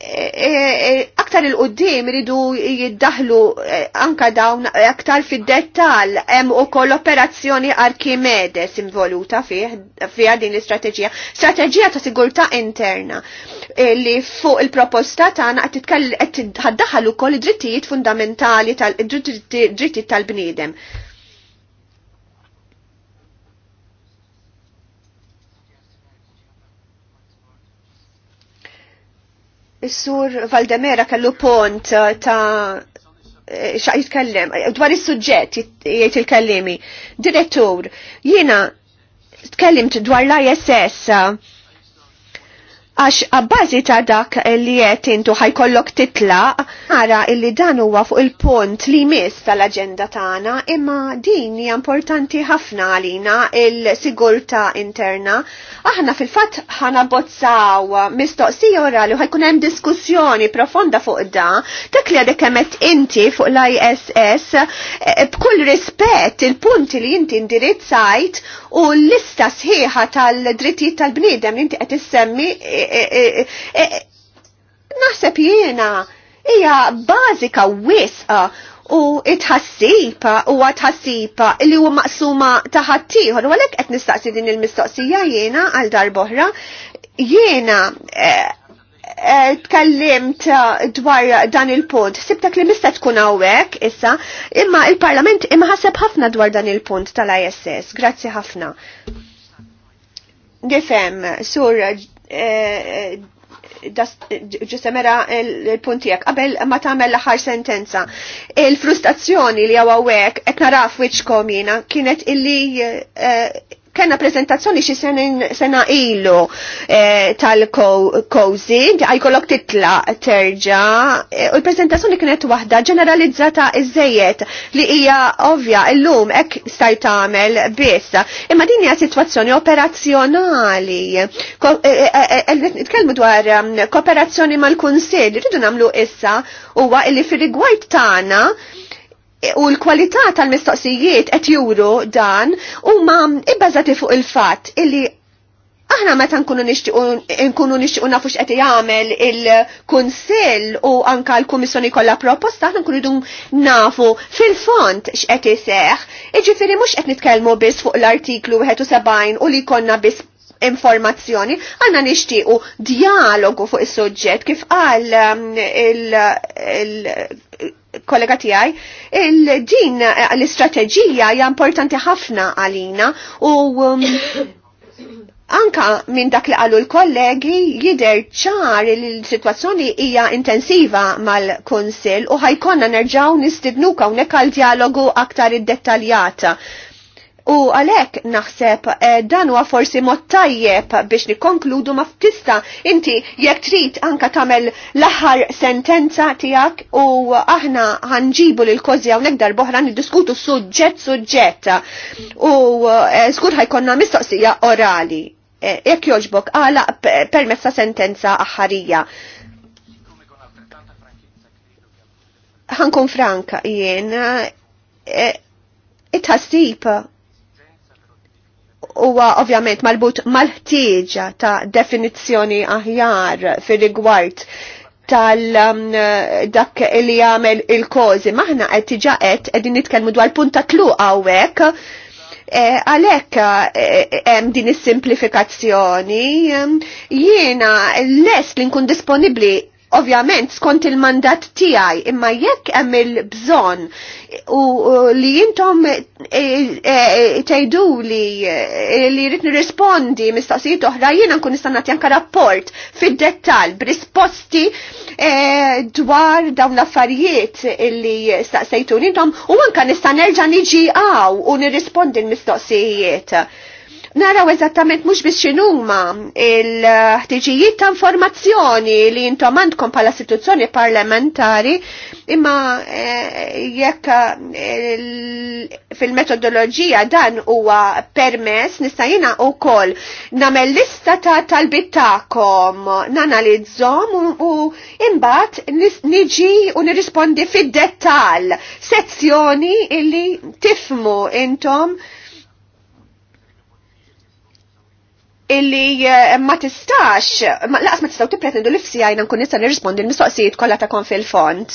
Eh, eh, aktar il-qoddim ridu jiddaħlu eh, anka dawn aktar fid-dettal hemm ukoll operazzjoni Archimedes involuta fiha din l-istrateġija. Strateġija ta' sigurtà interna li fuq il-proposta tagħna qed għattitkall qed tiddaħħal ukoll id-drittijiet fundamentali tal-drittijiet tal-bniedem. tal drittijiet tal bnidem tal drittijiet tal bniedem Is-sur Valdemera kellu pont eh, ta' eh, xa jitkellem, eh, dwar is-suġġett jgħid il kellimi Direttur, jiena tkellimt dwar l-ISS għax għabbażi ta' dak li qed intu ħajkollok titlaq, ara illi dan huwa fuq il-punt li mis tal-aġenda tagħna, imma din hija importanti ħafna għalina il-sigurta interna. Aħna fil-fatt bozzaw mistoqsija orali u ħajkun hemm diskussjoni profonda fuq da, dak li għadek kemet inti fuq l-ISS eh, b'kull rispett il-punti li inti indirizzajt u l-lista sħiħa tal-drittijiet tal-bniedem li inti qed issemmi e, e, e, naħseb jiena hija bażika wisqa u itħassipa u għatħassipa li huwa maqsuma taħattijħor u għalek qed nistaqsi din il-mistoqsija jiena għal darboħra jiena Eh, tkellimt eh, dwar dan il-punt. Sibtek li mista tkun għawek, issa, imma il-Parlament imħaseb ħafna dwar dan il-punt tal-ISS. Grazzi ħafna. Nifhem, sur eh, ġusemera il-puntijak, qabel ma tamel l-ħar sentenza. Il-frustrazzjoni li għawek etna raf wiċkom komina, kienet illi kena prezentazzjoni xi sena ilu eh, tal-kozi, għajkolok titla terġa, eh, u l-prezentazzjoni kienet waħda ġeneralizzata iżejiet li hija ovvja illum ek stajt tagħmel biss. Imma din hija sitwazzjoni operazzjonali. Eh, nitkellmu dwar um, kooperazzjoni mal-Kunsill, rridu nagħmlu issa huwa li fir-rigward tagħna u l-kwalità tal-mistoqsijiet qed juru dan huma ibbażati fuq il-fatt illi aħna meta nkunu nixtiequ nkunu nixtiequ nafu x'qed jagħmel il-Kunsill u anka l-Kummissjoni kollha proposta aħna nkunu nafu fil-font x'qed iseħħ. Iġifieri mhux qed nitkellmu biss fuq l-artiklu 71 u li konna biss informazzjoni, għanna nishtiqu dialogu fuq is suġġett kif qal um, kollega tijaj, il-din l-istrateġija hija importanti ħafna għalina u um, anka minn dak li qalu l-kollegi jider ċar li situazzjoni hija intensiva mal-Kunsill u ħajkonna nerġgħu nistidnuka hawnhekk għal dialogu aktar id-detaljata. U għalek naħseb eh, dan huwa forsi mod tajjeb biex nikkonkludu ma tista inti jekk trid anka tagħmel l-aħħar sentenza tiegħek u aħna ħanġibu lil kozja nekdar boħra niddiskutu suġġett suġġett u skur eh, ħajkonna mistoqsija orali. Eh, jekk joġbok għala permezz ta' sentenza aħħarija. Ħankun franka jien, it deep huwa ovvjament malbut mal-ħtieġa ta' definizzjoni aħjar fir-rigward tal um, dak li jagħmel il-kozi. Maħna qed diġà qed qegħdin nitkellmu dwar punta tluq hawnhekk. E, għalhekk e, hemm din is-simplifikazzjoni jiena lest li nkun disponibbli ovvjament skont il-mandat tiegħi imma jekk hemm il-bżonn u li jintom eh, eh, eh, tgħidu li li jrid nirrispondi mistoqsijiet oħra jiena nkun nista' nagħti anke rapport fid-dettall b'risposti dwar dawn l-affarijiet illi staqsejtu intom u anke nista' nerġa' niġi għaw u nirrispondi l-mistoqsijiet naraw eżattament mhux biex x'inhuma il-ħtiġijiet ta' informazzjoni li intom għandkom bħala istituzzjoni parlamentari imma eh, jekk eh, fil-metodoloġija dan huwa permess nista' u wkoll nagħmel lista ta' talbittakom nanalizzom u imbagħad niġi u nirrispondi fid-dettall sezzjoni illi tifmu intom illi eh, ma tistax, ma laqas ma tistaw tipretendu l-ifsi għajna nkun nista nirrispondi l-mistoqsijiet kollha ta' kon fil-font.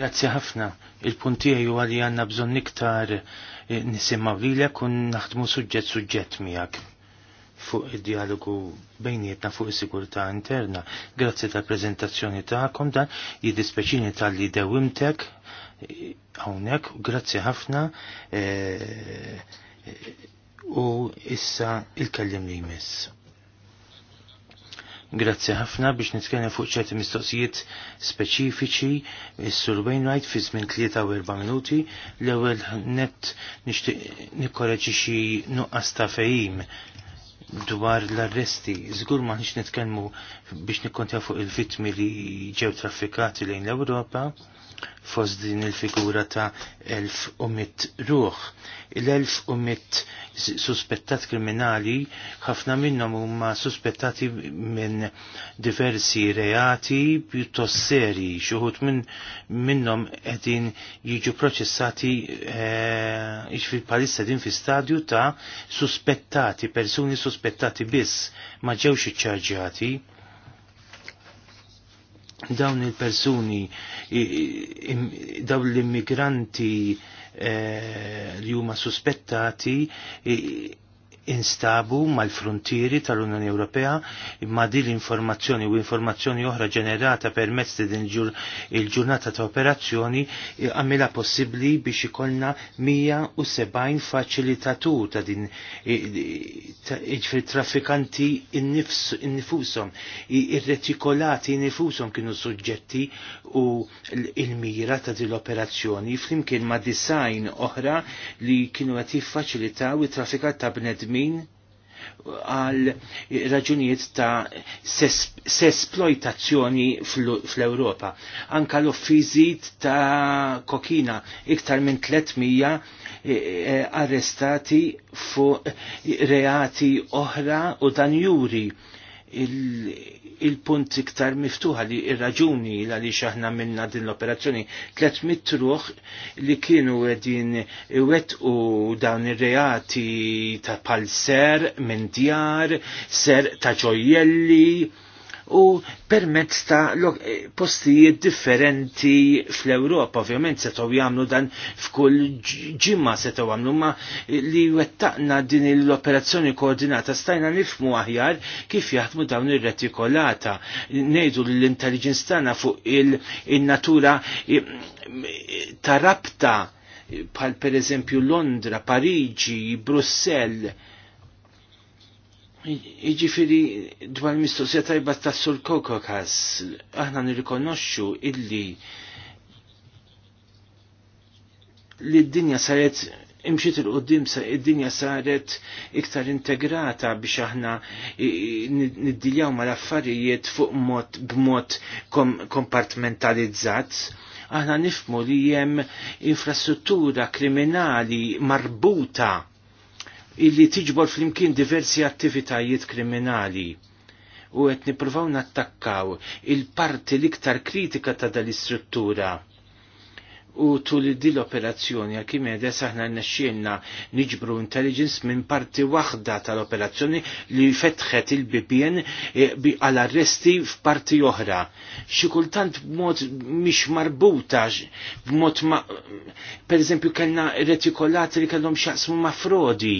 Grazzi ħafna. Il-punti għu għalli għanna bżon iktar eh, nisimma li kun naħdmu suġġett suġġett miegħek fuq id-dialogu bejnietna fuq is-sigurtà interna. Grazzi tal prezentazzjoni tagħkom dan jiddispeċini tal-li dewimtek eh, hawnhekk, grazzi ħafna u issa il-kellim li jmiss. Grazzi ħafna biex nitkellem fuq ċerti mistoqsijiet speċifiċi is-sur Wainwright fi żmien 43 minuti l-ewwel nett nixtieq nikkoreġi xi nuqqas ta' fejim dwar l-arresti. Żgur ma nix nitkellmu biex nikkontja fuq il-vittmi li ġew traffikati lejn l-Ewropa fost din il-figura ta' 1100 ruħ. Il-1100 suspettat kriminali, ħafna minnhom huma suspettati minn diversi reati pjuttost seri, xuħut minn minnhom qegħdin jiġu proċessati e, eh, fil jiġifieri palissa din fi stadju ta' suspettati, persuni suspettati biss ma ġewx iċċarġati dawn il-persuni, dawn l-immigranti eh, li huma suspettati instabu mal-frontieri tal-Unjoni Ewropea imma din l-informazzjoni u informazzjoni oħra ġenerata permezz din il-ġurnata ta' operazzjoni għamilha possibbli biex ikollna 170 faċilitatur ta' din ġifri traffikanti innifusom, irretikolati innifusom kienu suġġetti u il-mira ta' din l-operazzjoni flimkien ma' design oħra li kienu għati faċilitaw it-traffikat ta' bnedmi żmien għal raġunijiet ta' sesploitazzjoni fl-Europa. Anka l-offizit ta' kokina iktar minn 300 e, e, arrestati fu reati oħra u danjuri il-punt iktar miftuħa li ir-raġuni li xaħna minna din l-operazzjoni 300 truħ li kienu għedin wet u dawn ir-reati ta' pal ser minn djar, ser ta' ġojelli, u permezz ta' eh, postijiet differenti fl-Europa. Ovvjament setgħu jagħmlu dan f'kull ġimma setgħu jagħmlu ma li wettaqna din l-operazzjoni koordinata stajna nifmu aħjar kif jaħdmu dawn ir-retikolata. Ngħidu l-intelligence tana fuq il-natura ta' rabta pal per eżempju Londra, Pariġi, Brussell, Iġifiri dwar mistoqsija tajba tassu l-Kokokas, aħna nirrikonoxxu illi li d-dinja saret imxiet il-qoddim sa id-dinja saret iktar integrata biex aħna niddiljaw ma l-affarijiet fuq mod b'mod kompartmentalizzat. Aħna nifmu li jem infrastruttura kriminali marbuta illi tiġbor flimkien diversi attivitajiet kriminali u qed nippruvaw nattakkaw il-parti l-iktar kritika ta' dal-istruttura. U tul di l-operazzjoni Archimedes aħna n-naxxienna niġbru intelligence minn parti waħda tal-operazzjoni li fetħet il-BPN eh, għal arresti f'parti oħra. Xi kultant b'mod mhix marbuta b'mod ma' pereżempju kellna retikolati li kellhom x'jaqsmu ma' frodi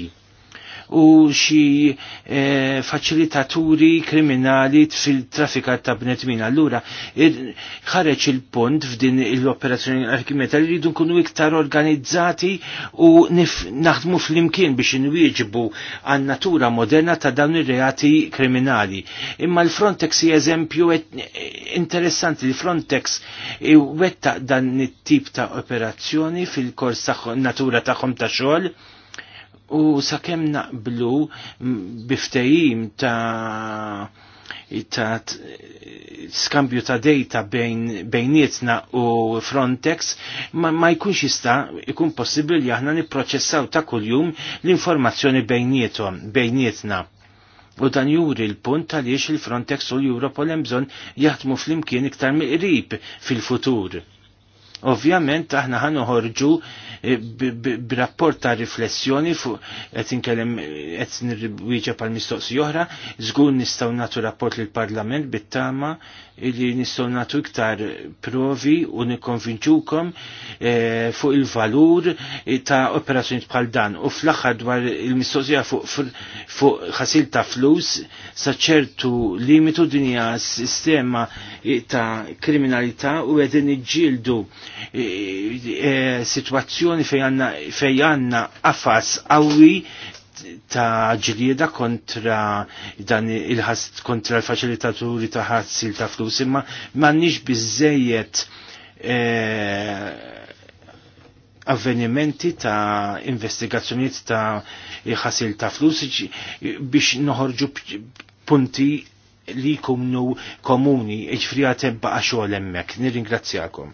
u xi e, faċilitaturi kriminali fil-trafika ta' bnedmin. Allura, ħareġ il-punt f'din l-operazzjoni għal-kimeta li rridu nkunu iktar organizzati u naħdmu fl-imkien biex inwieġbu għan natura moderna ta' dawn ir-reati kriminali. Imma l-Frontex hija eżempju interessanti li Frontex wetta dan it-tip ta' operazzjoni fil-kors ta' natura tagħhom ta' xogħol. Ta u sakemm naqblu biftejim ta' ta' skambju ta' data bejn bejnietna u Frontex ma, ma jkunx jista' jkun possibbli aħna nipproċessaw ta' kuljum l-informazzjoni bejnietom bejnietna. U dan juri l-punt għaliex il-Frontex u l-Europol hemm bżonn jaħdmu fl-imkien iktar miqrib fil-futur Ovvjament aħna ħan uħorġu eh, b'rapport ta' riflessjoni fuq qed inkellem qed nirwieġa pal mistoqsi oħra, żgur nistgħu nagħtu rapport lil parlament bit-tama li nistgħu nagħtu iktar provi u nikkonvinċukom eh, fuq il-valur eh, ta' operazzjoni bħal dan. U fl-aħħar dwar il-mistoqsija fuq ħasil ta' flus sa ċertu limitu dinja sistema ta' kriminalità u qegħdin iġġieldu E, e, situazzjoni fej għanna għafas għawi ta' ġlieda kontra dan il-ħast kontra l-faċilitaturi ta' ħassil ta' flus imma m'għandniex biżejjed e, avvenimenti ta' investigazzjoniet ta' ħasil ta' flus biex noħorġu punti li kumnu komuni, iġfri għatem baqa xogħol hemmhekk. Nirringrazzjakom.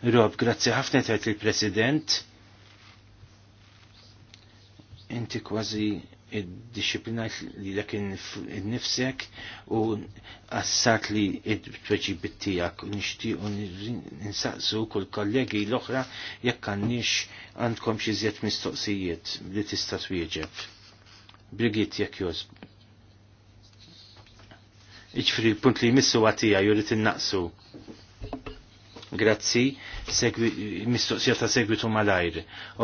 Rob, grazzi ħafna tajt il-President. Inti kważi id-disciplinajt li l-ekin nifsek u assat li id tweġi tijak. Nishti u ninsaqsu kull kollegi l-oħra jekk għannix għandkom xi zjed mistoqsijiet li tista' twieġeb. Brigitt jekk jozb. Iċfri, punt li jmissu għatija, jurit innaqsu. naqsu Grazzi, mistoqsija ta' segwitu malajr.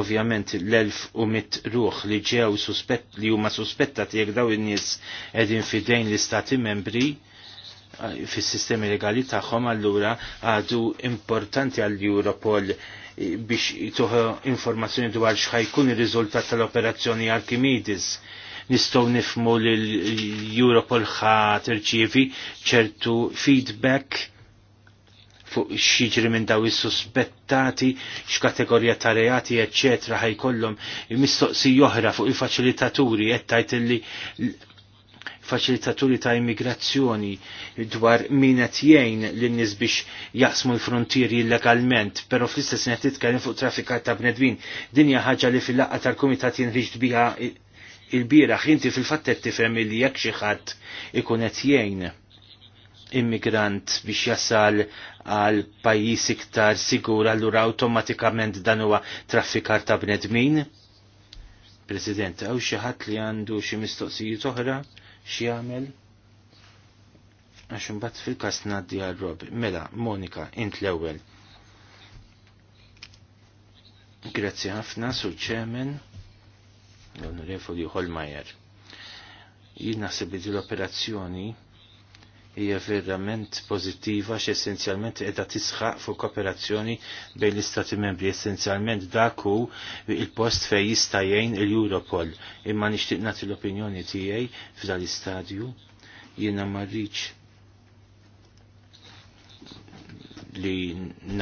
Ovvjament l-1100 ruħ li ġew suspett li huma suspettat jekk daw in-nies qegħdin fidejn l-istati membri eh, fis-sistemi legali tagħhom allura għadu importanti għall Europol eh, biex toħo informazzjoni dwar x'ħajkun ir-riżultat tal-operazzjoni Archimedes nistgħu nifmu li l-Europol ħa tirċievi ċertu feedback fuq xieġri minn daw is-suspettati, x'kategorija ta' reati, eċċetra, ħajkollhom mistoqsi joħra fuq il-faċilitaturi qed tajt li faċilitaturi ta' immigrazzjoni dwar min qed jgħin lin-nies biex jaqsmu l-frontieri illegalment, però fl-istess qed titkellem fuq traffikat ta' bnedmin. Din hija ħaġa li fil-laqgħa tal-kumitat jinriġt biha il-bieraħ inti fil-fatt qed tifhem li jekk xi ħadd ikun qed jgħin immigrant biex jasal għal pajjiż iktar sigur allura awtomatikament dan huwa traffikar ta' bnedmin? President, għaw xi ħadd li għandu xi mistoqsijiet oħra xie għamel? Għax bat fil-każ ngħaddi għal Rob. Mela, Monika, int l-ewwel. Grazzi ħafna Sur ċemen l-Onorevoli Holmajer. Jien naħseb li l-operazzjoni hija verament pozittiva x'essenzjalment qiegħda tisħaq fuq kooperazzjoni bejn l-Istati Membri. Essenzjalment dak hu il-post fejn jista' jgħin il-Europol. Imma nixtieq nagħti l-opinjoni tiegħi f'dan l-istadju jiena ma rridx li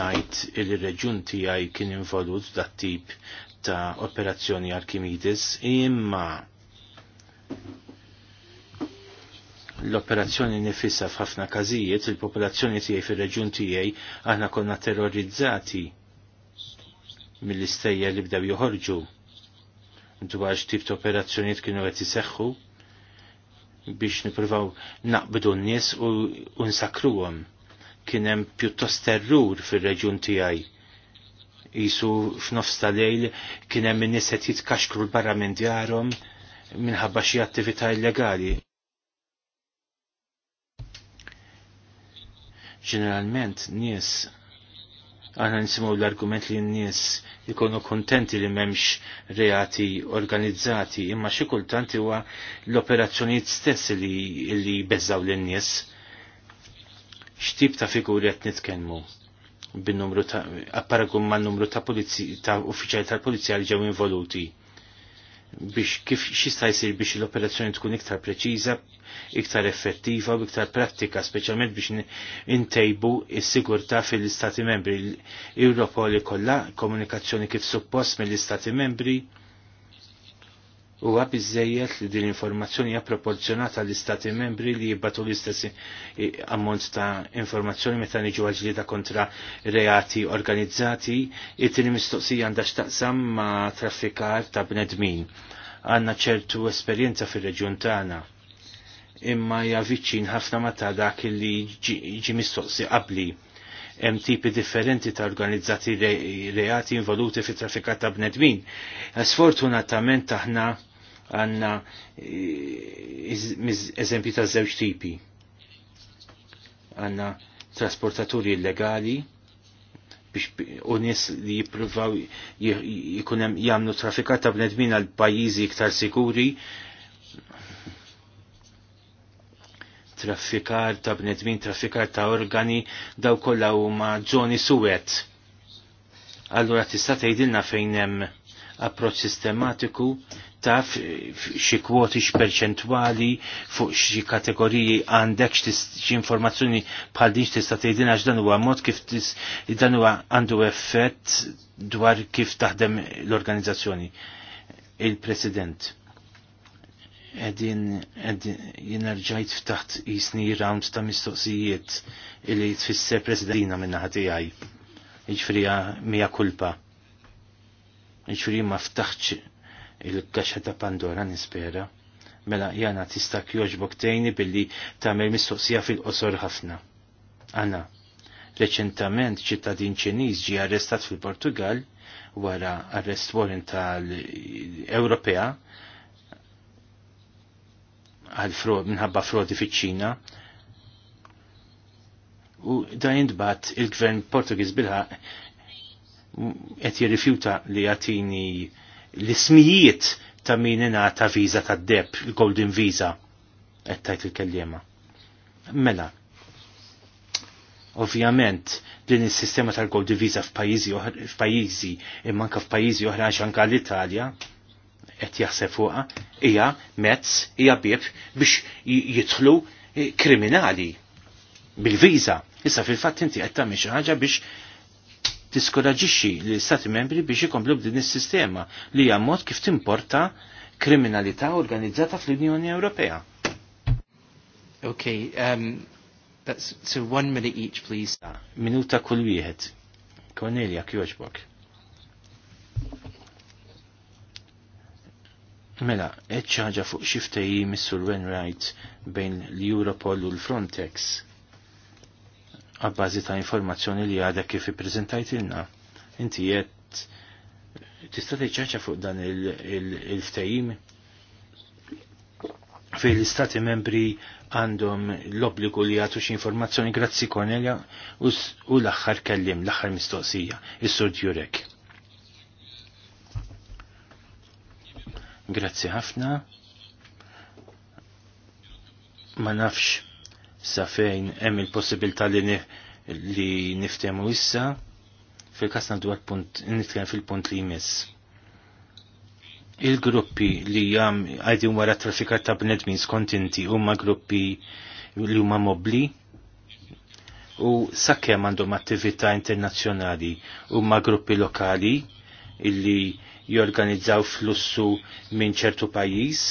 najt il-reġun tiegħi kien involut dat tip ta' operazzjoni Archimedes imma l-operazzjoni nifissa f'ħafna każijiet il-popolazzjoni tiegħi fir-reġjun tiegħi aħna konna terrorizzati mill-istejjer li bdew joħorġu dwar x'tip ta' operazzjonijiet kienu qed iseħħu biex nippruvaw naqbdu n-nies u, u nsakruhom. Kien hemm pjuttost terrur fir-reġjun tiegħi. Isu f'nofs ta' lejl kien hemm in-nies qed jitkaxkru l-barra minn djarhom minħabba xi attività illegali. ġeneralment nies għana nisimu l-argument li n-nies jikonu kontenti li memx reati organizzati, imma xie kultant huwa l-operazzjonijiet stess li, li bezzaw l-nies. Xtib ta' figuri qed nitkellmu bin-numru ta' apparagum ma' numru ta' uffiċjali tal-polizija li ġew involuti biex kif xista jsir biex l-operazzjoni tkun iktar preċiża, iktar effettiva u iktar prattika, speċjalment biex intejbu is-sigurtà fil-Istati membri. Europol kollha, komunikazzjoni kif suppost mill-Istati membri huwa biżejjed li din informazzjoni hija proporzjonata l istati membri li jibbatu l-istess ammont ta' informazzjoni meta niġu għaġlieda kontra reati organizzati, it tini mistoqsija għandha x'taqsam ma' traffikar ta' bnedmin. Għanna ċertu esperjenza fir-reġjun tagħna imma hija viċċin ħafna ma ta' dak li ġi mistoqsi qabli hemm tipi differenti ta' organizzati reati involuti fit traffikat ta' bnedmin. Sfortunatament aħna għanna eh, eżempju ta' żewġ tipi. Għanna trasportaturi illegali biex u nies li jipruvaw jikunem trafikat ta' bnedmin għal pajjiżi iktar sikuri traffikar ta' bnedmin, traffikar ta' organi, daw kollha huma ġoni suwet. Allura tista' tgħidilna fejn hemm approċ sistematiku taf xi kwoti x'perċentwali fuq xi kategoriji għandek xi informazzjoni bħal din tista' tgħidilna x'dan huwa mod kif dan huwa għandu effett dwar kif taħdem l-organizzazzjoni. Il-President. Edin, edin jenerġajt ftaħt jisni round ta' mistoqsijiet li tfisser presidentina minna għaj. Iġfrija mija kulpa Iċuri ma ftaħċ il-kaxa ta' Pandora nispera. Mela jana tista' kjoġbok tejni billi tagħmel mistoqsija fil-qosor ħafna. Anna, reċentament ċittadin ċiniż ġie arrestat fil-Portugal wara arrest warrant tal-Ewropea għal frodi minħabba frodi fiċ-Ċina. U da jindbat il-gvern Portugiż bilħaq qed jirrifjuta li jagħtini l-ismijiet ta' min ta' viża tad-deb, il-Golden Visa, qed tajt il-kellima. Mela, ovvjament din is-sistema tal-Golden Visa f'pajjiżi imma anke f'pajjiżi oħra għax anke l-Italja qed jaħseb fuqha hija mezz hija bieb e biex jidħlu eh, kriminali bil viza Issa fil-fatt inti qed tagħmel xi ħaġa biex tiskoraġixxi li istati membri biex ikomplu b'din is-sistema li hija mod kif timporta kriminalità organizzata fl-Unjoni Ewropea. Okay, um, that's so one minute each, please. Ah, minuta kull wieħed. Cornelia Kjoġbok. Mela, eċ ħaġa fuq xiftejji mis l Wenright bejn l-Europol u l-Frontex għabbażi ta' informazzjoni li għada kif ippreżentajt ilna. Inti jett tista' tiċċaċċa fuq dan il-ftehim fej l-istati membri għandhom l-obbligu li għatu informazzjoni grazzi Cornelia u l aħħar kellim, l aħħar mistoqsija, il-sur Jurek. Grazzi ħafna. Ma nafx sa fejn hemm il-possibilità li, nif li niftemu issa fil-kasna dwar punt nitkellem fil-punt li jmiss. Il-gruppi li jam għajdin wara trafikat ta' bnedmin skontinti huma gruppi li huma mobli u sakke għandhom attività internazzjonali huma gruppi lokali illi jorganizzaw flussu minn ċertu pajjiż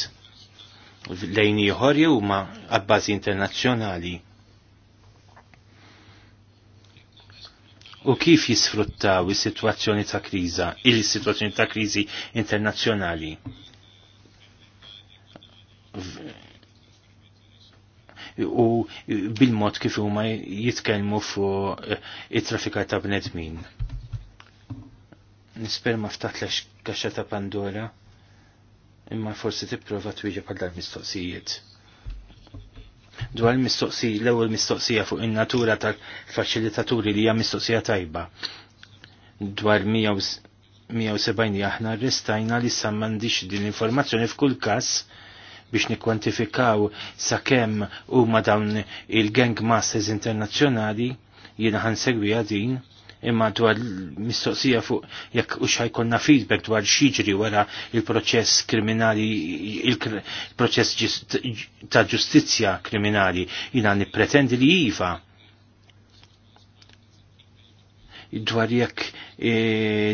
lejn ieħor jew ma għabbażi internazzjonali. U kif jisfruttaw is-sitwazzjoni ta' kriża, il-sitwazzjoni ta' kriżi internazzjonali? U bil-mod kif huma jitkellmu fuq it-trafikar ta' bnedmin. Nisper ma ftaħtlex kaxxa ta' Pandora imma forsi tipprova twieġeb għal mistoqsijiet. Dwar mistoqsijiet l-ewwel mistoqsija fuq in-natura tal-faċilitaturi li hija mistoqsija tajba. Dwar 170 aħna rristajna li sa m'għandix din l-informazzjoni f'kull każ biex nikkwantifikaw sakemm huma dawn il-gang masters internazzjonali jiena ħansegwija din imma dwar mistoqsija fuq jekk u ħajkonna feedback dwar xiġri wara il-proċess kriminali, il-proċess ta' ġustizzja kriminali, jina nipretendi li jiva dwar jekk e,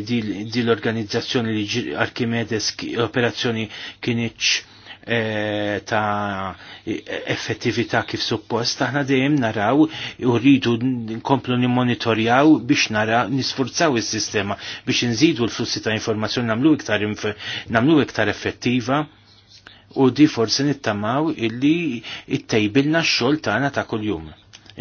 di l-organizzazzjoni li Archimedes operazzjoni kienieċ E, ta' effettività kif suppost, aħna dejjem naraw u rridu nkomplu nimmonitorjaw biex naraw nisfurzaw is-sistema biex nżidu l-flussi ta' informazzjoni nagħmlu iktar nagħmlu iktar effettiva u di forsi nittamaw illi ittejbilna x-xogħol tagħna ta' kuljum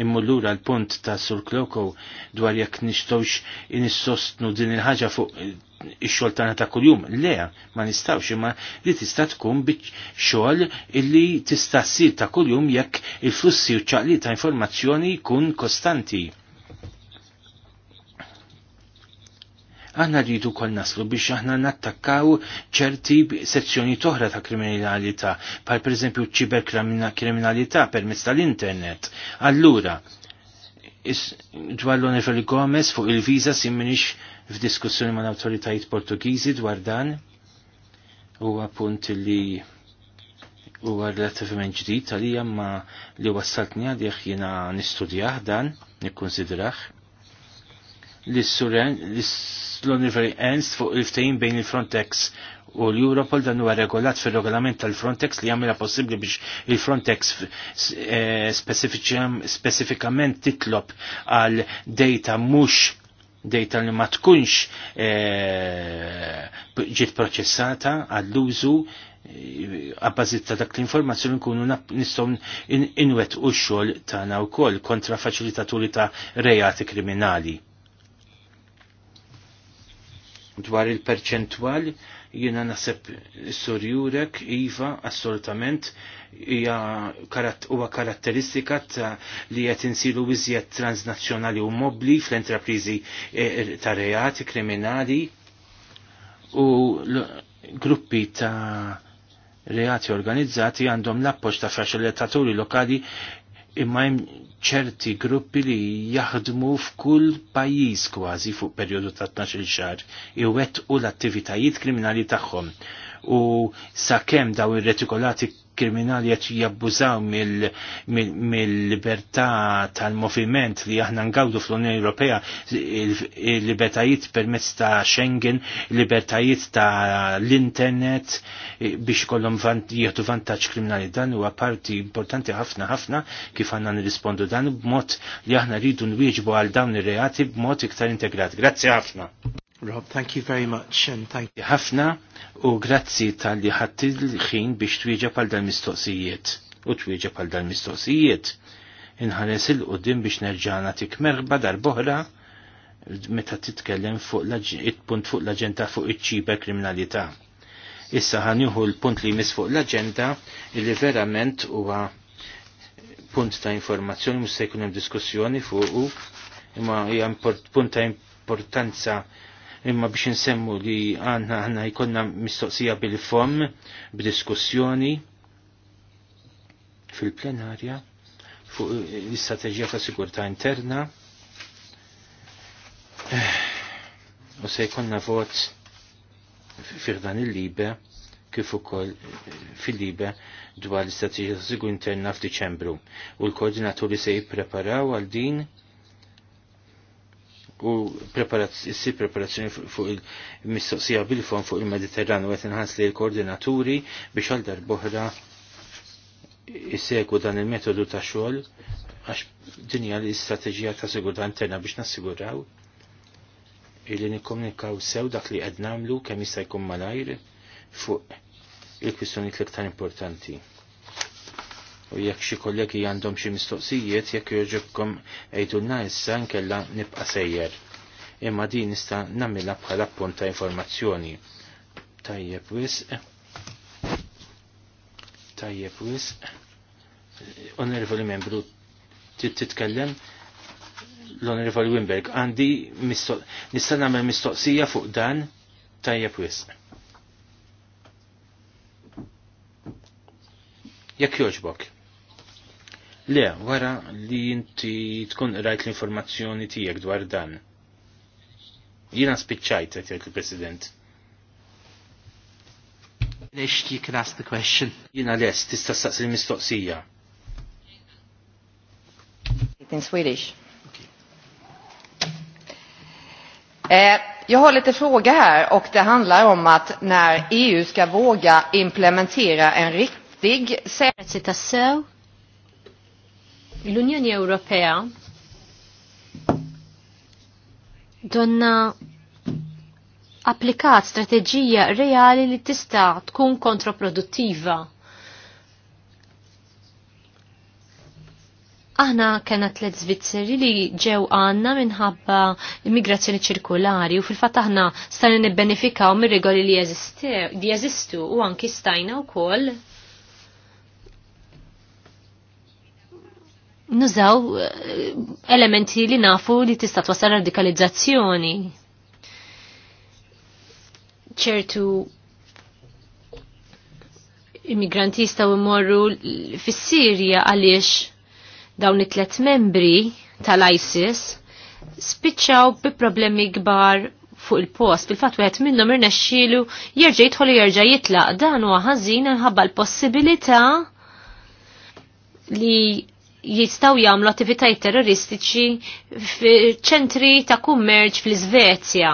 immu l l-punt ta' Sur Kloko dwar jekk nixtowx inissostnu din il-ħaġa fuq ix-xogħol tagħna ta' kuljum. Le, ma nistgħux imma li tista' tkun biex xogħol illi tista' ssir ta' kuljum jekk il-flussi u ċaqli ta' informazzjoni jkun kostanti. Aħna rridu kol naslu biex aħna nattakkaw ċerti sezzjoni toħra ta' kriminalità, pal per eżempju ċiberkriminalità permezz tal-internet. Allura, dwar l-Onorevoli Gomez fuq il-viza simminix f'diskussjoni ma' l-autoritajiet Portugiżi dwar dan huwa punt li huwa relattivament ġdid għalija ma li wassaltni għalih jiena nistudjah dan, nikkonsidrah. L-Suren, l fuq il-ftejn bejn il-Frontex u l-Europol dan huwa regolat fil-regolament tal-Frontex li jagħmilha possibbli biex il-Frontex eh, specifikament titlob għal data mhux Dejta li ma tkunx e, ġiet proċessata għall-użu e, għabbażit ta' dak l-informazzjoni nkunu nistgħu inwet u xogħol tagħna wkoll kontra faċilitaturi ta' rejati kriminali. Dwar il-perċentwal Jiena nasib sur Iva, assolutament, hija huwa karatteristika ta' li qed insilu iżjed transnazzjonali u mobbli fl-entreprizi eh, ta' reati kriminali u gruppi ta' reati organizzati għandhom l-appoġġ ta' faċilitaturi lokali imma ċerti gruppi li jaħdmu f'kull pajjiż kważi fuq perjodu ta' 12 xahar iwettqu l-attivitajiet kriminali tagħhom. U sakemm daw ir-retikolati kriminali qed jabbużaw mill-libertà tal-moviment li aħna ngawdu fl-Unjoni Ewropea il-libertajiet permezz ta' Schengen, libertajiet ta' l-internet biex kollom jieħdu vantaġġ kriminali dan huwa parti importanti ħafna ħafna kif għandna nirrispondu dan b'mod li aħna rridu nwieġbu għal dawn ir-reati b'mod iktar integrat. Grazzi ħafna. Rob, thank you very much and thank you. Ħafna u grazzi tal-li ħattil ħin biex twieġa għal dal-mistoqsijiet u twieġa għal dal-mistoqsijiet. Inħares il-qoddim biex nerġana tik merba boħra meta titkellem fuq il-punt fuq l-agenda fuq iċ ċiba kriminalità. Issa ħanjuhu l-punt li jmiss fuq l-agenda li verament huwa punt ta' informazzjoni mhux se jkun hemm diskussjoni fuq imma hija punt ta' importanza imma biex nsemmu li għanna għanna jkonna mistoqsija bil-fom, b'diskussjoni fil-plenarja fuq l-istrateġija ta' sigurtà interna eh, u se jkonna vot firdan il-libe kif ukoll fil-libe dwar l-istrateġija ta' sigurta interna f'Diċembru u l-koordinaturi se jippreparaw għal din u issir preparazzjoni fuq il-mistoqsija bil-fon fuq il-Mediterran u qed li l-koordinaturi biex għal boħra jissegu dan il-metodu ta' xogħol għax dinja l-istrateġija ta' sigurtà interna biex nassiguraw illi nikkomunikaw sew dak li qed nagħmlu kemm jista' jkun malajr fuq il kwistjoni l-iktar importanti u jekk xi kollegi għandhom xi mistoqsijiet jekk jogħġobkom għejtulna issa nkella nibqa' sejjer. Imma din nista' nagħmilha bħala appunt ta' informazzjoni. Tajjeb wisq. Tajjeb wisq. Onorevoli membru titkellem l-Onorevoli Wimberg għandi nista' nagħmel mistoqsija fuq dan tajjeb wisq. jekk jogħġbok. Le, wara li jinti tkun rajt l-informazzjoni tijek dwar dan. Jina spiċċajt, għet il-President. Lex you can ask the question. Jina les, tista staqsi il mistoqsija In Swedish. Eh, jag har lite fråga här och det handlar om att när EU ska våga implementera en riktig säkerhetssituation l-Unjoni Ewropea donna applikat strateġija reali li tista' tkun kontraproduttiva. Aħna kena tlet Zvizzeri li ġew għanna minħabba immigrazzjoni ċirkulari u fil-fatt aħna stajna nibbenefikaw mir-regoli li jeżistu u anki stajna wkoll nużaw eh, elementi li nafu li tista' twasal radikalizzazzjoni. ċertu immigranti jistgħu imorru fis-Sirja għaliex dawn it-tlet membri tal-ISIS spiċċaw bi problemi kbar fuq il-post bil-fatt wieħed minnhom irnexxielu jerġa' jidħol jerġa' jitlaq dan huwa ħażin inħabba l-possibilità li jistaw jagħmlu attivitajiet terroristiċi f'ċentri ta' kummerċ fl-Iżvezja.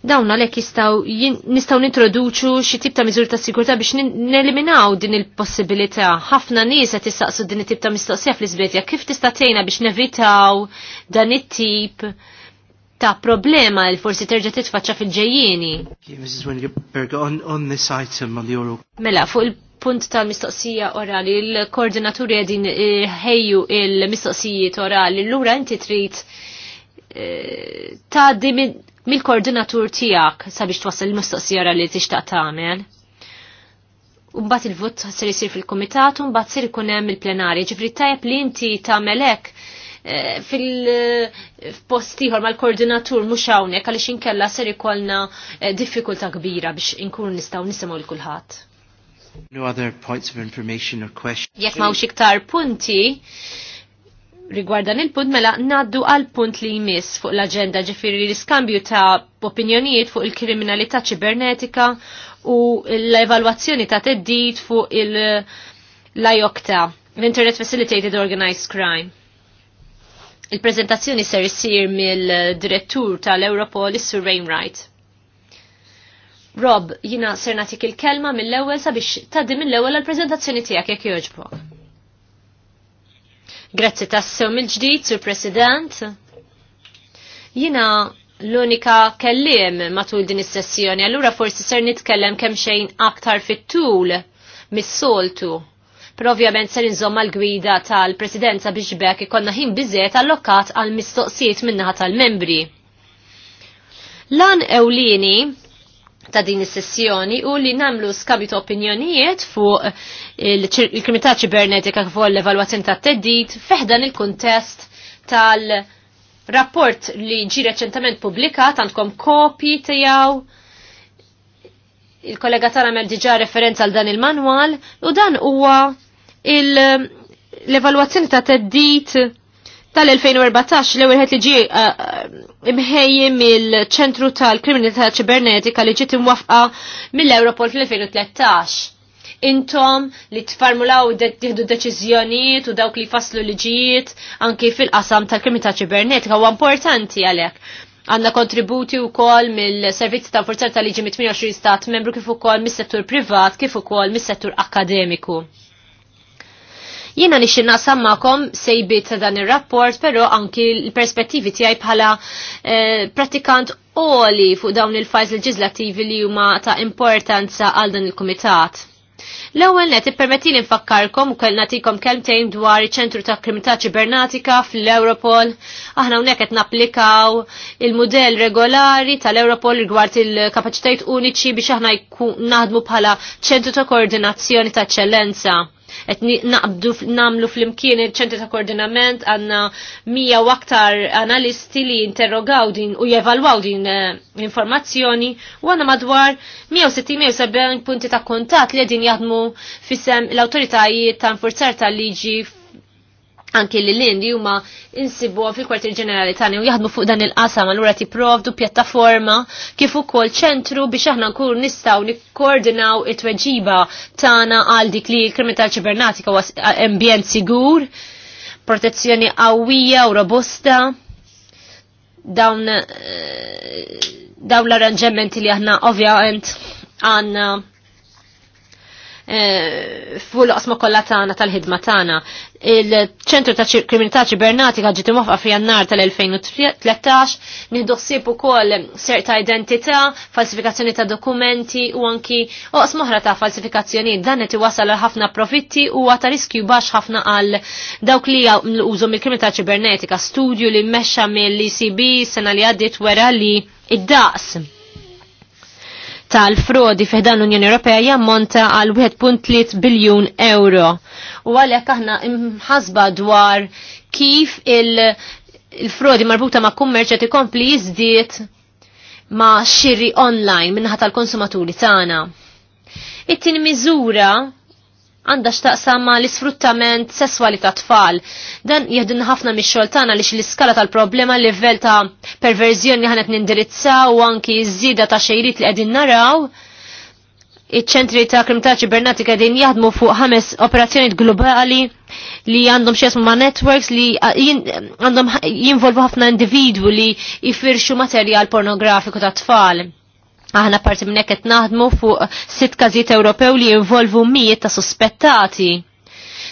Dawn għalhekk jistgħu nistgħu nintroduċu xi tip ta' miżur ta' sigurtà biex neliminaw din il-possibilità. Ħafna nies qed issaqsu din it-tip ta' mistoqsija fl-Iżvezja kif tista' tgħinha biex nevitaw dan it-tip ta' problema il forsi terġa' titfaċċa fil-ġejjieni. Mela, fuq il- punt tal-mistoqsija orali, il-koordinaturi għedin eh, ħejju il-mistoqsijiet orali, l-lura inti trid eh, taddi mill-koordinatur tijak sabiex twassal il-mistoqsija orali li tixtaq tagħmel. Umbat il-vot ser jisir fil-komitat, umbat ser ikun hemm il-plenari. Ġifri tajb li inti tagħmel hekk eh, fil-post ieħor mal-koordinatur mhux hawnhekk għaliex inkella ser ikollna difficulta kbira biex inkunu nistgħu nisimgħu l kulħadd. No other points of information or questions. Jekk ma iktar punti rigwardan il-punt mela naddu għal punt li jmiss fuq l-agenda ġifiri l-iskambju ta' opinjonijiet fuq il-kriminalità ċibernetika u l-evalwazzjoni ta' teddit fuq il-lajokta, l-Internet Facilitated Organized Crime. Il-prezentazzjoni ser isir mill-direttur tal-Europol, Sir sur Rob, jina ser natik il-kelma mill-ewel sabiex taddi mill-ewel għal-prezentazzjoni tijak jek joġbok. Grazzi tassew mill-ġdijt, sur president. Jina l-unika kellim matul din is-sessjoni, allura forsi ser nitkellem kemm xejn aktar fit-tul mis-soltu. per ovvjament ser inżomma l-gwida tal-presidenza biex bekk ikonna ħin biżiet allokat għal mistoqsijiet minnaħa tal-membri. Lan ewlieni ta' din is-sessjoni u li namlu skabitu ta' opinjonijiet fuq il-kriminalità ċibernetika fuq l-evalwazzjoni ta' teddit feħdan il-kuntest tal-rapport li ġi reċentament pubblikat għandkom kopji tiegħu il-kollega tara mel diġa referenza għal dan il-manwal u dan huwa l-evalwazzjoni ta' teddit tal-2014 l-ewwel ħed li ġie uh, uh, imħejjim mill-ċentru tal-kriminalità ċibernetika li ġiet imwafqa mill-Europol fl-2013. Intom li tfarmulaw tieħdu deċiżjonijiet u dawk li faslu liġijiet anki fil-qasam tal-kriminalità ċibernetika huwa importanti għalhekk. Għanna kontributi u kol mill-servizzi ta' forzar tal-liġi mit-28 stat membru kif ukoll mis-settur privat kif ukoll mis-settur akademiku. Jiena nixi naqsam sejbit ta' dan ir-rapport, però anki l-perspettivi tiegħi bħala eh, pratikant oli fuq dawn il-fajz leġislattivi li huma ta' importanza għal dan il-kumitat. L-ewwel net ippermetti li nfakkarkom u kell nagħtikom kelmtejn dwar iċ-ċentru ta' kriminalità ċibernatika fl-Europol. Aħna hawnhekk qed napplikaw il-mudell regolari tal-Europol rigward il-kapaċitajiet uniċi biex aħna naħdmu bħala ċentru ta' koordinazzjoni ta' Eċċellenza. Et naqbdu namlu fl-imkien il-ċentri ta' koordinament għanna mija u aktar analisti li interrogaw din u jevalwaw din eh, informazzjoni u għanna madwar 160-170 punti ta' kontat li għedin jaħdmu fissem l-autoritajiet ta' nfurzar ta' liġi anki li l-indi huma insibu fil-kwartier ġenerali tani u jaħdmu fuq dan il-qasam allura tipprovdu pjattaforma kif ukoll ċentru biex aħna nkunu nistgħu nikkoordinaw it-tweġiba tagħna għal dik li l-kriminalità ċibernatika was ambjent sigur, protezzjoni qawwija u robusta dawn eh, dawn l-arranġamenti li aħna ovvjament għandna fu l qasma kollha tagħna tal-ħidma tagħna. Il-ċentru ta' kriminalità ċibernatika ġiet imwafqa fi jannar tal-2013 nidossib ukoll ser ta' identità, falsifikazzjoni ta' dokumenti u anki oqs moħra ta' falsifikazzjoni dan qed iwasal għal ħafna profitti u ta' riskju baxx ħafna għal dawk li użu mill-kriminalità ċibernetika, studju li mmexxa mill icb sena li għaddiet wera li id-daqs tal-frodi fiħdan l-Unjoni Ewropea jammonta għal 1.3 biljun euro. U għalhekk aħna imħasba dwar kif il- frodi marbuta ma' kummerċet ikompli jiżdied ma' xirri online minnaħat tal-konsumaturi tagħna. It-tieni miżura għandha x'taqsam ma l-isfruttament sesswali ta' tfal. Dan jeħdin ħafna mix-xogħol tagħna li l-iskala tal-problema l livell ta' perverżjoni ħanet nindirizzaw u anki żieda ta' xejrit li qegħdin naraw. Iċ-ċentri ta' krimtaċ ċibernetika qegħdin jaħdmu fuq ħames operazzjonijiet globali li għandhom xesmu ma' networks li għandhom jinvolvu ħafna individwu li jifirxu materjal pornografiku ta' tfal Aħna parti minnek qed naħdmu fuq sitt każijiet Ewropew li jinvolvu mijiet ta' suspettati.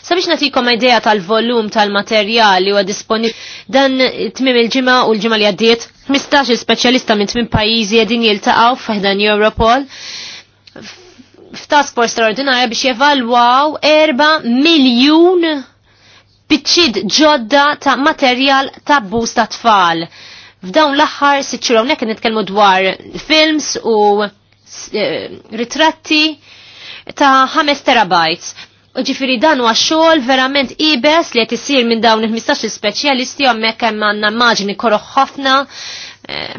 Sabiex natikom idea tal-volum tal-materjali huwa disponib dan tmim il-ġimgħa u l-ġimgħa li għaddiet 15 speċjalista minn tmim pajjiżi qegħdin jiltaqgħu f'ħdan Europol f'task force straordinarja biex jevalwaw 4 miljun biċċid ġodda ta' materjal ta' bus ta' tfal F'dawn l-aħħar siċċuraw nek nitkellmu dwar films u eh, ritratti ta' 5 terabytes. Ġifiri dan huwa xogħol verament ibes li qed isir minn dawn il-15 speċjalisti hemmhekk hemm għandna maġni koroħ ħafna. Eh,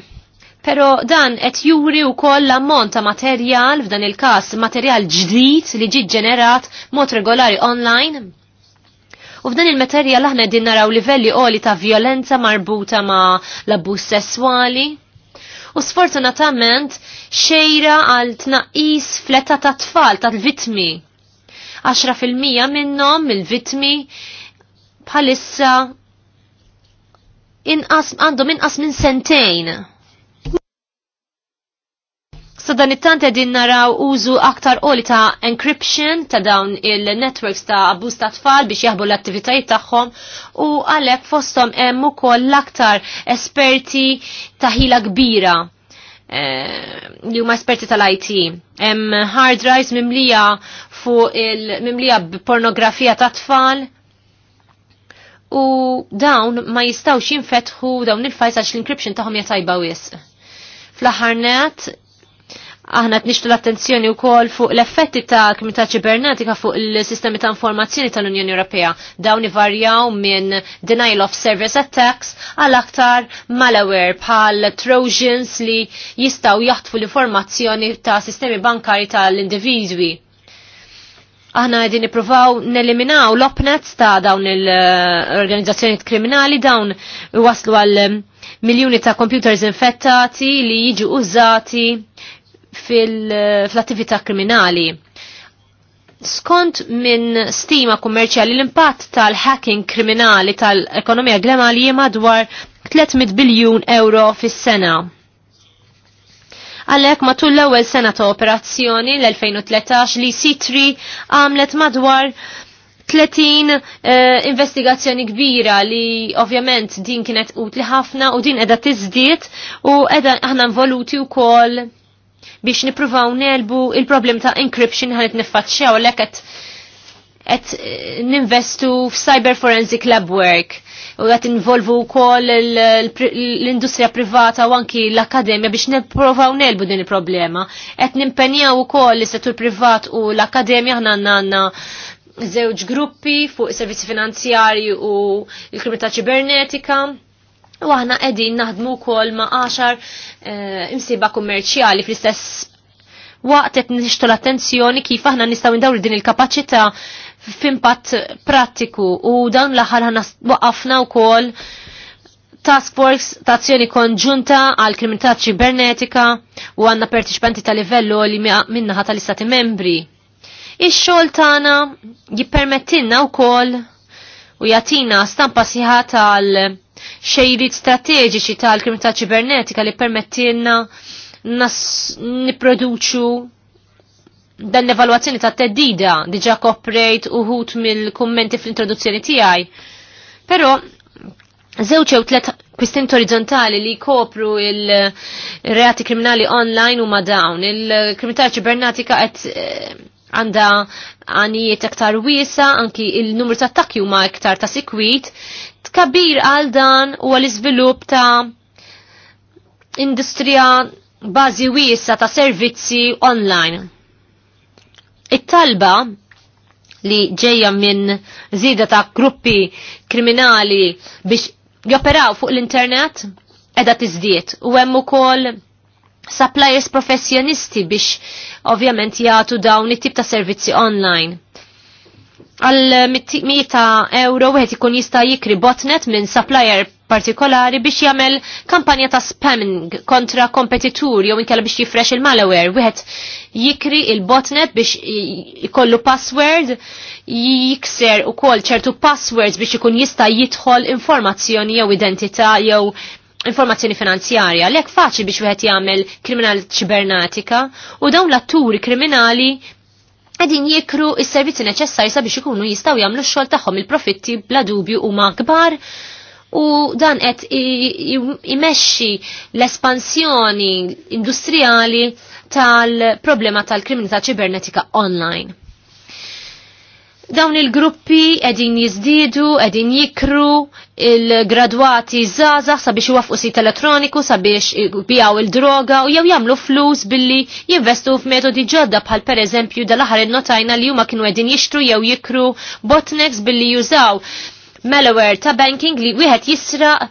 Pero dan qed juri wkoll l-ammont ta' materjal f'dan il-każ materjal ġdid li ġi ġenerat mod regolari online U f'dan il materja l'aħna din naraw livelli għoli ta' violenza marbuta ma' l-abbuż sesswali. U sfortunatament xejra għal tnaqqis fletta ta' tfal ta' l-vitmi. 10% minnhom il-vitmi bħalissa inqas għandhom inqas minn sentejn. So dan it-tant edin naraw użu aktar qoli ta' encryption ta' dawn il-networks ta' abbuż ta' tfal biex jaħbu l-attivitajiet tagħhom u għalhekk fosthom hemm ukoll l-aktar esperti ta' ħila kbira eh, li huma esperti tal-IT. Hemm hard drives mimlija fuq il-mimlija b'pornografija ta' tfal u dawn ma jistawx jinfetħu dawn il-fajs għax l-encryption tagħhom jatajba wisq fl-ħarnet Aħna t l-attenzjoni u kol fuq l-effetti ta' Kmita ċibernetika fuq il-sistemi ta' informazzjoni tal-Unjoni Ewropea. Dawn ivarjaw minn denial of service attacks għal aktar malware bħal trojans li jistaw jaħtfu l-informazzjoni ta' sistemi bankari tal-individwi. Aħna għedin niprofaw neliminaw l-opnets ta' dawn il-organizzazzjoni kriminali dawn waslu għal miljoni ta' computers infettati li jiġu użati fil-attività kriminali. Skont minn stima kummerċjali l-impatt tal-hacking kriminali tal-ekonomija glemali jema dwar 300 biljun euro fis-sena. Għalhekk matul l-ewwel sena ta' operazzjoni l-2013 li C3 għamlet madwar 30 uh, eh, investigazzjoni kbira li ovvjament din kienet utli ħafna u din edha tiżdiet u edha aħna involuti wkoll biex nipruvaw nelbu il-problem ta' encryption ħanet niffaċċjaw l qed għet eh, ninvestu f'cyber forensic lab work u qed involvu wkoll l-industrija privata u anki l-akademja biex nippruvaw nelbu din il-problema. Qed nimpenjaw ukoll is-settur privat u l-akademja ħna għandna żewġ gruppi fuq servizzi finanzjari u l-kriminalità ċibernetika U aħna qegħdin naħdmu wkoll ma' 10 eh, imsiba kummerċjali fl-istess waqt qed nixtu l-attenzjoni kif aħna nistgħu ndawru din il-kapaċità f'impatt prattiku u dan l-aħħar aħna waqafna wkoll task force ta' azzjoni konġunta għal kriminalità ċibernetika u għanna partiċipanti ta' livello li minnaħa tal-istati membri. Ix-xogħol tagħna jippermettilna wkoll u jatina stampa siħa tal xejrit strateġiċi tal-kriminalità ċibernetika li permettilna niproduċu dan l-evalwazzjoni ta' teddida diġa koprejt uħut mill-kummenti fl-introduzzjoni tiegħi. Però żewġ jew tliet kwistjoni orizzontali li kopru il-reati kriminali online huma dawn. Il-kriminalità ċibernetika qed eh, għanda għanijiet iktar wisa, anki il-numru ta' attakki huma iktar ta' sikwit, kabir għal dan u għal iżvilupp ta' industrija bażi wiesa ta' servizzi online. It-talba li ġejja minn zida ta' gruppi kriminali biex joperaw fuq l-internet edha tizdiet u hemm ukoll suppliers professjonisti biex ovvjament jagħtu dawn it-tip ta' servizzi online għal 100 euro wieħed ikun jista' jikri botnet minn supplier partikolari biex jagħmel kampanja ta' spamming kontra kompetitur jew inkella biex jifresh il-malware. Wieħed jikri il-botnet biex ikollu password, jikser ukoll ċertu passwords biex ikun jista' jidħol informazzjoni jew identità jew informazzjoni finanzjarja. Lek faċi biex wieħed jagħmel kriminal ċibernatika u dawn l-atturi kriminali għedin jekru il-servizzi neċessari sabiex ikunu jistaw jamlu xol taħħom il-profitti bla dubju u ma kbar u dan qed imexxi l-espansjoni industrijali tal-problema tal-kriminalità ċibernetika online. Dawn il-gruppi edin jizdidu, edin jikru, il-gradwati zaza sabiex iwafqu sit elettroniku sabiex bijaw il-droga u jew jagħmlu flus billi jinvestu f'metodi ġodda bħal pereżempju dal-aħħar innotajna li huma kienu qegħdin jixtru jew jikru botnex billi jużaw malware ta' banking li wieħed jisraq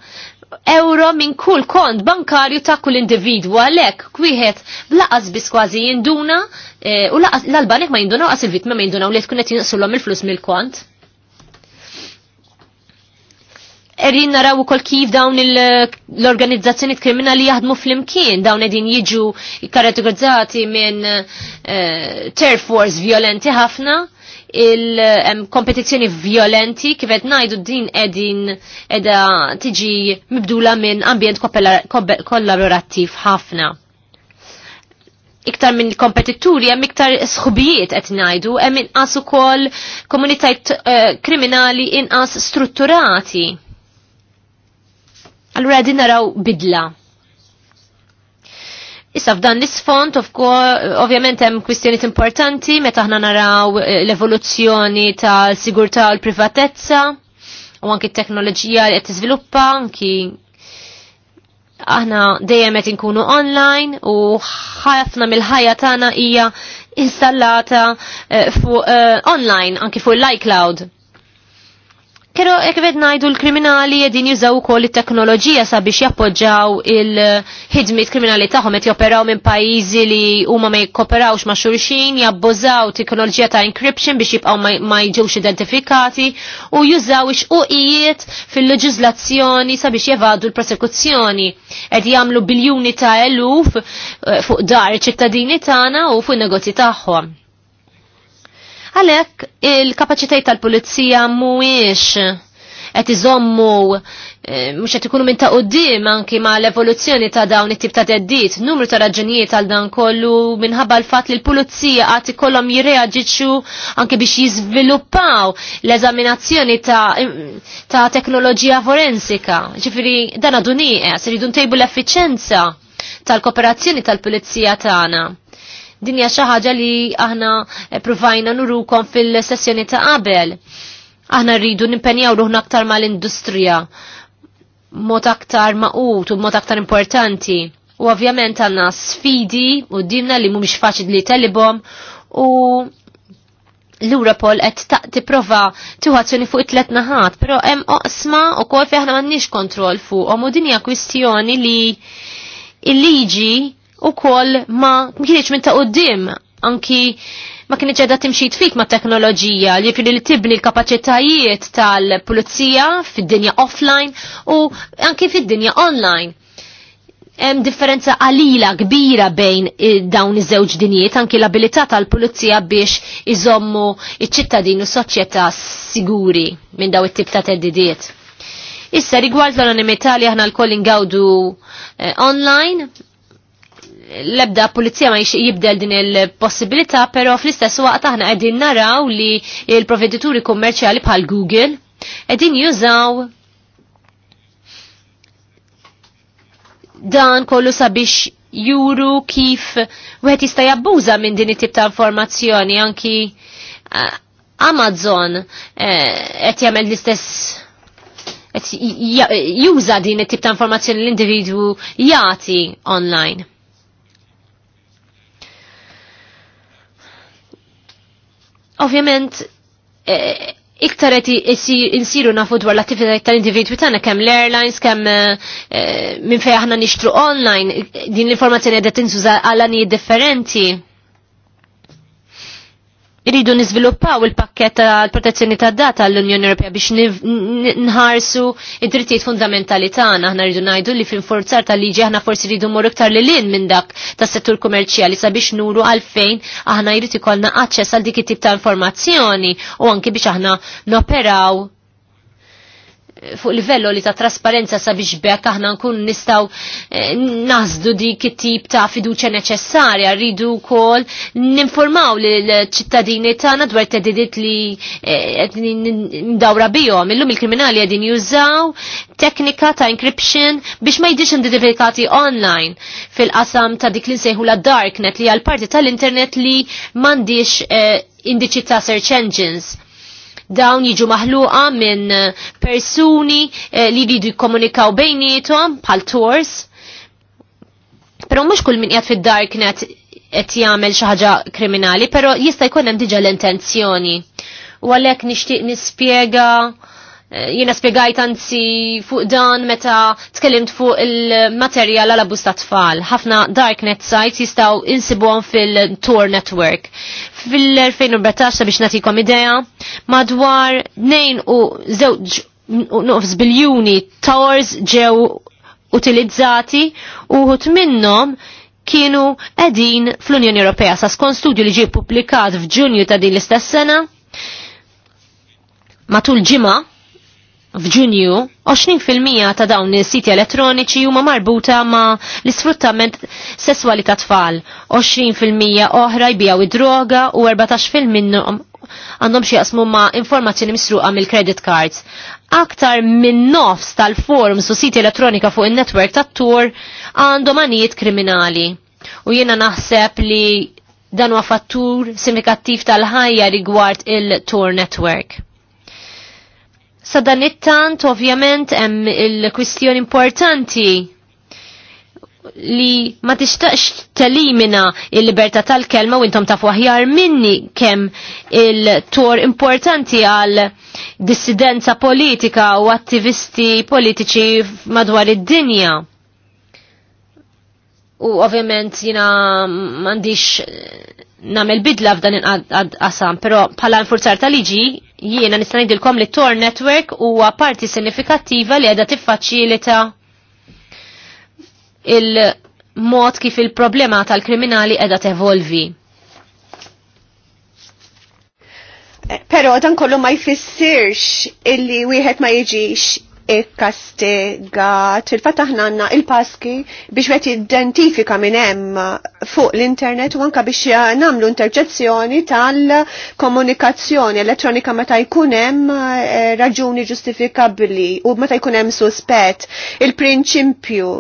euro minn kull kont bankarju ta' kull individu għalek kwiħet blaqas bis kważi jinduna e, u l-albanek ma jinduna u għas il-vitma ma jinduna u li tkun qed il-flus mill-kont. Erin naraw ukoll kif dawn l-organizzazzjoni kriminali jaħdmu fl-imkien, dawn qegħdin jiġu kategorizzati minn uh, eh, turf wars violenti ħafna il-kompetizzjoni violenti kif qed ngħidu din qegħdin qiegħda tiġi mibdula minn ambjent kollaborattiv ħafna. Iktar minn kompetituri hemm iktar sħubijiet qed ngħidu hemm inqas ukoll komunitajiet eh, kriminali inqas strutturati. Allura din naraw bidla Issa f'dan l-isfond, ovvjament hemm kwistjoniet importanti meta aħna naraw eh, l-evoluzzjoni tal-sigurtà u l-privatezza u anki t-teknoloġija li qed tiżviluppa anki aħna dejjem qed inkunu online u ħafna mill-ħajja tagħna hija installata eh, fuq eh, online anki fuq l-iCloud. Kero ekved najdu l-kriminali jedin jużaw ukoll it-teknoloġija sabiex jappoġġaw il-ħidmit kriminali tagħhom qed joperaw minn pajjiżi li huma ma jkoperawx ma' xulxin, jabbużaw teknoloġija ta' encryption biex jibqgħu ma jiġux identifikati u jużaw ix-uqijiet fil-leġiżlazzjoni sabiex jevadu l-prosekuzzjoni. Qed jagħmlu biljuni ta' eluf eh, fuq dar ċittadini tagħna u fuq negozji tagħhom. Għalhekk il kapacitajt tal-pulizija mhuwiex qed iżommu eh, mhux qed ikunu minn ta' qudiem anki ma' l-evoluzzjoni ta' dawn it-tip ta' teddit, numru ta' raġunijiet għal dan kollu minħabba l-fatt li l-pulizija qatt ikollhom jirreaġixxu anke biex jiżviluppaw l-eżaminazzjoni ta', ta teknoloġija forensika. Ġifieri dan għadu s iridu ntejbu l-effiċenza tal-kooperazzjoni tal-pulizija tagħna. Dinja xaħġa xi ħaġa li aħna eh, provajna nurukom fil-sessjoni ta' qabel. Aħna rridu nimpenjaw ruħna aktar mal-industrija mod aktar maqut u mod aktar importanti. U ovvjament għandna sfidi u dimna li mhumiex faċli li telibhom u l-Europol qed tipprova tiħazzjoni fuq it let naħat, pero hemm oqsma kol fi aħna m'għandniex kontroll fuqhom u din kwistjoni li il-liġi u kol ma kienieċ minn ta' qoddim anki ma kienieċ għedha timxi fit ma' teknoloġija li jipri li tibni l-kapacitajiet tal-pulizija fid-dinja offline u anki fid-dinja online. Hemm differenza qalila kbira bejn eh, dawn iż-żewġ dinjiet anki l-abilità tal-pulizija biex iżommu iċ-ċittadin u soċjetà siguri minn daw it-tip ta' teddidiet. Issa rigward l-anonimità li aħna l ingawdu eh, online, l-ebda pulizija ma jibdel din il-possibilità, pero fl-istess waqt aħna qegħdin naraw li il provedituri kummerċjali bħal Google qegħdin jużaw dan kollu sabiex juru kif wieħed jista' jabbuża minn din it-tip ta' informazzjoni anki eh, Amazon eh, qed jagħmel l-istess juża din it-tip ta' informazzjoni l-individwu jagħti online. Ovvjament, e, iktar qed insiru nafu dwar l-attivitajiet tal-individwi tagħna kemm l-airlines, kemm e, e, minn fejn aħna nixtru online, din l-informazzjoni qed tinsuża għal anijiet differenti. Iridu nizviluppaw il-pakket tal-protezzjoni tad data l-Unjoni Ewropea biex nħarsu id-drittijiet fundamentali tagħna. Aħna rridu ngħidu li fil tal-liġi aħna forsi rridu mmorru iktar li lin minn dak tas-settur kummerċjali sabiex nuru għalfejn aħna jrid ikollna aċċess għal dik it-tip ta' informazzjoni u anke biex aħna noperaw fuq livello li ta' trasparenza sabiex bekk aħna nkun nistaw eh, nazdu dik it-tip ta' fiduċa neċessarja, rridu wkoll ninformaw lill-ċittadini tagħna dwar tedidiet li eh, ndawra bihom. Illum il-kriminali qegħdin jużaw teknika ta' encryption biex ma jdix indifikati online fil-qasam ta' dik li nsejħu la darknet li għal parti tal-internet li m'għandix eh, indiċi ta' search engines Dawn jiġu maħluqa minn eh, persuni eh, li jridu jikkomunikaw bejnietom bħal tours. Però mhux kull min qiegħed fid-darknet qed jagħmel xi ħaġa kriminali, però jista' jkun hemm diġà l-intenzjoni. U għalhekk nixtieq nispjega Eh, Jiena spiegajt anzi fuq dan meta tkellimt fuq il-materjal għal abus ta' tfal. Ħafna darknet sites jistgħu insibuhom fil-Tor Network. Fil-2014 biex nagħtikom idea, madwar 2 u żewġ nofs biljuni towers ġew utilizzati u hut minnhom kienu edin fl-Unjoni Ewropea sa skon studju li ġie publikat f'Ġunju ta' din l-istess sena matul ġimgħa f'Ġunju 20% ta' dawn is-siti elettroniċi huma marbuta ma' l-isfruttament sesswali ta' tfal, 20% oħra jbijaw id-droga u 14% minnhom għandhom xi jaqsmu ma' informazzjoni misruqa mill-credit cards. Aktar minn nofs tal-forms u siti elettronika fuq in-netwerk tat-tur għandhom għanijiet kriminali. U jiena naħseb li dan huwa fattur sindikattiv tal-ħajja rigward il-Tour Network. Sa dan it-tant ovvjament hemm il-kwistjoni importanti li ma tixtaqx telimina il-libertà tal-kelma u intom tafu aħjar minni kemm il-tor importanti għal dissidenza politika u attivisti politiċi madwar id-dinja. U ovvjament jina mandiċ eh, namel bidla f'dan qasam, pero bħala nfurzar tal-liġi jiena nista' ngħidilkom li Tor Network huwa parti sinifikattiva li qiegħda tiffaċilita il-mod kif il-problema tal-kriminali qiegħda tevolvi. Eh, pero dan kollu ma jfissirx illi wieħed ma jiġix ikkastigat. Il-fatt aħna għandna il-paski biex wet identifika minn hemm fuq l-internet u anka biex nagħmlu interġezzjoni tal-komunikazzjoni elettronika meta jkun hemm eh, raġuni ġustifikabbli u meta jkun hemm suspett. Il-prinċipju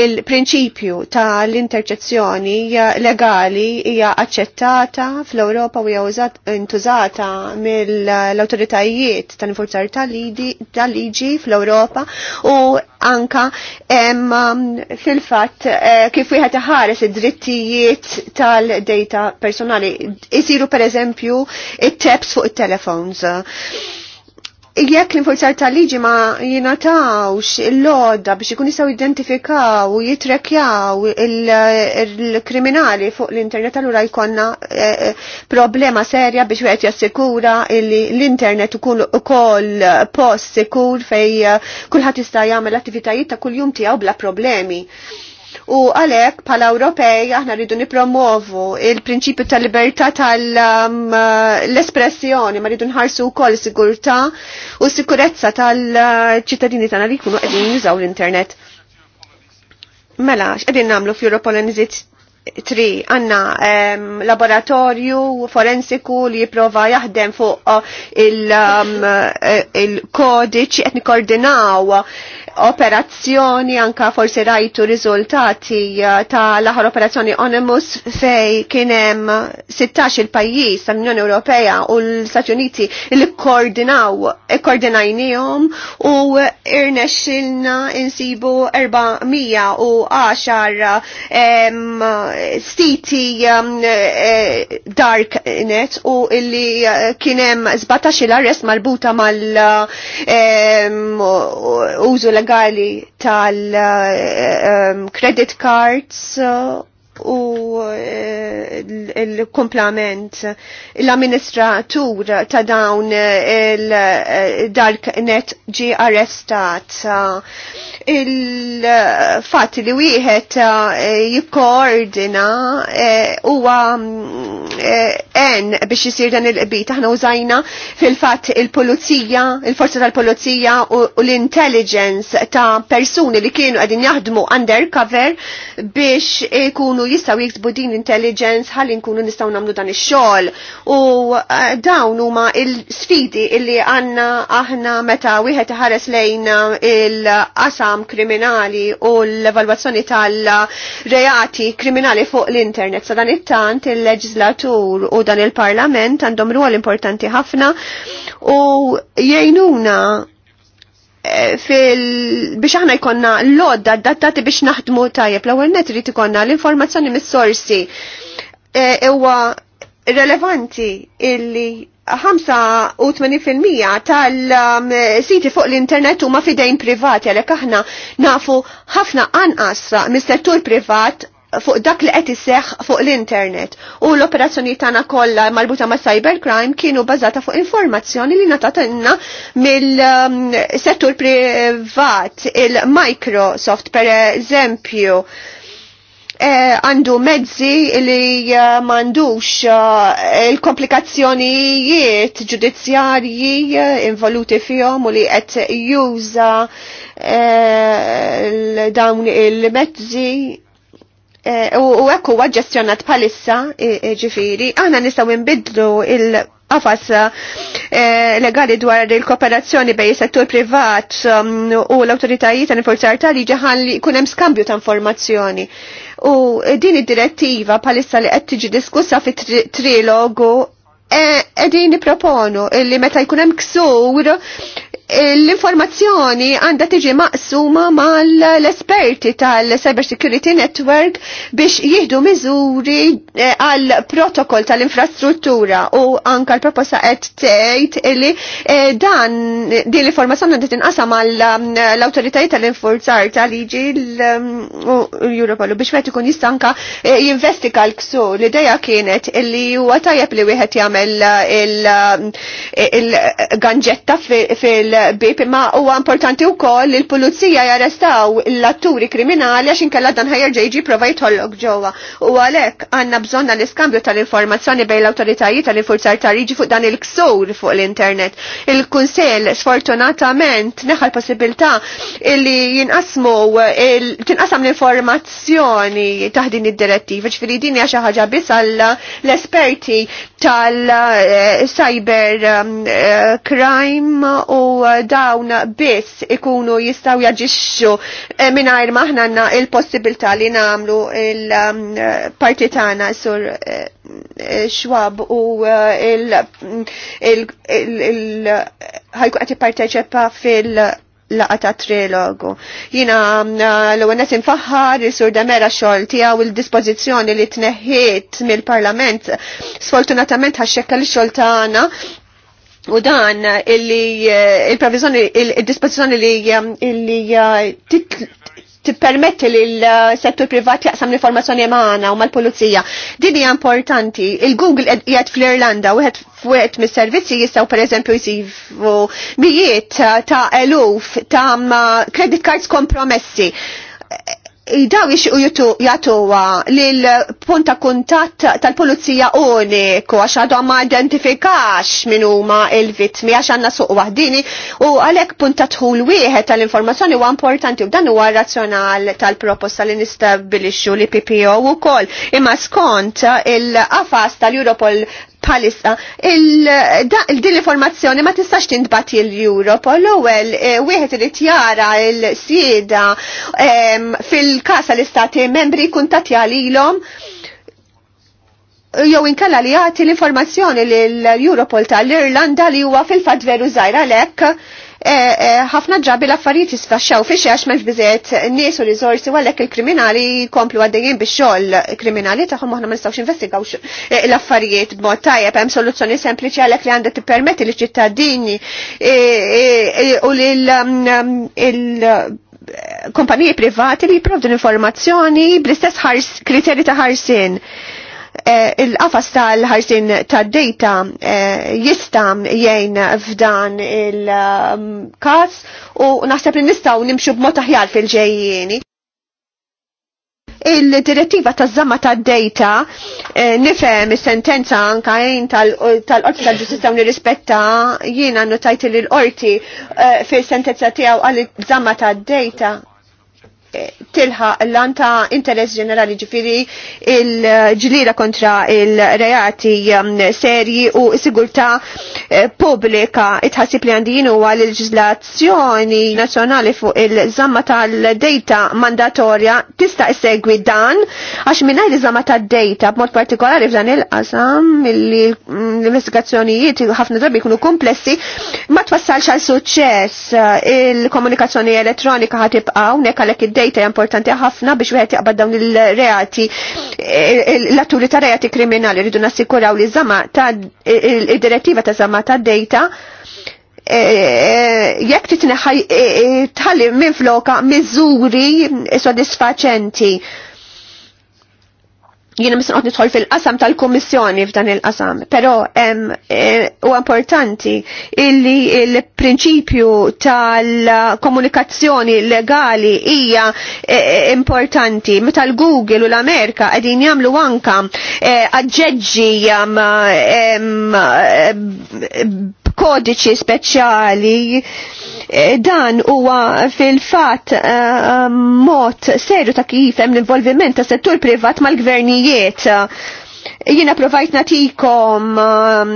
il-prinċipju tal-interġezzjoni legali hija aċċettata fl-Ewropa u hija intużata mill-awtoritajiet tal-infurzar tal-lidi liġi fl-Ewropa u anka um, fil-fatt eh, kif wieħed iħares id-drittijiet tal-data personali. Isiru pereżempju it-taps fuq it-telefons. Jekk l-infurzar tal-liġi ma jinatawx il loda biex ikun jistaw identifikaw u jitrekjaw il-kriminali fuq l-internet allura jkonna eh, eh, problema serja biex wieħed jassikura l-internet u ukoll post sikur fej eh, kulħadd jista' jagħmel attivitajiet ta' kuljum tiegħu bla problemi u għalhekk bħala Ewropej aħna rridu nipromovu il-prinċipju tal-libertà tal-espressjoni, um, uh, ma rridu nħarsu wkoll sigurtà u sikurezza tal-ċittadini tagħna li jkunu qegħdin l-internet. Mela, x'qegħdin nagħmlu f'Europolanization tri għanna laboratorju forensiku li jiprofa jaħdem fuq uh, il-kodiċ um, uh, qed nikkoordinaw operazzjoni anka forsi rajtu riżultati uh, ta' l-aħħar operazzjoni Onimus fej kienem 16 il-pajjiż tal-Unjoni Ewropea u l-Stati Uniti li koordinaw koordinajnihom u irnexxilna insibu 410 stiti um, eh, dark net u illi eh, kienem 17 arrest marbuta mal-użu eh, legali tal-credit cards u eh, il-komplament l-amministratur ta' dawn il-dark eh, net ġi arrestat il-fat li wieħed eh, jikkoordina huwa en biex jisir dan il-qbit aħna użajna fil-fat il-pulizija il-forza tal-pulizija u l-intelligence ta' persuni li kienu qegħdin jaħdmu undercover biex ikunu jistaw jiksbu din intelligence ħalli nkunu nistaw namlu dan ix-xogħol u eh, dawn huma l-sfidi illi għandna aħna meta wieħed iħares lejn eh, il-qasam kriminali u l-evalwazzjoni tal-reati kriminali fuq l-internet. Sa dan it-tant il-leġislatur u dan il-parlament għandhom ruwol importanti ħafna u jgħinuna fil biex aħna jkonna l-lodda d-dattati biex naħdmu tajjeb l-ewwel net irid ikonna l-informazzjoni mis-sorsi e, huwa relevanti illi 85% tal-siti um, fuq l-internet huma fidejn privati għalhekk aħna nafu ħafna anqas mis-settur privat fuq dak li qed iseħħ fuq l-internet u l-operazzjoni tagħna kollha marbuta ma' cybercrime kienu bażata fuq informazzjoni li natatna mill-settur um, privat, il-Microsoft per eżempju e, għandu mezzi li uh, mandux uh, il-komplikazzjonijiet ġudizzjarji uh, involuti fihom u li qed juża dawn il-mezzi Eh, u ekku ġestjonat palissa ġifiri, aħna nistaw imbidlu il- għafas eh, legali dwar il-kooperazzjoni bej settur privat um, u l-autoritajiet għan forzar tali ġaħan li kunem skambju ta' informazzjoni. U din id-direttiva palissa li qed tiġi diskussa fit trilogu eh, edini proponu li meta jkunem ksur l-informazzjoni għanda tiġi maqsuma mal-esperti tal-Cyber Security Network biex jihdu miżuri eh, għal protokoll tal-infrastruttura u anka l-proposta qed tejt illi eh, dan din l-informazzjoni għandha tinqasam mal-awtoritajiet mm, tal-infurzar tal-liġi l-Europol mm, biex wieħed ikun jista' anka eh, jinvestika l-ksur. L-idea kienet li huwa tajjeb li wieħed jagħmel il-ganġetta fil bib imma huwa importanti wkoll li l-pulizija jarrestaw l-atturi kriminali għax inkella dan ħajerġa' jiġi prova jitħollok ġewwa. U għalhekk għandna bżonna l-iskambju tal-informazzjoni bejn l-awtoritajiet tal-infurzar tariġi fuq dan il-ksur fuq l-internet. Il-Kunsell sfortunatament l possibilità li jinqasmu tinqasam l-informazzjoni taħdin id-direttiva, ġifieri din hija xi ħaġa biss l-esperti tal-cyber eh, eh, crime u dawn biss ikunu jistaw jaġixxu eh, mingħajr maħnanna il-possibilità li nagħmlu il-partitana um, sur xwab eh, eh, u il- ħajku parteċepa fil- laqata ta' trilogu. Jina l-għonet infaħħar il-sur damera xol tijaw il-dispozizjoni li tneħħiet mill-parlament sfortunatament ħaxxekka li xol ta'na U dan illi eh, il-provizjoni il-dispożizzjoni li eh, illi eh, tippermetti li l-settur privat jaqsam l-informazzjoni magħna u mal-pulizija. Din hija importanti. Il-Google qiegħed fl-Irlanda wieħed f'wieħed mis-servizzi jistgħu pereżempju jsivu mijiet ta' eluf ta' credit cards kompromessi daw ixqu jatuwa l-punta kuntat tal-polizija uniku għax għadu ma identifikax minu huma il-vitmi għax għanna suq wahdini u għalek punta tħul wieħed tal-informazzjoni huwa importanti u dan huwa razzjonal tal-proposta li nistabilixxu li PPO u kol imma skont il-qafas tal-Europol palissa il-din informazzjoni ma tistax tintbati l europol l-ewwel eh, wieħed irid jara l-sieda fil-kasa l-istati membri kun tatjalilhom jew inkella li jagħti l-informazzjoni lill-Europol tal-Irlanda li huwa fil-fatt veru żgħira lek Eh, eh, ħafna ġabi l-affarijiet jisfaxxaw fi xax m'hemmx biżejjed nies u riżorsi għalhekk il-kriminali jkomplu għaddejjin bix-xogħol kriminali tagħhom aħna ma nistgħux investigaw eh, l-affarijiet b'mod tajjeb hemm soluzzjoni sempliċi għalhekk li għandha tippermetti li ċittadini u lil mm, kompaniji privati li jiprovdu l-informazzjoni bl-istess kriterji ta' ħarsin. Eh, il-qafas tal-ħarsin tad-data eh, jista' jgħin f'dan il-kas u naħseb li nistaw nimxu b'mod aħjar fil-ġejjieni. Il-direttiva ta' żamma ta' data eh, nifhem is-sentenza anka jgħin tal-qorti tal-ġustizja u nirrispetta jiena notajt li l-qorti fil-sentenza tiegħu għal żamma ta' data tilħa l-anta interess ġenerali ġifiri il-ġlira kontra il-reati um, serji u sigurta eh, publika itħasib li għandijin u għal-leġizlazzjoni nazjonali fuq il-zamma tal-data mandatorja tista' segwi dan għax minna il-zamma tal-data b'mod partikolari f'dan il-qasam l-investigazzjonijiet ħafna drabi jkunu komplessi ma twassalx għal suċċess il-komunikazzjoni elettronika ħatibqa' unek għalek id data importanti ħafna biex wieħed jaqbad dawn il-reati l-atturi ta' reati kriminali rridu nassikuraw li żama ta' id-direttiva ta' żama ta' data e, e, jekk titneħħaj e, tħalli minn floka miżuri sodisfaċenti jiena mis noqgħod nidħol fil-qasam tal-Kummissjoni f'dan il-qasam, però hemm eh, u importanti illi il-prinċipju tal-komunikazzjoni legali hija eh, importanti. Meta l-Google u l-Amerika qegħdin jagħmlu anka eh, aġġeġġi kodiċi speċjali eh, dan huwa fil-fat eh, eh, mod serju ta' kif hemm l-involviment ta' settur privat mal-gvernijiet Jina provajt natikom um,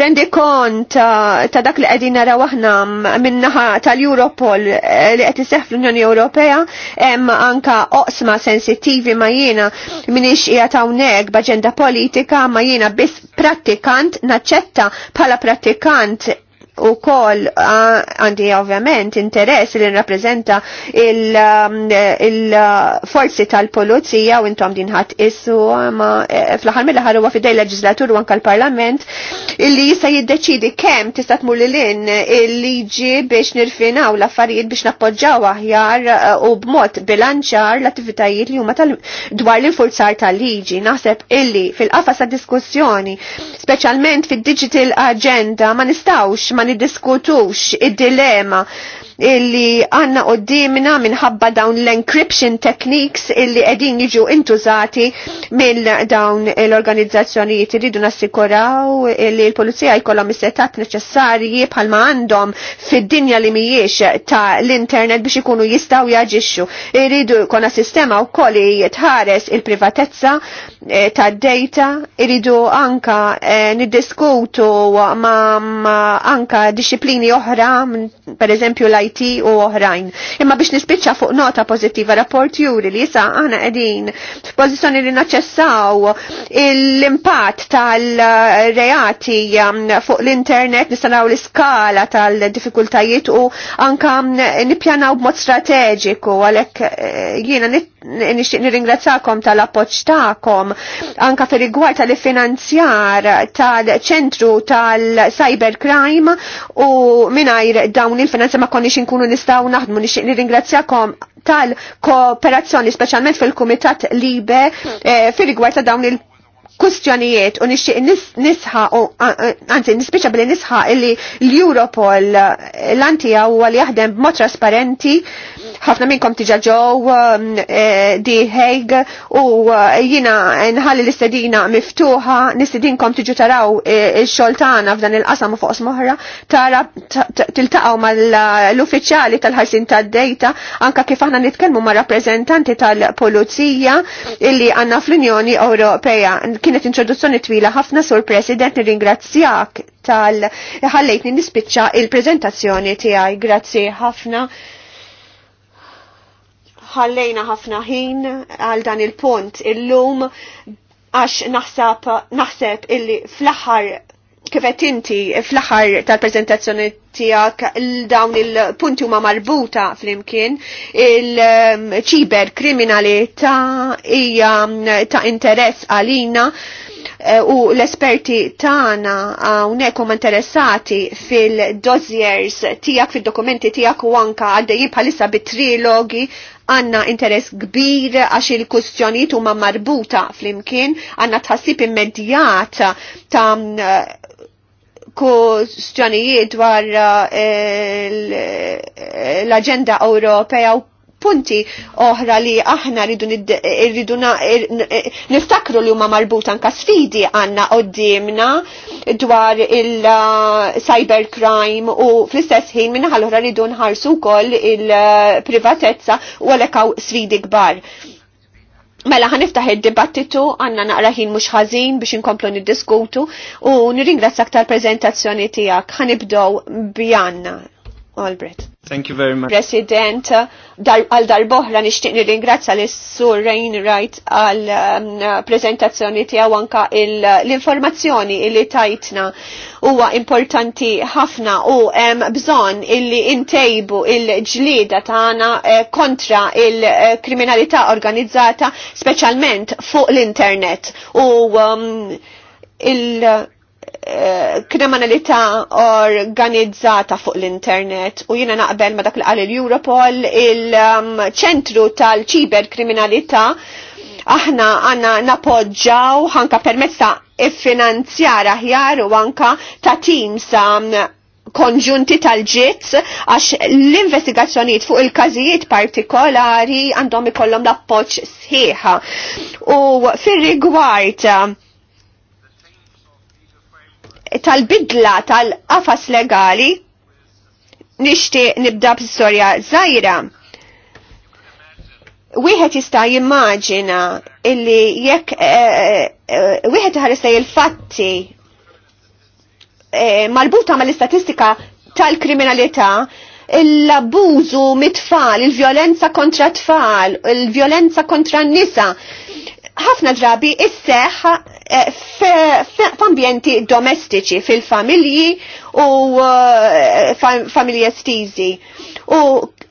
rendi kont uh, ta' dak li għedin nara wahna um, minnaħa tal-Europol uh, li għed iseħ fl-Unjoni Ewropea hemm anka oqsma sensittivi ma jiena minix qiegħed hawnhekk b'aġenda politika ma jiena biss prattikant naċċetta bħala prattikant u kol għandi ovvjament interess li nrapprezenta il-forzi il um, uh, tal-polizija u intom dinħat issu ma e, fl-ħar mill-ħar huwa fidej leġislatur u anka l-parlament illi jista' jiddeċidi kemm tista' tmur lilin il-liġi biex nirfinaw l-affarijiet biex nappoġġaw aħjar uh, u b'mod bilanċar l-attivitajiet li huma dwar l-infurzar tal-liġi. Naħseb illi fil-qafas ta' diskussjoni, speċjalment fil digital agenda, ma nistawx ma ma nidiskutux id-dilema illi għanna qoddimna minħabba dawn l-encryption techniques illi edin jiġu intużati mill dawn l-organizzazzjonijiet irridu nassikuraw illi l-polizija jkollhom is-setat neċessarji bħalma għandhom fid-dinja li mhijiex ta' l-internet biex ikunu jistgħu jaġixxu. Irridu jkollna sistema wkoll jitħares il-privatezza eh, tad-data, irridu anka eh, niddiskutu ma' anka disċiplini oħra, per eżempju l it u oħrajn. Imma biex nispiċċa fuq nota pozittiva rapport juri li jisa aħna qegħdin f'pożizzjoni li naċċessaw l-impatt tal-reati um, fuq l-internet, nistanaw l-iskala tal-diffikultajiet u anka nippjanaw b'mod strateġiku għalhekk eh, jiena nit nixtieq nirringrazzakom tal-appoġġ tagħkom anka fir rigward tal-finanzjar tal-ċentru tal-cybercrime u mingħajr dawn il finanzi ma konniex inkunu nistgħu naħdmu nixtieq nirringrazzjakom tal-kooperazzjoni speċjalment fil-Kumitat Libe eh, fir rigward ta' dawn il- kustjonijiet u nixtieq nisħa u anzi nispiċa billi nisħa illi l-Europol l-antija huwa li jaħdem b'mod trasparenti ħafna minnkom tiġa ġew um, eh, di Hague u eh, jina nħalli l-istedina miftuħa, nistedinkom tiġu taraw eh, il-xoltana f'dan il-qasam u fuq smoħra, tara tiltaqgħu mal-uffiċjali tal-ħarsin tad-dejta, anka kif aħna nitkellmu ma' rappreżentanti tal-Polizija illi għandna fl-Unjoni Ewropea. Kienet introduzzjoni twila ħafna sur President nirringrazzjak tal-ħallejtni nispiċċa il-prezentazzjoni tiegħi. Grazzi ħafna ħallejna ħafna ħin għal dan il-punt illum għax naħseb naħseb illi fl-aħħar kifet inti fl-aħħar tal-prezentazzjoni tiegħek dawn il-punti huma marbuta flimkien il-ċiber kriminalità hija ta' interess għalina u l-esperti tagħna hawnhekk huma interessati fil-dossiers tiegħek fil dokumenti tiegħek u anka għaddejjin bħalissa bit-trilogi għanna interess kbir għax il-kustjoniet huma marbuta fl-imkien, għanna tħassib immedjat ta' kustjonijiet dwar l-agenda Ewropea u punti oħra li aħna rridu e- niftakru li huma marbuta anka sfidi għandna qoddimna dwar il-cybercrime uh, u fl-istess ħin minna ħal-oħra rridu nħarsu wkoll il-privatezza uh, u għalhekk hawn sfidi kbar. Mela ħaniftaħ id-dibattitu għanna naqra ħin mhux ħażin biex inkomplu niddiskutu u nirringrazzak tal-preżentazzjoni tiegħek. Ħanibdew bjanna. Albert. Thank you very much. President, għal darboħra nishtiq nil ingrazza l sur Rainwright għal um, prezentazzjoni tiegħu anka l-informazzjoni illi tajtna huwa importanti ħafna u hemm bżonn illi intejbu il-ġlieda tagħna eh, kontra il-kriminalità organizzata speċjalment fuq l-internet u um, il- kriminalità organizzata fuq l-internet u jina naqbel ma dak li qal il-Europol il-ċentru tal-ċiber kriminalità aħna għanna napoġġaw ħanka permessa ta' iffinanzjar aħjar u anka ta' teams um, konġunti tal-ġitz għax l-investigazzjoniet fuq il-każijiet partikolari għandhom ikollhom l-appoġġ sħiħa. U fir-rigward tal-bidla tal-qafas legali nixtieq nibda b'istorja żgħira. Wieħed jista' jimmaġina illi jekk eh, eh, wieħed iħares il-fatti eh, malbuta mal-istatistika tal-kriminalità l-abbużu mit-tfal, il-violenza kontra tfal, il-violenza kontra n-nisa, ħafna drabi isseħ eh, f'ambjenti domestiċi fil-familji u eh, familji estizi. U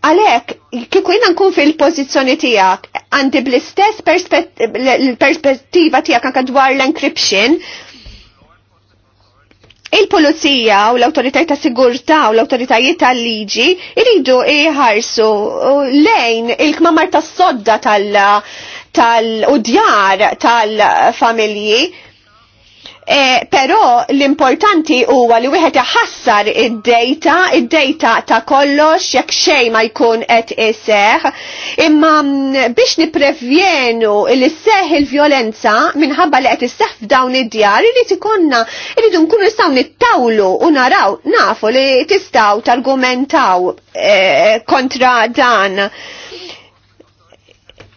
għalek, kiku jina nkun fil-pozizjoni tijak, għandi bl-istess perspettiva tijak anka dwar l-encryption, il-polizija u l-autoritajt ta' sigurta u l-autoritajiet ta' liġi iridu iħarsu lejn il-kmamar ta' sodda tal- tal-u djar tal-familji. E, pero l-importanti huwa li wieħed iħassar id-dejta, id-dejta ta' kollox jekk xejn ma jkun qed iseħ, imma mm, biex nipprevjenu li seħ il-vjolenza minħabba li qed isseħ f'dawn id-djar irid ikonna irid nkunu nistgħu nittawlu u naraw nafu li tistgħu targumentaw e, kontra dan.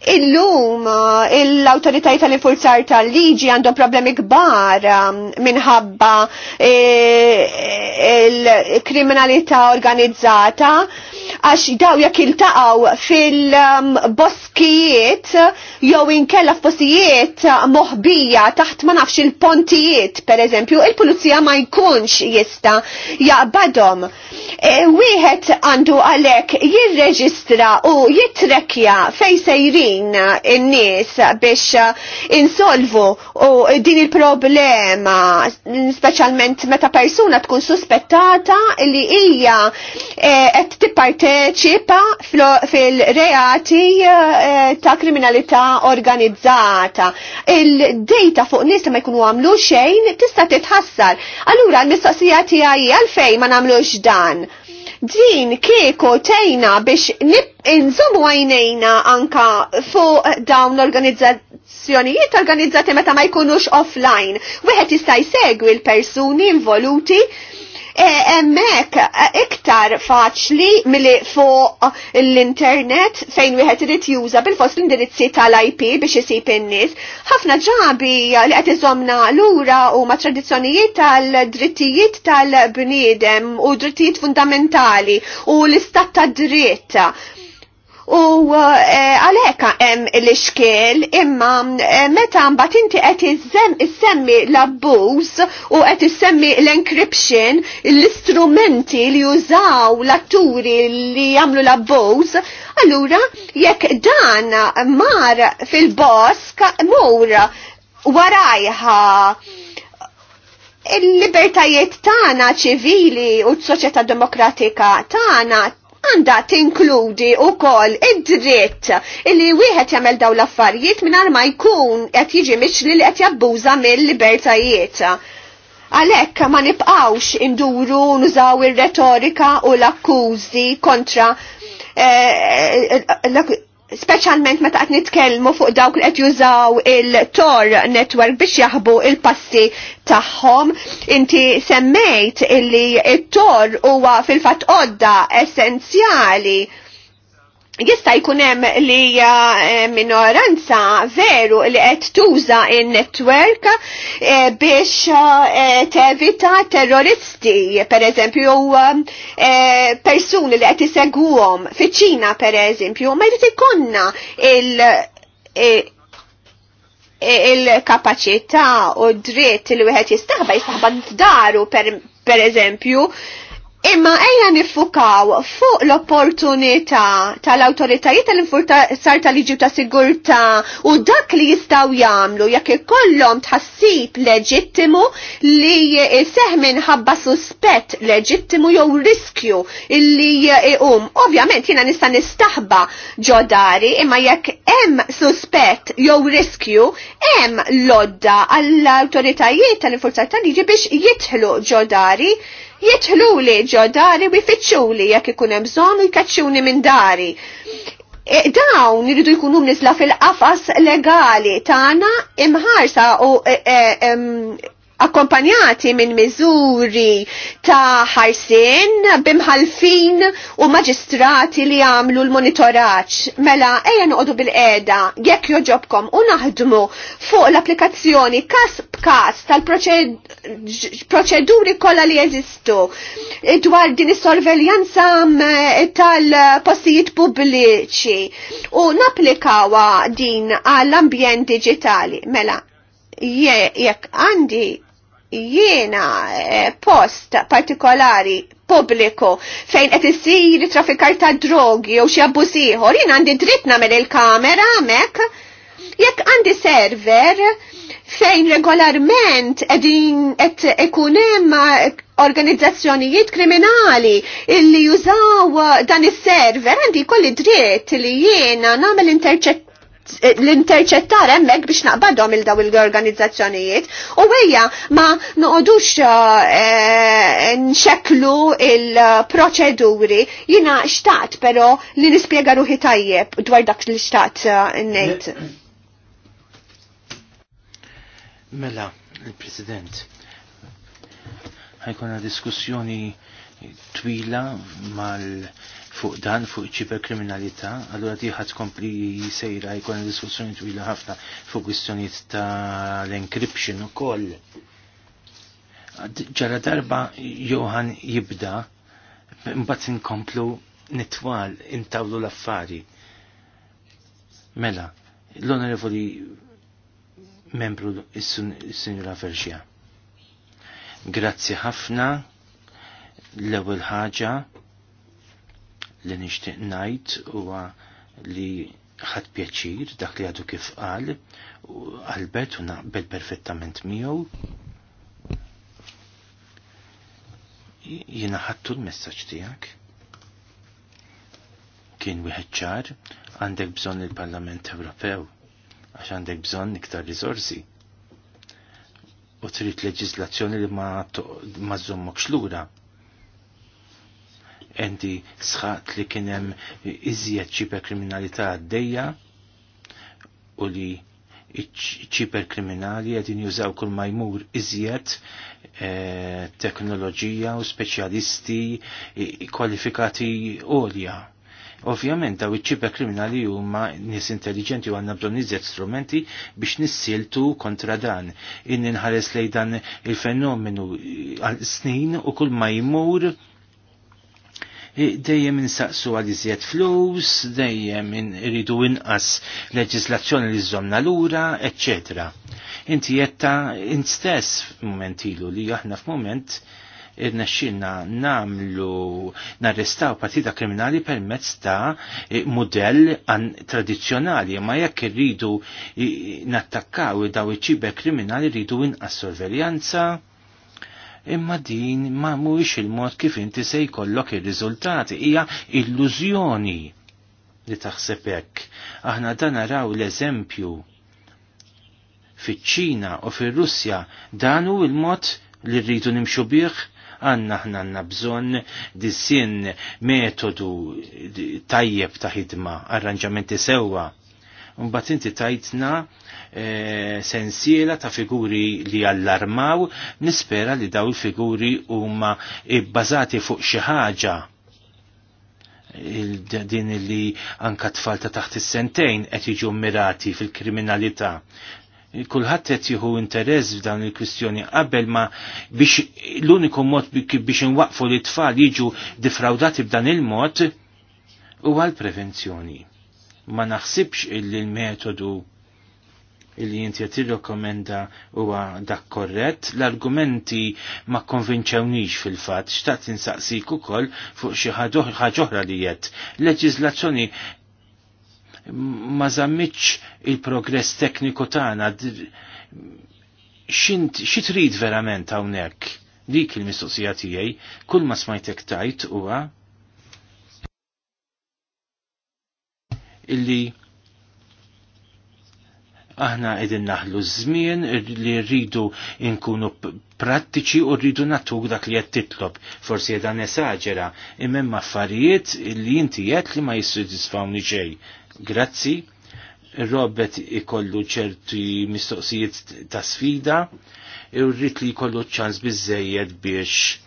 Illum eh, l-autoritajiet tal-infurzar tal-liġi għandhom problemi kbar um, minħabba eh, il-kriminalità organizzata għax daw jekk iltaqgħu fil-boskijiet jew inkella f'postijiet moħbija taħt ma nafx il-pontijiet pereżempju, il-pulizija ma jkunx jista' jaqbadhom. E, wieħed għandu għalhekk jirreġistra u jitrekja fejn sejrin in-nies biex insolvu u din il-problema speċjalment meta persuna tkun suspettata li hija e, qed tipparti jipparteċipa fil-reati eh, ta' kriminalità organizzata. il dejta fuq nies ma jkunu għamlu xejn tista' titħassar. Allura l-mistoqsija tiegħi għalfejn ma nagħmlux dan din kieku tejna biex inżum għajnejna anka fuq dawn l-organizzazzjonijiet organizzati meta ma jkunux offline. Wieħed jista' jsegwi l-persuni involuti E, emmek e, iktar faċli milli fuq l-internet fejn wieħed irid juża bil-fost l-indirizzi tal-IP biex isib in-nies. Ħafna ġabi li qed iżomna lura u ma' tradizzjonijiet tal-drittijiet tal-bniedem u drittijiet fundamentali u l-istat tad-dritt U eh, għaleka hemm l-ixkiel imma eh, meta mbagħad inti qed issemmi l-abbuż u qed issemmi l-encryption l-istrumenti li jużaw l-atturi li jagħmlu l-abbuż, allura jekk dan mar fil-bosk mur warajħa il-libertajiet tagħna ċivili u s-soċjetà demokratika tagħna għanda tinkludi u kol id-dritt li wieħed jagħmel daw l-affarijiet mingħajr ma jkun qed jiġi miċli li qed jabbuża mill-libertajiet. Għalhekk ma nibqgħux induru nużaw ir-retorika u l-akkużi kontra eh, eh, eh, specialment meta qed nitkellmu fuq dawk li qed jużaw il-Tor network biex jaħbu il-passi tagħhom. Inti semmejt illi it tor huwa fil-fatt qodda essenzjali jista' jkun hemm li eh, minoranza veru li qed tuża in-netwerk eh, biex eh, tevita terroristi, pereżempju jew persuni li qed iseguhom fiċ-Ċina pereżempju, ma jrid ikonna il- il-kapacità u dritt li wieħed jistaħba jistaħba daru per, per eżempju Imma ejja nifukaw fuq l-opportunità tal-autoritajiet tal-infurzar tal-liġi ta' sigurta u dak li jistaw jamlu jekk ikollhom tħassib leġittimu li seħ minħabba suspett leġittimu jew riskju illi jqum. Ovvjament jiena nista' nistaħba ġodari imma jekk hemm suspett jew riskju hemm lodda għall-awtoritajiet tal infurtar tal-liġi biex jitħlu ġodari jitħlu li ġo dari u jfittxuli jekk ikun hemm bżonn u jkaċċuni minn dari. E, dawn iridu jkunu nisla fil-qafas legali tagħna imħarsa u e, e, akkompanjati minn miżuri ta' ħarsien bimħalfin u maġistrati li għamlu l-monitoraċ. Mela, eja nuqdu bil-eda, jekk joġobkom u naħdmu fuq l-applikazzjoni kas b'kas tal-proċeduri kolla li jeżistu dwar din is-sorveljanza mm, tal-postijiet pubbliċi u naplikawa din għall-ambjent digitali. Mela, jekk għandi jiena eh, post partikolari pubbliku fejn qed isir traffikar ta' drogi jew xi abbuż ieħor, jien għandi dritt nagħmel il-kamera hemmhekk. Jekk għandi server fejn regolarment qegħdin qed ikun hemm organizzazzjonijiet kriminali illi jużaw dan is-server għandi kolli dritt li jiena nagħmel interċett l-interċettar hemmhekk biex naqbadhom il daw il-organizzazzjonijiet u għeja ma noqogħdux eh, nxeklu il-proċeduri jina xtaqt però li nispjega ruħi tajjeb dwar dak li xtaqt eh, ngħid. Mela, il-President, ħajkuna diskussjoni twila mal- fuq dan fuq ċiber kriminalità, allura diħat kompli sejra jkun diskussjoni twila ħafna fuq kwistjonijiet ta' l-encryption ukoll. Ġara darba Johan jibda, mbagħad inkomplu nitwal intawlu l-affari. Mela, l-onorevoli membru is-sinjura Verxia. Grazzi ħafna l-ewwel ħaġa li nixtieq ngħid huwa li ħad pjaċir dak li għadu kif qal għalbet u naqbel perfettament miegħu. Jiena ħadtu l-messaġġ tiegħek. Kien wieħed ċar għandek bżonn il-Parlament Ewropew għax għandek bżonn iktar riżorsi u trid leġiżlazzjoni li ma ma lura endi sħat li kienem iżjed ċiper kriminalità għaddejja u li ċiper kriminali għedin jużaw kull majmur iżjed e, teknoloġija u speċjalisti kwalifikati olja. Ovvjament daw iċ-ċiber kriminali huma nies intelligenti u għandna bżonn iżjed strumenti biex nissiltu kontra dan. Inni nħares lej dan il-fenomenu għal snin u kull ma jmur dejjem insaqsu għal iżjed flus, dejjem irridu inqas leġislazzjoni li l lura, eccetera. Inti jetta instess stess f'mument ilu li aħna f'mument xinna namlu narrestaw partita kriminali permezz ta' e, modell tradizzjonali ma jekk irridu nattakkaw daw iċibe kriminali rridu inqas sorveljanza imma din ma mhuwiex il-mod kif inti se jkollok ir-riżultati, hija illużjoni li taħseb hekk. Aħna dan naraw l-eżempju fiċ-Ċina u fir-Russja dan hu l mod li rridu nimxu bih għanna ħna għanna bżon disin metodu tajjeb ta' ħidma, arranġamenti sewa. Unbat inti tajtna E, sensiela ta' figuri li allarmaw, nispera li daw il-figuri huma bbażati fuq xi ħaġa din li anka tfal ta' taħt is-sentejn qed jiġu mirati fil-kriminalità. Kulħadd qed jieħu interess f'dan il-kwistjoni qabel ma biex l-uniku mod biex inwaqfu li tfal jiġu defraudati b'dan il-mod huwa l-prevenzjoni. Ma naħsibx il-metodu il metodu il-li jinti rekomenda huwa dak korrett. L-argumenti ma konvinċewnix fil-fat, xtaqt insaqsik ukoll fuq xi ħaġoħra li jett. Leġiżlazzjoni ma zammitx il-progress tekniku tagħna xi trid verament hawnhekk dik il-mistoqsija tiegħi kull ma smajtek tajt huwa illi Aħna qegħdin naħlu żmien li rridu nkunu prattiċi u rridu natuk dak li qed titlob. Forsi qiegħda nesaġera imma hemm affarijiet li inti jett li ma jissodisfawni xejn. Grazzi. Robert ikollu ċerti mistoqsijiet ta' sfida, irrit li jkollu ċans bizzejed biex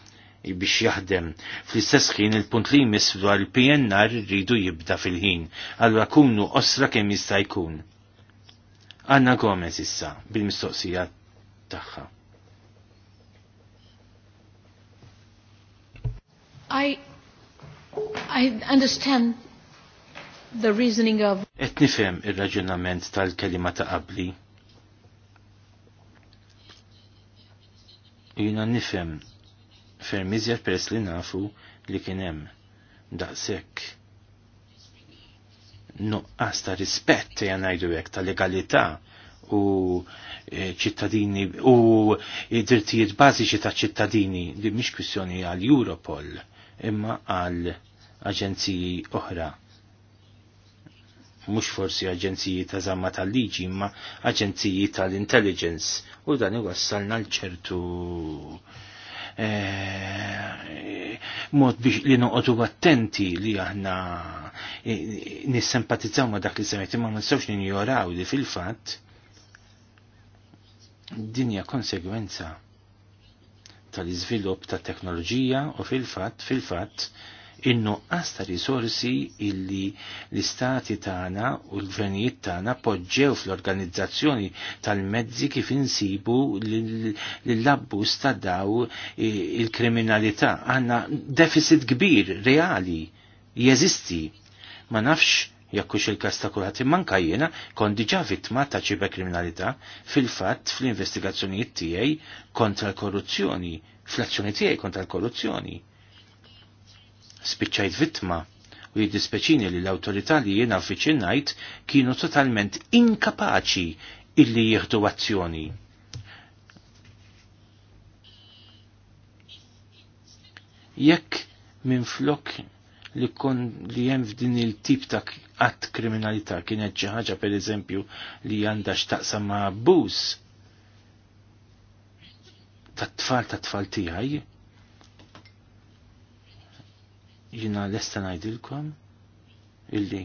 biex jaħdem. Fl-istess ħin il-punt li jmiss dwar pnr rridu jibda fil-ħin, allura kunu osra kemm jista' jkun. Anna Gomez issa bil-mistoqsija tagħha. I I understand the reasoning of Et nifhem ir-raġunament tal-kelima ta' qabli. Jina nifhem fermiżjat peress li nafu li kien hemm daqshekk nuqqas ta' rispett ja ngħidu hekk ta' legalità u e, ċittadini u drittijiet bażiċi ta' ċittadini li mhix kwissjoni għal Europol imma għal aġenziji oħra. Mhux forsi aġenziji ta' zamma tal-liġi imma aġenziji tal-intelligence u dan iwassalna l-ċertu Eh, mod biex li noqogħdu attenti li aħna eh, nissempatizzaw ma' dak li semmet imma ma nistgħux ninjoraw li fil-fatt dinja konsegwenza tal-iżvilupp ta' teknoloġija u fil-fatt fil-fatt in-nuqqas ta' risorsi illi l-istati tagħna u l-gvernijiet tagħna poġġew fl-organizzazzjoni tal-mezzi kif insibu l labbus ta' daw il-kriminalità. Għanna deficit kbir, reali, jeżisti. Ma nafx jekkux il-kas ta' kulħadd manka jiena kon diġà vittma ta' ċiber kriminalità fil-fatt fl-investigazzjonijiet tiegħi kontra l-korruzzjoni, fl-azzjoni tiegħi kontra l-korruzzjoni spiċċajt vittma u jiddispeċini li l-autorità li jiena uffiċinajt kienu totalment inkapaċi illi jieħdu azzjoni. Jekk minn flok li kon li jem f'din il-tip ta' att kriminalità kienet xi ħaġa pereżempju li għandha x'taqsam ma' abbuż tat-tfal tat-tfal tiegħi, jina lesta najdilkom illi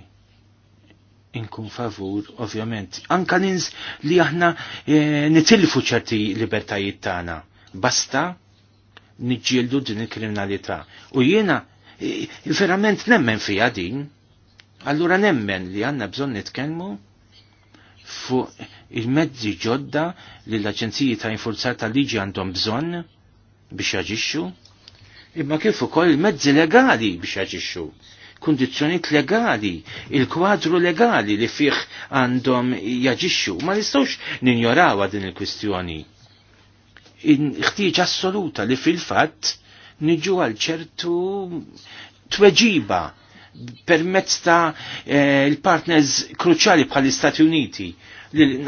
inkun favur, ovvjament. Anka nins li aħna e, nitilfu ċerti libertajiet tagħna. Basta niġġieldu din il-kriminalità. U jiena e, verament nemmen fija din. Allura nemmen li għanna bżon nitkellmu fuq il-mezzi ġodda li l-Aġenziji ta' Infurzar tal-Liġi għandhom bżonn biex jaġixxu imma kif ukoll mezzi legali biex jaġixxu kundizzjoniet legali, il-kwadru legali li fih għandhom jaġixxu. Ma nistgħux ninjorawha din il-kwistjoni. Ħtieġ assoluta li fil-fatt niġu għal ċertu tweġiba permezz ta' eh, il-partners kruċali bħal-Istati Uniti.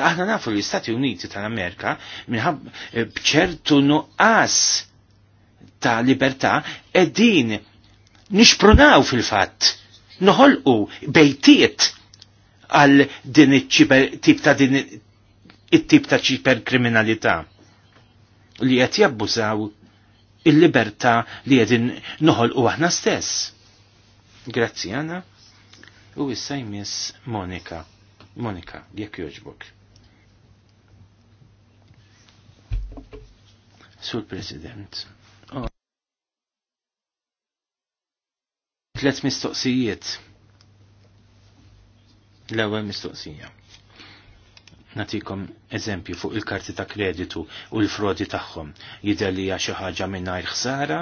Aħna nafu l-Istati Uniti tal-Amerika minħab eh, bċertu nuqqas ta' libertà qegħdin nixprunaw fil-fatt, noħolqu bejtiet għal din it-tip ta' din it-tip ta' ċiperkriminalità li qed jabbużaw il-libertà li qegħdin noħolqu aħna stess. Grazzi Anna. U issa jmiss Monika. Monika, jekk joġbok. Sur President. tlet mistoqsijiet. L-ewwel mistoqsija. Natikom eżempju fuq il-karti ta' kreditu u l-frodi tagħhom. Jidher li hija xi ħaġa mingħajr ħsara,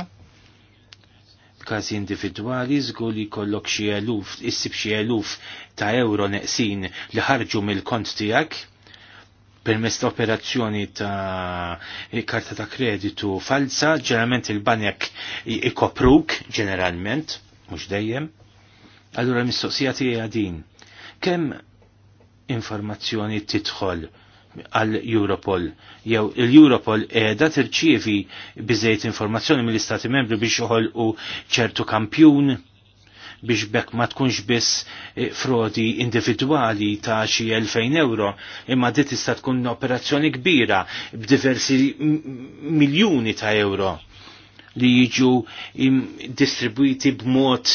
Każi individwali, żgur li jkollok xi eluf, issib xi eluf ta' euro neqsin li ħarġu mill-kont tiegħek permess ta' operazzjoni ta' karta ta' kreditu falsa, ġeneralment il-banek ikopruk ġeneralment mhux dejjem. Allura mistoqsija tiegħi din. Kemm informazzjoni tidħol għal Europol. Jew il-Europol qiegħda tirċievi biżejt informazzjoni mill-Istati Membri biex u ċertu kampjun biex bekk ma tkunx biss eh, frodi individwali ta' xi 2000 euro, imma di tista' tkun operazzjoni kbira b'diversi miljuni ta' euro li jiġu distribuiti b'mod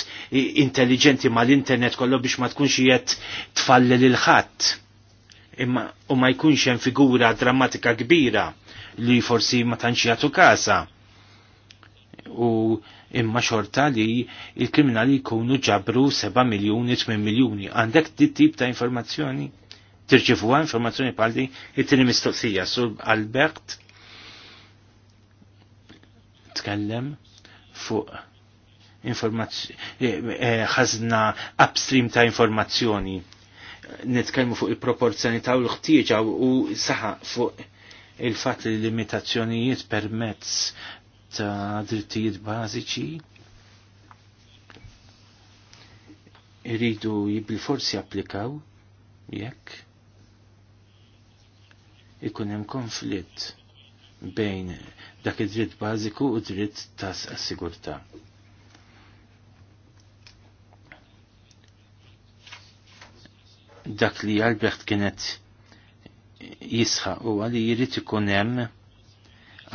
intelligenti mal-internet kollu biex ma tkunx jiet tfalli lil ħadd imma u ma jkunx hemm figura drammatika kbira li forsi ma tantx jagħtu kasa. U imma xorta li il-kriminali jkunu ġabru 7 miljuni, 8 miljuni. Għandek di tip ta' informazzjoni? Tirċifuha informazzjoni pal-di? it-tieni mistoqsija sul Albert tkellem fuq eh, eh, ħazna upstream ta' informazzjoni. Nitkellmu fuq il-proporzjonità u l-ħtieġa u saħa fuq il-fat li limitazzjonijiet permezz ta' drittijiet bażiċi iridu bil-forsi applikaw jekk ikun hemm konflitt bejn dak id-dritt bażiku u dritt tas sigurtà Dak li Albert kienet jisħa u għalli jirrit ikun hemm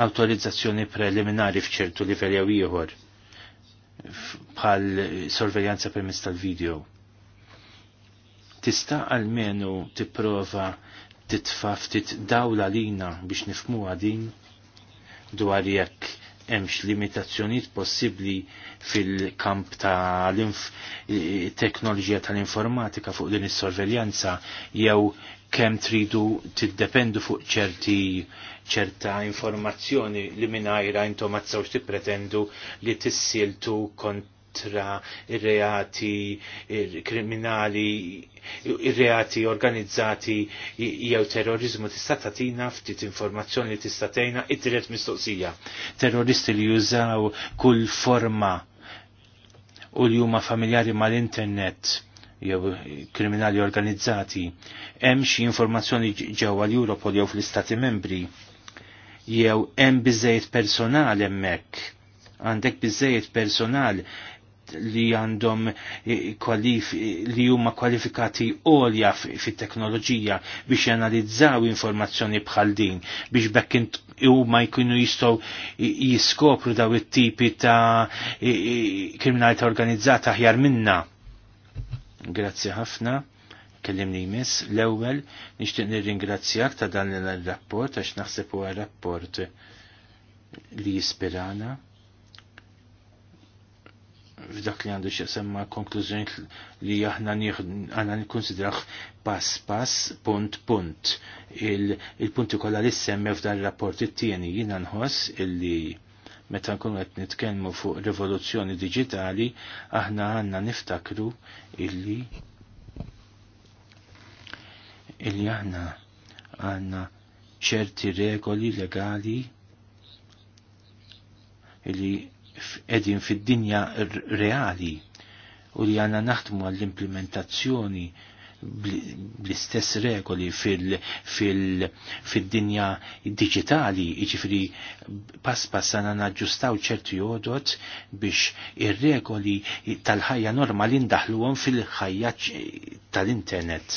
autorizzazzjoni preliminari f'ċertu livell jew ieħor bħal sorveljanza permezz tal-video. Tista' għalmenu tipprova titfa ftit dawla lina biex nifmuha din dwar jekk hemmx limitazzjonijiet possibbli fil-kamp ta' teknoloġija tal-informatika fuq din is-sorveljanza jew kemm tridu tiddependu fuq ċerti ċerta informazzjoni li mingħajra intom ma tsawx tippretendu li tissiltu kont kontra ir-reati kriminali, ir-reati organizzati jew terrorizmu tista' tagħtina ftit informazzjoni li tista' tgħinha it-tielet mistoqsija. Terroristi li jużaw kull forma u li huma familjari mal-internet jew kriminali organizzati, hemm xi informazzjoni ġewwa l-Europol jew fl-Istati Membri jew hemm biżejjed personal hemmhekk għandek bizzejiet personal li għandhom li huma kwalifikati għolja fit-teknoloġija biex analizzaw informazzjoni bħal din biex bekk huma jkunu jistgħu jiskopru daw it-tipi ta' kriminalità organizzata aħjar minna. Grazzi ħafna kellimni jmiss, l-ewwel nixtieq nirringrazzjak ta' dan il-rapport għax naħseb huwa rapport li jispirana f'dak li għandu xiesemma konklużjoni li aħna għanna nikkonsidraħ pass pass, punt punt. Il-punti il kollha li semmi f'dan ir-rapport it-tieni jiena nħoss illi meta nkunu qed nitkellmu fuq rivoluzzjoni digitali aħna għandna niftakru illi illi aħna għandna ċerti regoli legali illi edin fid-dinja reali u li għanna naħdmu għall-implementazzjoni bl-istess regoli fil-dinja digitali, iġifri pass pass għanna naġġustaw ċertu jodot biex ir-regoli tal-ħajja normali ndaħluhom fil-ħajja tal-internet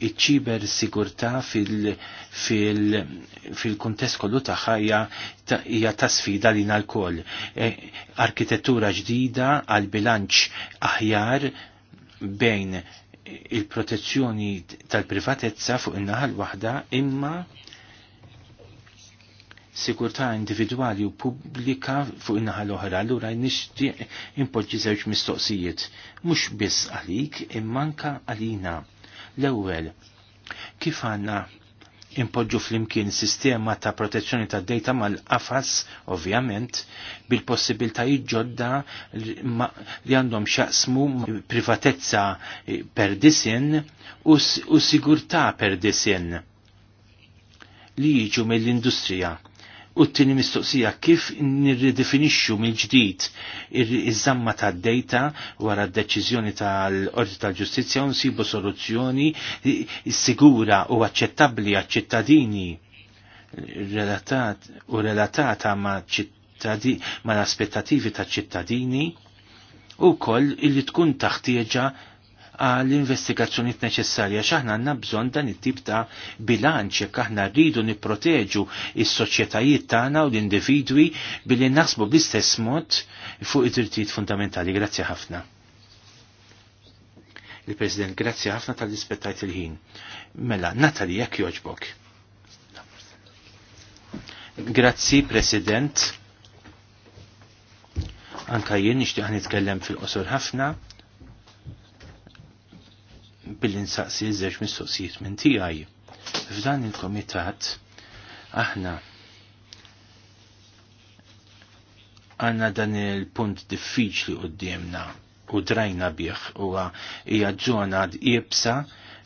iċ-ċiber sigurtà fil-kuntest kollu tagħha hija ta' sfida li l E, Arkitettura ġdida għal bilanċ aħjar bejn il-protezzjoni tal-privatezza fuq in-naħal waħda imma sigurtà individwali u pubblika fuq in-naħa l-oħra, allura nixtieq impoġġi żewġ mistoqsijiet, mhux biss għalik imma anke għalina L-ewwel, kif għandna impoġġu flimkien sistema ta' protezzjoni ta' data mal-qafas, ovvjament, bil-possibiltajiet ġodda li għandhom xaqsmu privatezza per disin u sigurtà per disin li jiġu mill-industrija U t-tini mistoqsija kif nirridefinixxu mill-ġdid iż-żamma tad-dejta wara d-deċiżjoni tal-Qorti tal-Ġustizzja u nsibu soluzzjoni sigura u aċċettabbli għaċ-ċittadini u relatata ma' l-aspettativi ta' ċittadini u koll illi tkun taħtieġa l-investigazzjoni t neċessarja x'aħna għandna bżonn dan it-tip ta' bilanċ jekk aħna rridu nipproteġu is-soċjetajiet tagħna u l-individwi billi naħsbu bl-istess mod fuq id-drittijiet fundamentali. Grazzi ħafna. Il-President, grazzi ħafna tal-rispettajt il-ħin. Mela, Natali, jekk joġbok. Grazzi, President. Anka jien nixtieq nitkellem fil-qosor ħafna billi nsaqsi żewġ mistoqsijiet minn tiegħi. F'dan il-komitat aħna għanna dan il-punt diffiċli qoddimna u drajna bieħ u għanna ġona iebsa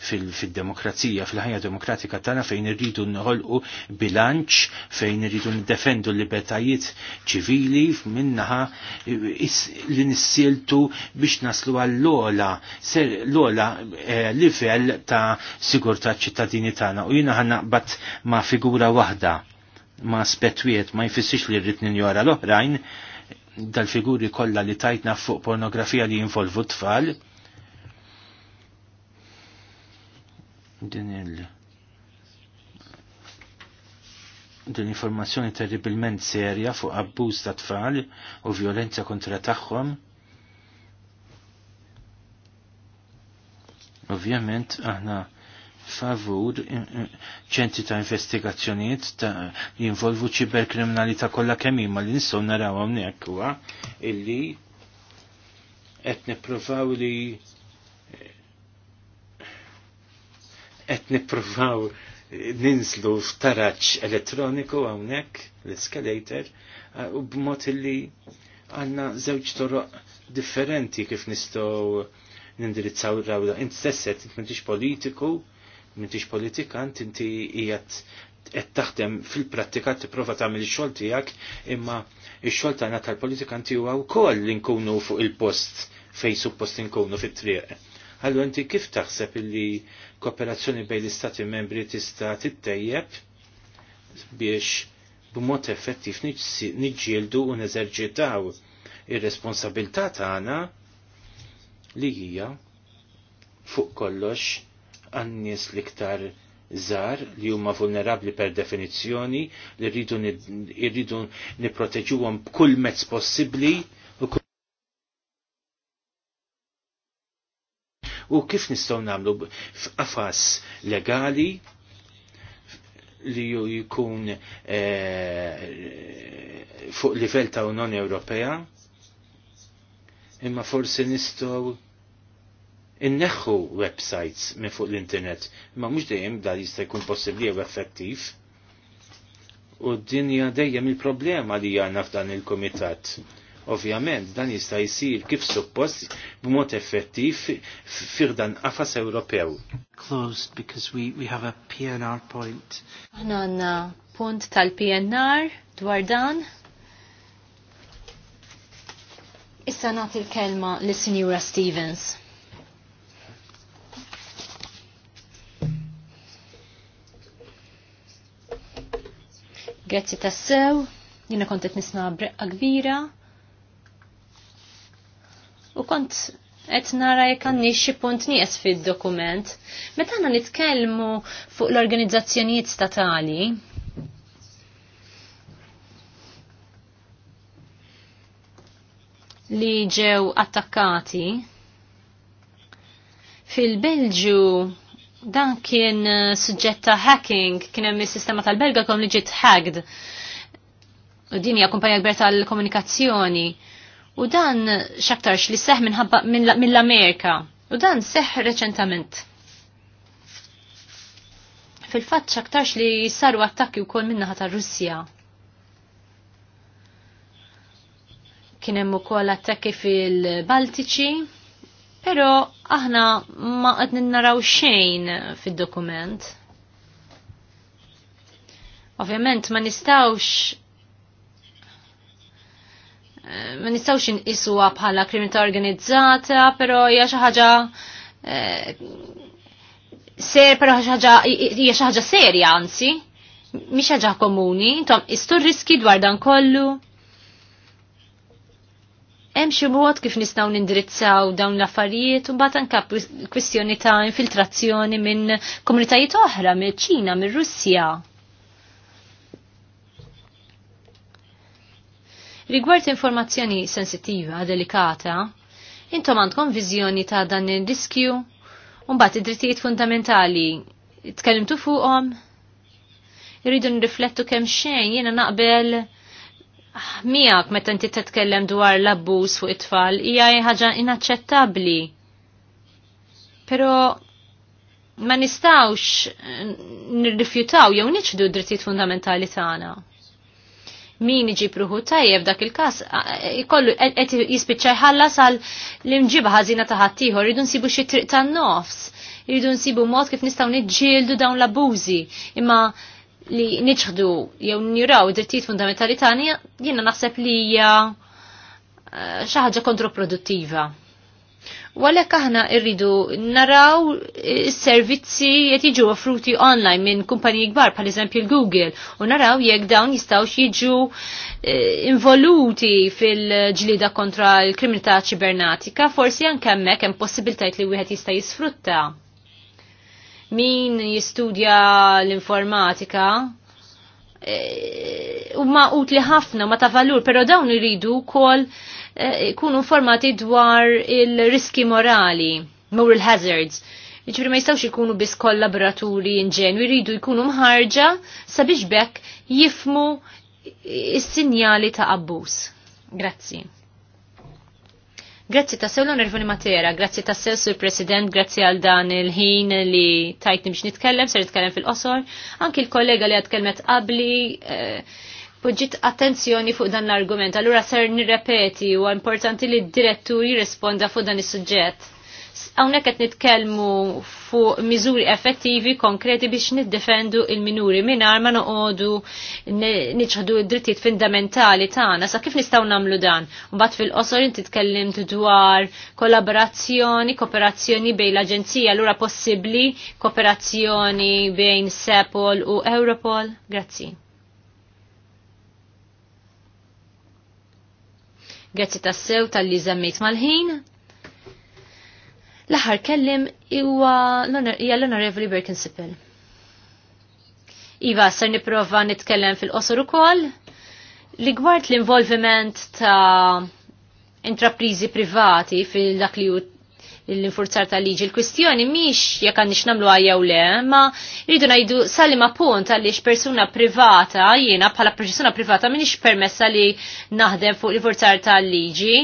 fil-demokrazija, fil-ħajja demokratika tagħna fejn irridu nħolqu bilanċ, fejn irridu ndefendu l-libertajiet ċivili minnaħa li nissiltu biex naslu għall-ola, l-ola eh, livell ta' sigurtà ċittadini tagħna u jiena bat ma' figura waħda ma' spetwiet ma' jfissix li rrid jora l-oħrajn dal-figuri kollha li tajtna fuq pornografija li jinvolvu tfal din il- din informazzjoni terribilment serja fuq abbuż ta' tfal u violenza kontra tagħhom. Ovvjament aħna favur ċentri ta' investigazzjonijiet ta' jinvolvu ċiberkriminalità kollha kemm imma li nistgħu naraw hawnhekk huwa illi qed nippruvaw li qed nippruvaw ninslu f'taraċ elettroniku hawnhekk l-escalator uh, u b'mod illi għandna żewġ toroq differenti kif nistgħu nindirizzaw rawda. Inti stesset, inti m'intix politiku, m'intix politikant, inti qiegħed qed taħdem fil-prattika tipprova tagħmel ix-xogħol tiegħek, imma ix-xogħol tagħna tal-politikanti huwa wkoll li nkunu fuq il-post fejn suppost inkunu fit-triq Għallu inti kif taħseb illi kooperazzjoni bejn l-istati membri tista' tittejjeb biex b'mod effettiv niġġieldu u neżerġitaw ir-responsabilità tagħna li hija fuq kollox għan-nies l-iktar li huma vulnerabbli per definizzjoni li rridu nipproteġuhom b'kull mezz possibbli u kif nistgħu nagħmlu f'qafas legali li ju jkun eh, fuq livell ta' Unjoni Ewropea imma forsi nistgħu inneħħu websites minn fuq l-internet, imma mhux dejjem dan jista' jkun possibbli jew effettiv. U d-dinja dejjem il-problema li għanna f'dan il-komitat Ovvjament dan jista' jsir kif suppost b'mod effettiv firdan qafas Ewropew. Closed because we, we have a PNR point. Aħna għandna punt tal-PNR dwar dan. Issa nagħti l-kelma lis-Sinjura Stevens. Grazzi tassew, jina kontet nisna breqqa kbira, u kont qed nara jekk għandni xi punt nieqes fid-dokument. Meta għandna nitkellmu fuq l-organizzazzjonijiet statali, li ġew attakkati fil-Belġu dan kien suġġetta hacking kien hemm is-sistema tal-Belga kom li ġiet hacked. U din hija kumpanija kbir tal-komunikazzjoni. U dan xaktarx li seħ minħabba mill-Amerika. U dan seħ reċentament. Fil-fatt xaktarx li saru attakki u kol minnaħa ta' Russija. Kienem u kol attakki fil-Baltiċi, pero aħna ma qed naraw xejn fil-dokument. Ovvjament ma nistawx ma nistawx inqisuha bħala kriminalità organizzata, però hija xi ħaġa eh, ser, però hija xi ħaġa serja anzi, mhix ħaġa komuni, intom istu riski dwar dan kollu. Hemm xi mod kif nistgħu nindirizzaw dawn l-affarijiet u mbagħad anke kwistjoni ta' infiltrazzjoni minn komunitajiet oħra, mill-Ċina, mir-Russja. Rigward informazzjoni sensittiva, delikata, intom għandkom viżjoni ta' dan il-riskju, unbat id-drittijiet fundamentali, tkellimtu fuqhom, irridu riflettu kemm xejn jiena naqbel miegħek meta inti titkellem dwar l-abbuż fuq it-tfal hija ħaġa inaċċettabbli. Però ma nistawx nirrifjutaw jew niċdu d-drittijiet fundamentali tagħna min iġib ruħu tajjeb dak il-kas, ikollu qed jispiċċa jħallas għal l-imġiba ħażina ta' ħaddieħor, sibu nsibu xi triq tan-nofs, irridu nsibu mod kif nistgħu niġġieldu dawn l abuzi imma li niċħdu jew niraw id-drittijiet fundamentali tani jiena naħseb li hija eh, xi ħaġa kontroproduttiva. Walek aħna irridu naraw eh, servizzi jett jiġu offruti online minn kumpaniji kbar, pal eżempju l-Google, u naraw jekk dawn jistawx jiġu eh, involuti fil-ġlida kontra l-kriminalità ċibernatika, forsi anke hemmhekk hemm possibiltajt li wieħed jista' jisfrutta. Min jistudja l-informatika, huma eh, utli ħafna ma ta' valur, però dawn iridu wkoll eh, kunu informati dwar il-riski morali, moral hazards. Ġifri ma jistawx ikunu bis kollaboraturi inġenwi, jridu jkunu mħarġa sabiex bekk jifmu is-sinjali ta' abbuż. Grazzi. Grazzi ta' sew l-onorevoli Matera, grazzi ta' sew sur President, grazzi għal dan il-ħin li tajtni biex nitkellem, ser nitkellem fil-qosor. Anki l-kollega li għadkelmet qabli, eh, poġġit attenzjoni fuq dan l-argument. Allura ser nirrepeti, u importanti li d-direttur jirresponda fuq dan is-suġġett. Hawnhekk qed nitkellmu fuq miżuri effettivi konkreti biex niddefendu il-minuri mingħajr ma noqogħdu niċħdu id drittijiet fundamentali tagħna sa kif nistgħu nagħmlu dan. Mbagħad fil-qosor inti tkellimt dwar kollaborazzjoni, kooperazzjoni bejn l-Aġenzija lura possibbli kooperazzjoni bejn Sepol u Europol. Grazzi. Grazzi tassew tal-li mal-ħin. L-aħħar kellim huwa l-Onorevoli Birkinsipil. Iva, ser niprofa nitkellem fil-qosor ukoll li gwart l-involviment ta' intraprizi privati fil-dak li l-infurzar ta' liġi. Il-kwistjoni miex jekk nix namlu għajja u le, ma rridu najdu salima punt għaliex persuna privata, jiena bħala persuna privata minix permessa li naħdem fuq l-infurzar ta' liġi.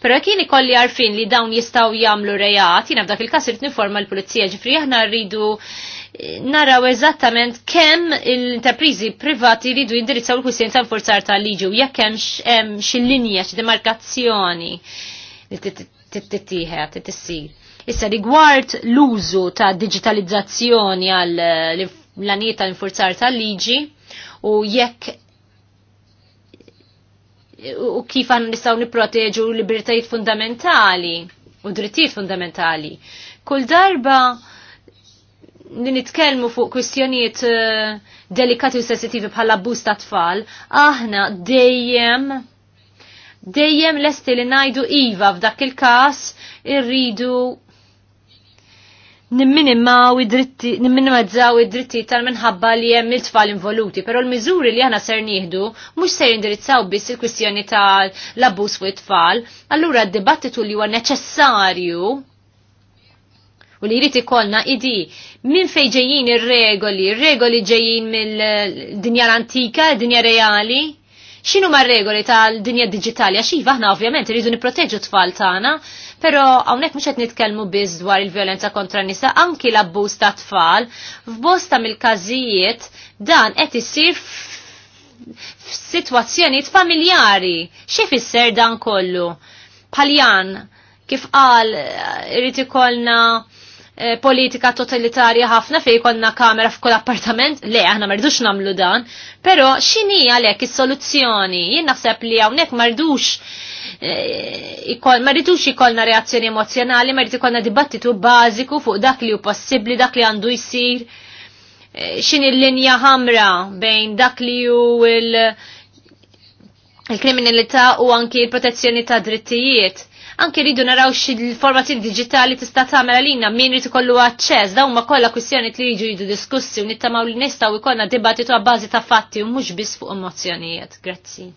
Pero kien ikolli għarfin li dawn jistaw jamlu rejat, jiena f'dak il-kas irid niforma l-pulizija ġifri aħna rridu eh, naraw eżattament kemm l-interprizi privati rridu jindirizzaw l-kwistjoni tal forzar tal liġi u jekk hemm x'il-linja x'demarkazzjoni li tittieħed, tissir. Issa rigward l-użu ta' digitalizzazzjoni għal l-anijiet tal-infurzar tal-liġi u jekk u kif għan nistaw niproteġu libertajiet fundamentali u drittijiet fundamentali. Kull darba li nitkellmu fuq kwistjonijiet eh, delikati u sensitivi bħala abbuż ta' tfal, aħna dejjem dejjem lesti li najdu iva f'dak il-kas irridu nimminimaw id-dritti, nimminimazzaw id-dritti tal-minħabba li hemm il-tfal involuti, però l-miżuri li aħna ser nieħdu mhux ser indirizzaw biss il-kwistjoni tal-abbuż fuq it-tfal, allura d-dibattitu li huwa neċessarju u li jrid ikollna idi minn fejn ġejjin ir-regoli, ir-regoli ġejjin mill-dinja l-antika, dinja reali, xinu ma regoli tal-dinja digitali, għax iva ħna ovvjament rridu niproteġu tfal tagħna, però hawnhekk mhux qed nitkellmu biss dwar il-vjolenza kontra nisa, anki l-abbuż ta' tfal, f'bosta mill-każijiet dan qed isir f'sitwazzjonijiet familjari. Xi fisser dan kollu? Paljan, kif qal irid ikollna Eh, politika totalitarja ħafna fej konna kamera f'kull appartament, le, aħna mardux namlu dan, pero xini għalek is-soluzzjoni, jien naħseb li hawnhekk mardux eh, marritux ikolna reazzjoni emozjonali, marrit ikolna dibattitu bażiku fuq dak li hu possibbli, dak li għandu jsir, eh, xini l-linja ħamra bejn dak li hu il-kriminalità u anki il-protezzjoni ta' drittijiet anke rridu naraw l-formazzjoni digitali tista' tagħmel għalina min rid ikollu aċċess dawn ma kollha kwistjoni li jiġu jidu diskussi u nittamaw li nistgħu jkollna dibattitu għabbażi ta' fatti u mhux biss fuq emozzjonijiet. Grazzi.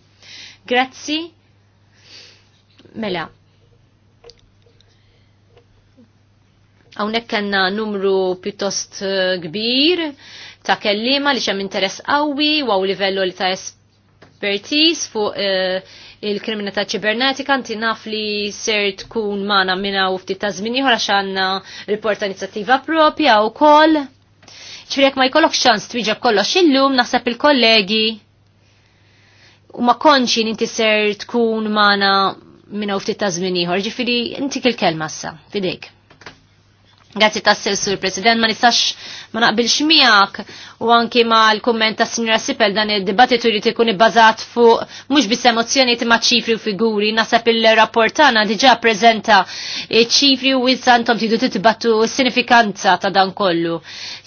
Grazzi. Mela. Hawnhekk kellna numru pjuttost eh, kbir ta' kellima li xem interess qawwi u għaw livellu li ta' espertiż fuq uh, il-kriminalità ċibernetika inti naf li ser tkun mana minna u ftit ta' żmien ieħor għax għandna riporta inizjattiva propja wkoll. Ġifieri jekk ma jkollok ċans twieġeb kollox illum naħseb il-kollegi u ma konċin inti ser tkun mana minna u ftit ta' żmien ieħor. Ġifieri inti il kelma sa, fidejk. Grazzi tassew sur President, ma nistax ma naqbilx miegħek u anki ma l-kumment ta' Sinjora Sipel dan id-dibattitu jrid ikun ibbażat fuq mhux biss emozzjoni ma' ċifri u figuri. Nasab il-rapport tagħna diġà preżenta ċifri u wizz għandhom tidu titbattu s-sinifikanza ta' dan kollu.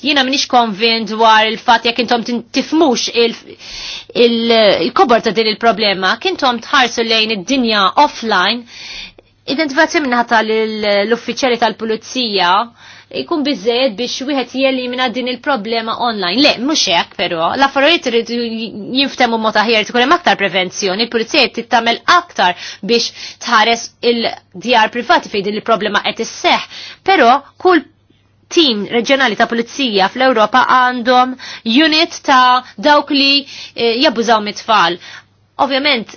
Jiena m'iniex konvint dwar il-fatt jekk intom tifmux il-kobor ta' din il-problema, kintom tħarsu lejn id-dinja offline Identifikazzjoni minnaħta l-uffiċjali tal-pulizija jkun bizzejed biex wieħed jeli minna din il-problema online. Le, mhux hekk però, l-affarijiet irid jinftemu mod aħjar tkun hemm aktar prevenzjoni, il-pulizija trid tagħmel aktar biex tħares il-djar privati fejn din il-problema qed isseħħ. Però kull tim reġjonali ta' pulizija fl-Ewropa għandhom unit ta' dawk li eh, jabbużaw mit-tfal. Ovvjament,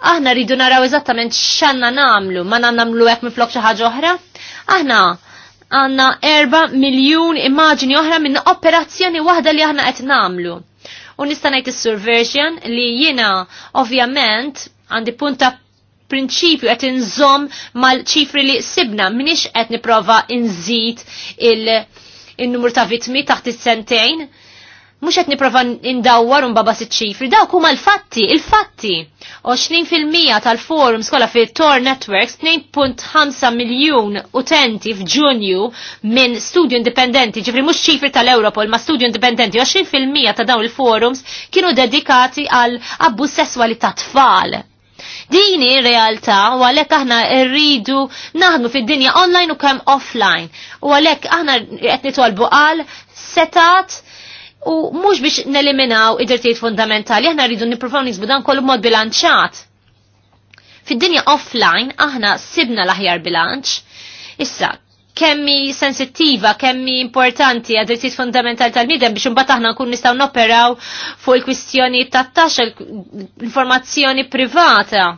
aħna rridu naraw eżattament x'għandna nagħmlu, ma nagħmlu hekk miflok xi ħaġa oħra. Aħna għandna erba' miljun immaġini oħra minn operazzjoni waħda li aħna qed nagħmlu. U nista' ngħid is-Sur Version li jiena ovvjament għandi punta prinċipju qed inżomm mal-ċifri li sibna minix qed nipprova inżid il-numru ta' vitmi taħt is-sentejn Mux għet niprofa indawwar un baba sitxifri, dawk huma l-fatti, il-fatti. 20% tal-forums skola fi Tor Networks, 2.5 miljon utenti f'Ġunju minn studju indipendenti, ġifri mux ċifri tal-Europol ma studju indipendenti, 20% ta' dawn il-forums kienu dedikati għal abbu sessuali ta' tfal. Dini realtà u għalek aħna rridu naħdmu fid-dinja online u kemm offline. U għalek aħna qed nitolbu għal setat u mhux biex neliminaw id dirtijiet fundamentali, aħna rridu nippruvaw nisbu dan kollu mod bilanċat. Fid-dinja offline aħna sibna l-aħjar bilanċ. Issa, kemmi sensittiva, kemmi importanti għad dirtijiet fundamentali tal midem biex imbagħad aħna nkun nistgħu noperaw fuq il-kwistjoni tat-taxxa, l-informazzjoni privata.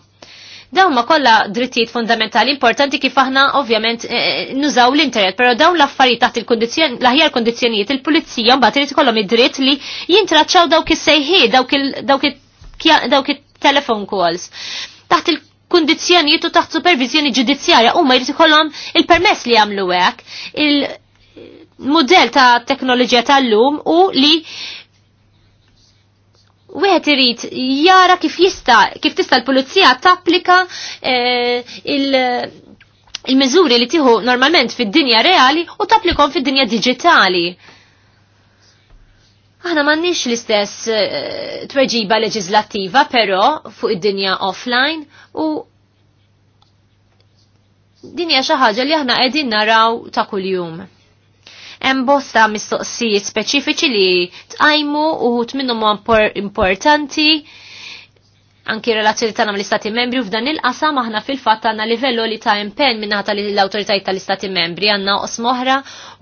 Dawn ma kollha drittijiet fundamentali importanti kif aħna ovvjament eh, eh, nużaw l-internet, però dawn l-affarijiet taħt il-kundizzjoni l-aħjar kundizzjonijiet il-pulizija mbagħad irid ikollhom id-dritt li jintraċċaw dawk is-sejħi, dawk il-telefon calls. Taħt il kundizzjonijiet u taħt supervizjoni ġudizzjarja huma jrid ikollhom il-permess li jagħmlu hekk. Il-modell ta' teknoloġija tal-lum u li Wieħed irid jara kif jista' kif tista' l-pulizija tapplika eh, il- il-mizuri li tiħu normalment fid-dinja reali u tapplikom fid-dinja digitali. Aħna m'għandniex l-istess uh, tweġiba leġislattiva, però fuq id-dinja offline u dinja xi ħaġa li aħna qegħdin naraw ta' kuljum. Hemm bosta mistoqsijiet speċifiċi li tqajmu uħut minnhom importanti anki relazzjoni tagħna mal-Istati Membri u f'dan il-qasam aħna fil-fatt għandna livello li ta' impenn minnaħa l awtoritajiet tal-Istati Membri għandna osmoħra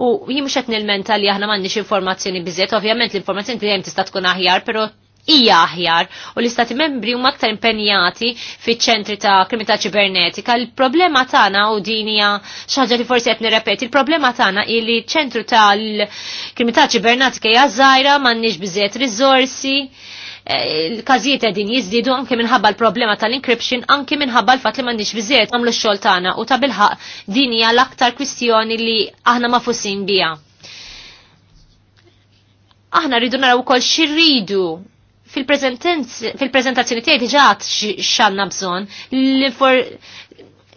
u jien mhux qed nilmenta li aħna m'għandniex informazzjoni biżiet, ovvjament l-informazzjoni hemm tista' tkun aħjar, però hija aħjar u l-istati membri huma aktar impenjati fiċ-ċentri ta' kriminalità ċibernetika. Il-problema tagħna u din hija xi ħaġa li forsi qed nirrepeti, il-problema tagħna hi li ċentru tal-kriminalità ċibernetika hija żgħira m'għandniex biżżejjed riżorsi eh, il-kazijiet edin jizdidu anke minħabba l-problema tal-encryption, anke minħabba l-fat li mandiġ biżiet għamlu xol tagħna u ta' bilħaq din hija l-aktar kwistjoni li aħna ma fussin bija. Aħna rridu naraw ukoll xirridu fil-prezentazzjoni tiegħi diġà x'għandna bżonn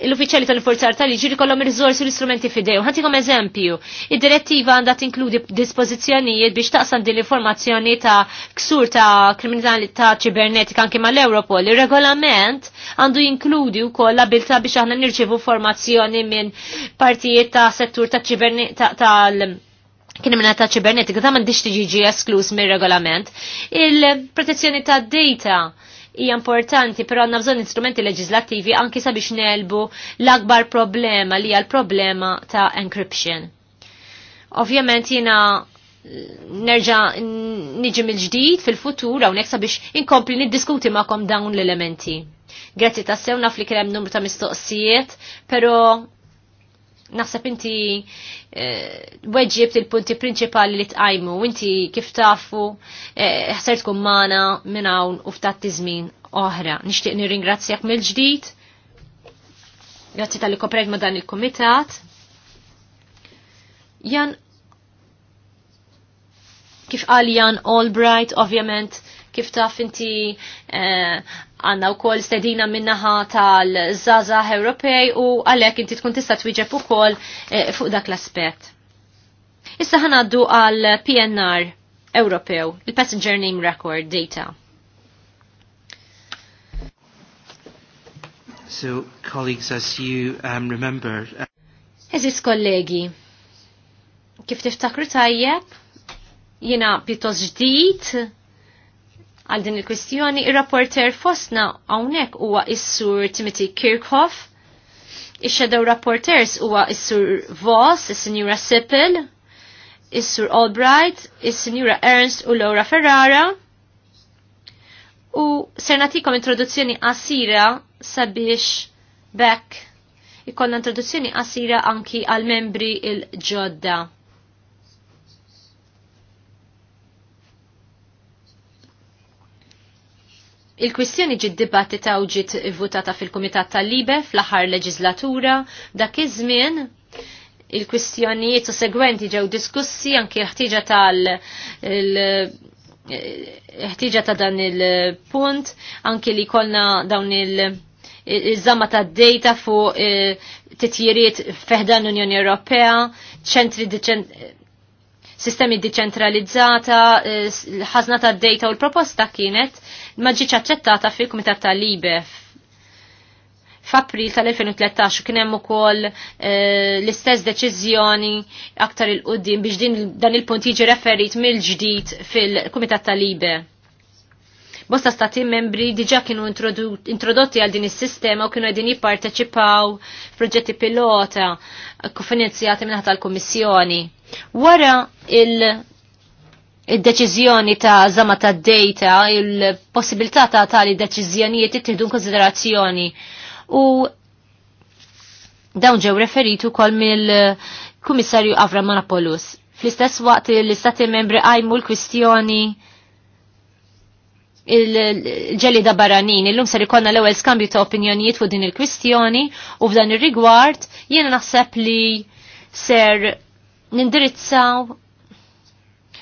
l-uffiċjali tal-forzar tal-liġi li kollhom ir-riżorsi u l-istrumenti fidejhom. Ħatikom eżempju, id-direttiva għandha tinkludi dispożizzjonijiet biex taqsan din l-informazzjoni ta' ksur ta' kriminalità ċibernetika anke mal-Europol. Ir-regolament għandu jinkludi wkoll l-abilità biex aħna nirċevu informazzjoni minn partijiet ta' settur ta' ċibernetika tal kien minna ta' ċibernetik, ta' mandiċ tiġiġi esklus mir regolament Il-protezzjoni ta' data hija importanti, però għanna bżon instrumenti leġislattivi anki sabiex nelbu l-akbar problema li hija l-problema ta' encryption. Ovvjament jiena nerġa niġi mill-ġdid fil-futur hawnhekk sabiex inkompli niddiskuti magħkom dawn l-elementi. Grazzi tassew naf li kien hemm numru ta' mistoqsijiet, però naħseb inti eh, weġġibt il-punti prinċipali li tqajmu, inti kif tafu eh, ħser tkun mana minn hawn u ftat żmien oħra. Nixtieq nirringrazzjak mill-ġdid. Grazzi tal-li ma dan il-komitat. Jan kif qal Jan Albright, ovvjament, kif taf inti eh, Għanna u kol stedina minnaħa tal-Zaza Ewropej u għalek inti tkun tista twieġeb u kol eh, fuq dak l-aspet. Issa għaddu għal PNR Ewropew, il-Passenger Name Record Data. So, colleagues, as you um, remember... Uh, Eżis kollegi, kif tiftakru tajjeb, Jena pjuttos ġdijt għal din il-kwistjoni. Ir-rapporter fostna hawnhekk huwa is-sur Timothy Kirchhoff, ix-shadow rapporters huwa is-sur Voss, is-Sinjura Sippel, is-sur Albright, is-Sinjura Ernst u Laura Ferrara. U sernatikom introduzzjoni qasira sabiex back ikollna introduzzjoni għasira anki għal membri il-ġodda. Il-kwistjoni ġid dibattita u ġid votata fil-Kumitat tal-Libe fl-aħħar leġislatura dak iż-żmien il-kwistjonijiet u segwenti ġew diskussi anki l-ħtiġa tal- ħtiġa ta' dan il-punt, anki li kolna dawn il- iż-żamma ta' data fuq eh, titjiriet feħdan unjoni Ewropea, ċentri sistemi deċentralizzata, eh, ħazna ta' data u l-proposta kienet ma ġiċ aċċettata fil-Kumitat ta' Libef. F'April tal-2013 kien hemm ukoll eh, l-istess deċiżjoni aktar il-qudiem biex din dan il-punt jiġi referit mill-ġdid fil-Kumitat ta' Libe. Bosta stati membri diġa kienu introdotti għal din is-sistema u kienu għedin jipparteċipaw f'proġetti pilota kufinanzjati minnaħat tal-Kommissjoni. Wara il- il deċizjoni ta' zama ta' data, il-possibilità ta' tali deċizjonijiet ittieħdu konsiderazzjoni. U dawn ġew referitu kol mill-Kummissarju Avra Monopolus. Fl-istess waqt l-istati membri għajmu l-kwistjoni il da barranin, il-lum ser ikonna l-ewel skambju ta' opinjonijiet fuq din il-kwistjoni u f'dan ir-rigward jiena naħseb li ser nindirizzaw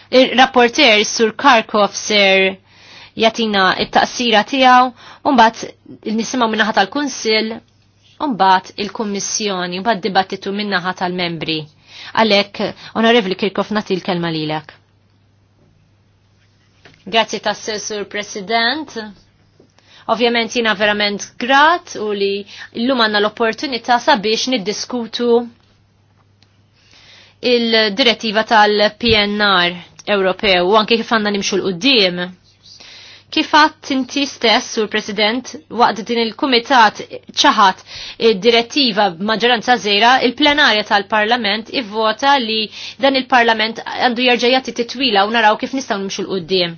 il-rapporter sur Karkov ser jatina il-taqsira tijaw, unbat nisimaw minnaħat tal-Kunsil, unbat il-Kommissjoni, unbat dibattitu minnaħat tal-membri. Għalek, onorevli Kirkov, nati l-kelma lilek. Grazie Sur President. Ovvjament jina verament grat u li l-lum għanna l-opportunita sabiex niddiskutu il-direttiva tal-PNR Ewropew u anke kif għandna nimxu l-qoddim. Kif għat inti stess, sur President, waqt din il-Kumitat ċaħat direttiva maġġoranza zera, il-plenarja tal-Parlament ivvota li dan il-Parlament għandu jarġajati titwila u naraw kif nistaw nimxu l-qoddim.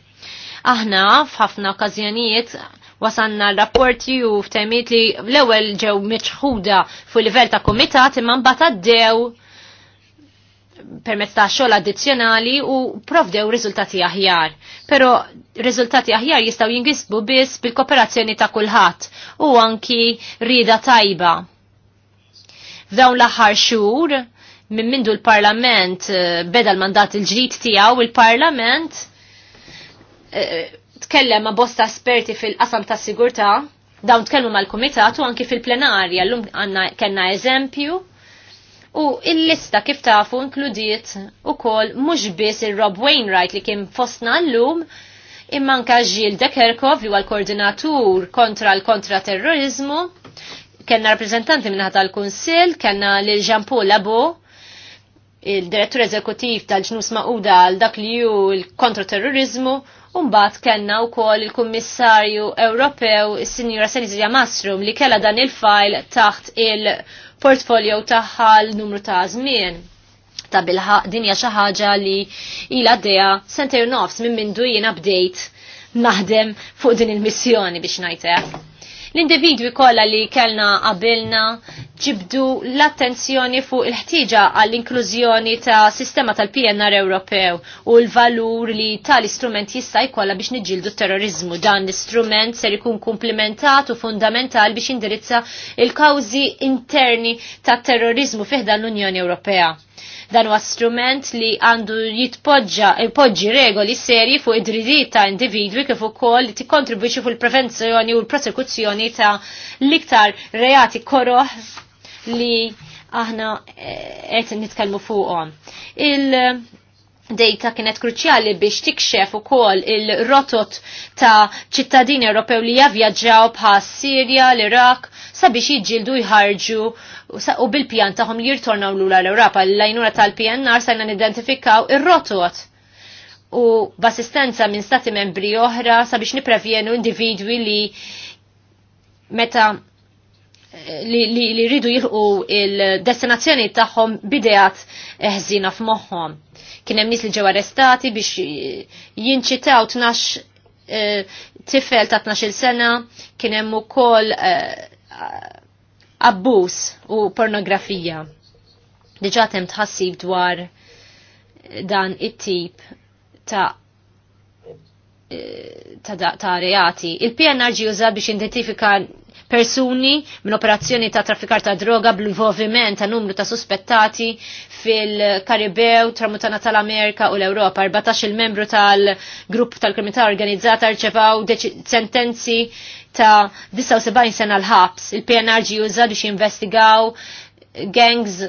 Aħna, f'ħafna okkażjonijiet, wasanna rapporti u ftemiet li l-ewel ġew meċħuda fuq livell ta' komitat imma mbagħad għaddew permezz ta' xogħol addizzjonali u provdew riżultati aħjar. Però riżultati aħjar jistgħu jingisbu biss bil-kooperazzjoni ta' kulħadd u anki rida tajba. F'dawn l-aħħar xhur minn mindu l-Parlament eh, beda l-mandat il-ġdid tiegħu il-Parlament eh, tkellem ma' bosta esperti fil-qasam ta' sigurtà dawn tkellmu mal-Kumitat u anki fil-plenarja l-lum għanna kena eżempju U il-lista kif tafu inkludiet u kol mux bis il-Rob Wainwright li kien fostna l-lum immanka Gil Dekerkov li huwa l-koordinatur kontra l-kontraterrorizmu, kellna rappresentanti minna ħata l-Kunsill, kellna lil Jean Paul Labo, il-direttur eżekutiv tal-ġnus maquda għal dak li ju l-kontraterrorizmu, kontra Umbat kellna wkoll il-Kummissarju Ewropew, is signora Senizja Masrum, li kellha dan il-fajl taħt il- portfolio tagħha l-numru ta' żmien ta' bilħa dinja xi ħaġa li ilha għaddejja senter nofs minn mindu jiena bdejt naħdem fuq din il-missjoni biex ngħidlek. L-individwi kollha li kellna qabilna ġibdu l-attenzjoni fuq il-ħtieġa għall-inklużjoni ta' sistema tal-PNR Ewropew u l-valur li tal-istrument jista' jkollha biex niġġieldu terrorizmu. Dan l-istrument ser ikun komplementat u fundamental biex indirizza il-kawżi interni ta' terrorizmu fiħda l-Unjoni Ewropea. Dan huwa strument li għandu jitpoġġa jpoġġi regoli serji fuq id-dridiet ta' individwi kif ukoll li tikkontribwixxi fuq il-prevenzjoni u l-prosekuzzjoni ta' l-iktar reati koroħ li aħna eh, qed nitkellmu fuqhom. Il- dejta kienet kruċjali biex tikxef ukoll il-rotot ta' ċittadini Ewropew li javjaġġaw bħal Sirja, l-Irak, sabiex jiġġieldu jħarġu u bil-pjan tagħhom li jirtornaw lula l-Ewropa. L-lajnuna tal-PNR sajna nidentifikaw ir-rotot u b'assistenza minn stati membri oħra sabiex niprevjenu individwi li meta li ridu jilqu il-destinazzjoni tagħhom bidejat ħżina f'moħħom. Kien hemm nies li ġew arrestati biex jinċitaw tnax e, tifel ta' 12 sena, kien hemm ukoll e, abbuż u pornografija. Diġà hemm tħassib dwar dan it-tip ta' e, ta', reati. Il-PNRG uża biex identifika persuni minn operazzjoni ta' traffikar ta' droga bl-involviment ta' numru ta' suspettati fil-Karibew, Tramutana tal-Amerika u l-Europa. 14 il-membru tal-grupp tal-kriminalità organizzata rċevaw sentenzi ta' 79 sena l-ħabs. Il-PNRG juża biex jinvestigaw gangs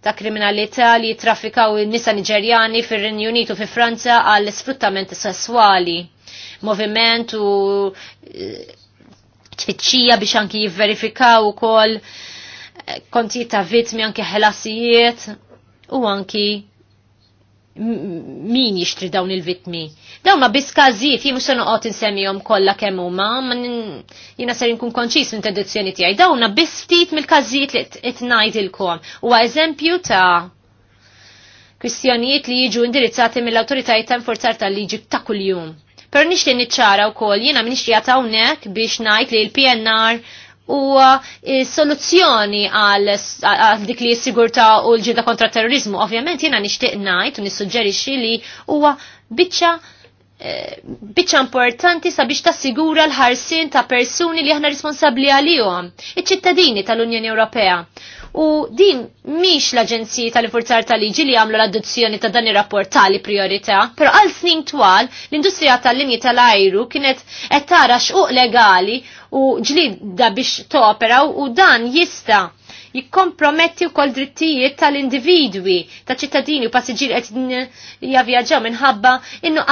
ta' kriminalità li jitraffikaw nisa Niġerjani fir-Renju Unitu fi Franza għall sfruttament sessuali. Moviment u tfittxija biex anki jivverifikaw ukoll eh, kontijiet ta' vitmi anki ħelasijiet u anki min jixtri dawn il-vitmi. Dawn ma biskazijiet, jimu xan uqot insemmijom kolla kemm huma, ma jina ser nkun konċis minn tradizzjoni tiegħi. Dawn ma bistit mill-każijiet li il-kom. Huwa eżempju ta' kwistjonijiet li jiġu indirizzati mill-awtoritajiet ta' forzar tal-liġi ta' kuljum. Per nix li nitċara u kol, jena minix li jatawnek biex najt li l-PNR u e, soluzzjoni għal dik li s-sigurta u l-ġida kontra terrorizmu. Ovvjament jena nishtiq najt u nissuġġerixi li huwa biċċa biċċa importanti sabiex tassigura l-ħarsin ta' persuni li aħna responsabbli għalihom, iċ-ċittadini tal-Unjoni Ewropea. U din miex l-Aġenziji tal-Forzar tal-Liġi li għamlu l adduzzjoni ta' dan ir-rapport tali priorità, però għal snin twal l-industrija tal-linji tal-ajru kienet qed tara xquq legali u ġlida biex topera u dan jista' jikkomprometti wkoll drittijiet tal-individwi, ta' ċittadini u passiġġier għet javvjaġġaw minħabba innu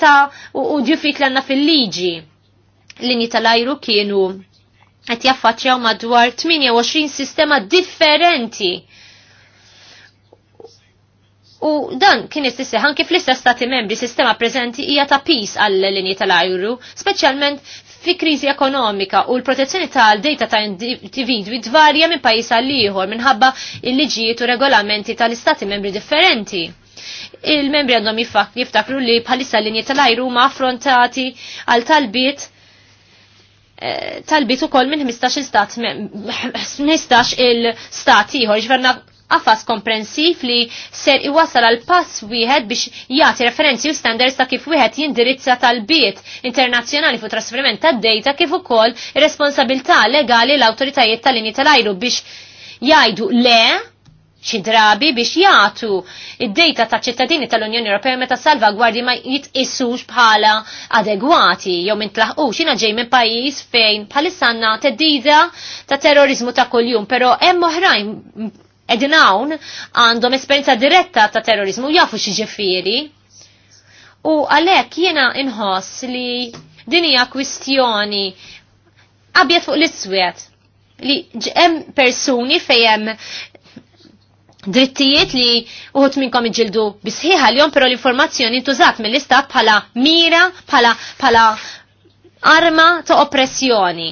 ta' u djufit l għanna fil-liġi. Linji tal-ajru kienu qed jaffaċċjaw madwar 28 sistema differenti. U dan kien istisseħ anki fl-istess stati membri sistema preżenti hija ta' pis għall linji tal-ajru, speċjalment fi kriżi ekonomika u l-protezzjoni tal-data ta' individwi dvarja minn pajjiż għal ieħor minħabba il-liġijiet u regolamenti tal-istati membri differenti. Il-membri għandhom jiftakru li bħalissa l linji tal-ajru ma' affrontati għal talbiet eh, talbit u koll minn 15 stat, 15 il-stat iħor, ġverna għafas komprensiv li ser iwasal għal pass wieħed biex jagħti referenzi u standards ta' kif wieħed jindirizza tal-biet internazzjonali fuq trasferiment tad-dejta kif ukoll responsabilità legali l-awtoritajiet tal-linji tal-ajru biex jgħidu le xi drabi biex jagħtu id-dejta taċ ċittadini tal-Unjoni Ewropea meta salvagwardji ma jitqissux bħala adegwati jew intlaħqux jiena ġej minn pajjiż fejn bħalissa għandna teddida ta' terrorizmu ta' kuljum, però hemm oħrajn edin hawn għandhom esperjenza diretta ta' terrorizmu jafu xi ġifieri. U għalhekk jiena inħoss li din hija kwistjoni abjad fuq l-iswed li hemm persuni fejn drittijiet li uħut minnkom iġildu bisħiħa li jom pero l-informazzjoni tużat mill-istat bħala mira, bħala arma ta' oppressjoni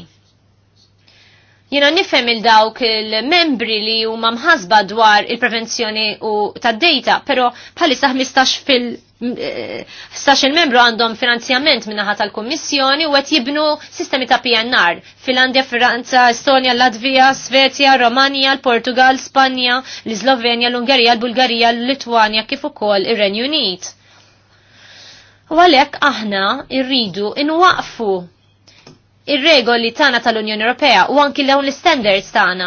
jina nifem il-dawk il-membri li huma mħasba dwar il-prevenzjoni u tad-data, però saħ 15 fil- eh, Sax il-membru għandhom finanzjament minnaħa tal-Kommissjoni u għet jibnu sistemi ta' PNR. Finlandja, Franza, Estonia, Latvija, Svezja, Romania, l-Portugal, Spanja, l-Slovenja, l-Ungerija, l-Bulgarija, l litwania kif ukoll ir-Renju Unit. U għalek aħna irridu inwaqfu ir-regoli tagħna tal-Unjoni Ewropea u anki dawn l-standards tagħna.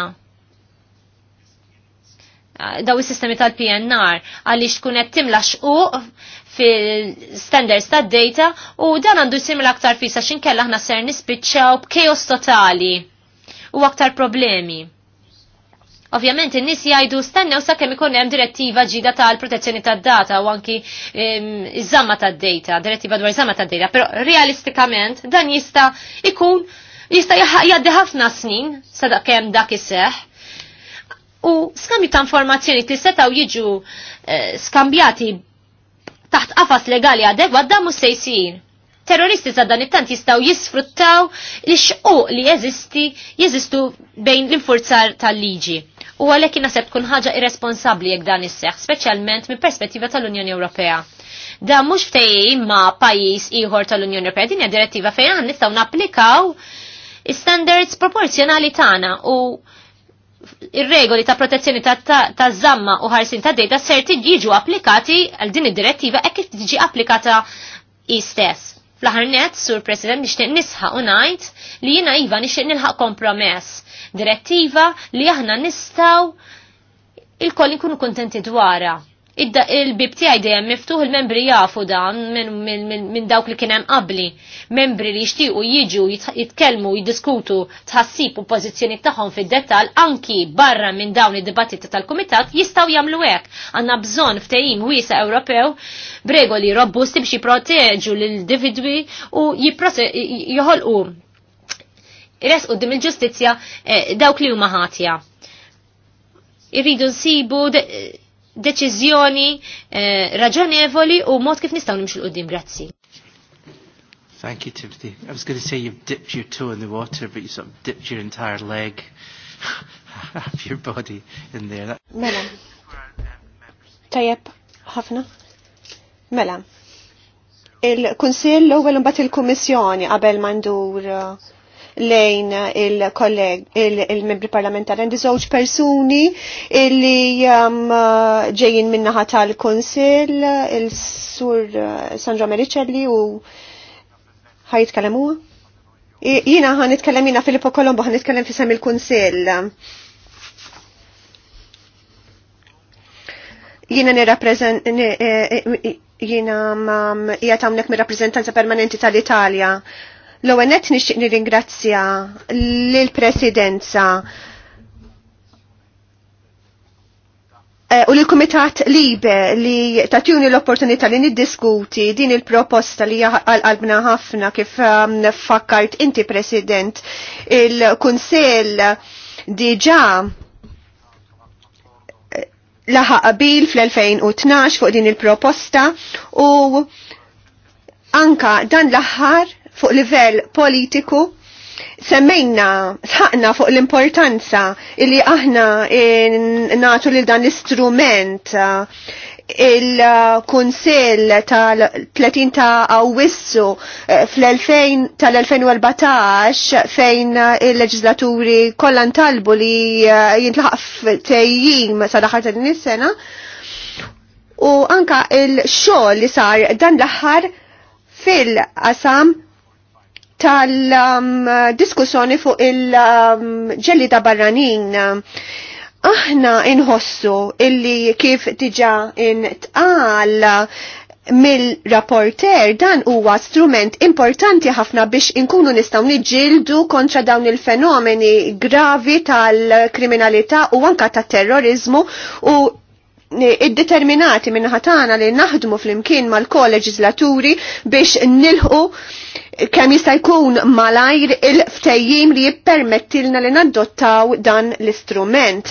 Ah, daw is-sistemi tal-PNR għaliex tkun qed timla xquq fil-standards tad-data u dan għandu jsim l-aktar fisa xinkella aħna ser nispiċċaw b'kejos totali u aktar problemi. Ovvjament, in-nies jgħidu stennew sakemm ikun hemm direttiva ġida tal-protezzjoni tad-data u anki ehm, iż-żamma tad-data, direttiva dwar iż-żamma tad-data, però realistikament dan jista' ikun jista' jgħaddi ħafna snin kemm dak iseħħ. U skambju ta' informazzjoni li setgħu jiġu eh, skambjati taħt qafas legali adegwat da' mhux se jsir terroristi za dan it-tant jistaw jisfruttaw li xquq li jeżisti jeżistu bejn l-infurzar tal-liġi. U għalhekk inaħseb tkun ħaġa irresponsabbli jekk dan isseħħ, speċjalment minn perspettiva tal-Unjoni Ewropea. Da mhux ftehim ma' pajjiż ieħor tal-Unjoni Ewropea din hija direttiva fejn għan nistgħu napplikaw standards proporzjonali tagħna u ir-regoli ta' protezzjoni ta', żamma zamma u ħarsin ta' data ser jiġu applikati għal din id-direttiva e kif tiġi applikata istess. Fl-ħarnet, sur President, nixtieq nisħaq u ngħid li jiena iva nixtieq nilħaq kompromess direttiva li aħna nistaw il-koll nkunu kontenti dwara. Il-bib tiegħi dejjem miftuħ il-membri jafu dan minn dawk li kien hemm qabli. Membri li jixtiequ jiġu jitkellmu jiddiskutu tħassib u pożizzjoni tagħhom fid-dettall anki barra minn dawn id-dibattiti tal-kumitat jistgħu jagħmlu hekk. Għandna bżonn ftehim wiesa Ewropew b'regoli robusti biex jipproteġu l-individwi u joħolqu res qoddim il-ġustizzja eh, dawk li huma ħatja. Irridu nsibu deċiżjoni eh, raġonevoli u mod kif nistgħu nimxu l-qoddim. Grazzi. Thank you, Timothy. I was going to say you've dipped your toe in the water, but you sort of dipped your entire leg, half your body in there. That... Mela. Tajab, ħafna. Mela. Il-Kunsill l-ewwel mbat il-Kummissjoni qabel ma uh, lejn il-kolleg, il-membri parlamentari, għandi żewġ persuni illi um, ġejjin minnaħa tal-Konsil, il-Sur Sandra Mericelli u ħajitkellem huwa. Jina ħan nitkellem jina Filippo Colombo ħan nitkellem fisem il-Konsil. Jina nirrapprezent eh, eh, jina um, jgħat mir rappresentanza permanenti tal-Italja. L-għenet nixtieq nirringrazzja lill-Presidenza eh, u l-Kumitat Libe li tatjuni l-opportunità li niddiskuti din il-proposta li għal-qalbna ħafna kif ehm, fakkart inti President il-Kunsel diġa eh, laħa qabil fl-2012 fuq din il-proposta u anka dan l-aħħar fuq livell politiku semmejna, sħaqna fuq l-importanza illi aħna natu lil dan l-istrument uh, il-Kunsill tal-30 ta' Awissu fl 2014 fejn uh, il-leġislaturi kollan talbu li uh, jintlaħaq tejjim sa' daħar ta' sena u anka il-xogħol li sar dan l-aħħar fil-qasam tal-diskussjoni fuq il ta' barranin. Aħna inħossu illi kif diġa intqal mill-rapporter dan huwa strument importanti ħafna biex inkunu nistgħu niġġieldu kontra dawn il-fenomeni gravi tal-kriminalità u anka tat-terrorizmu u id-determinati minnaħatana li naħdmu fl-imkien mal kolleġizlaturi biex nilħu kemm jista' jkun malajr il-ftejjim li jippermettilna li nadottaw dan l-istrument.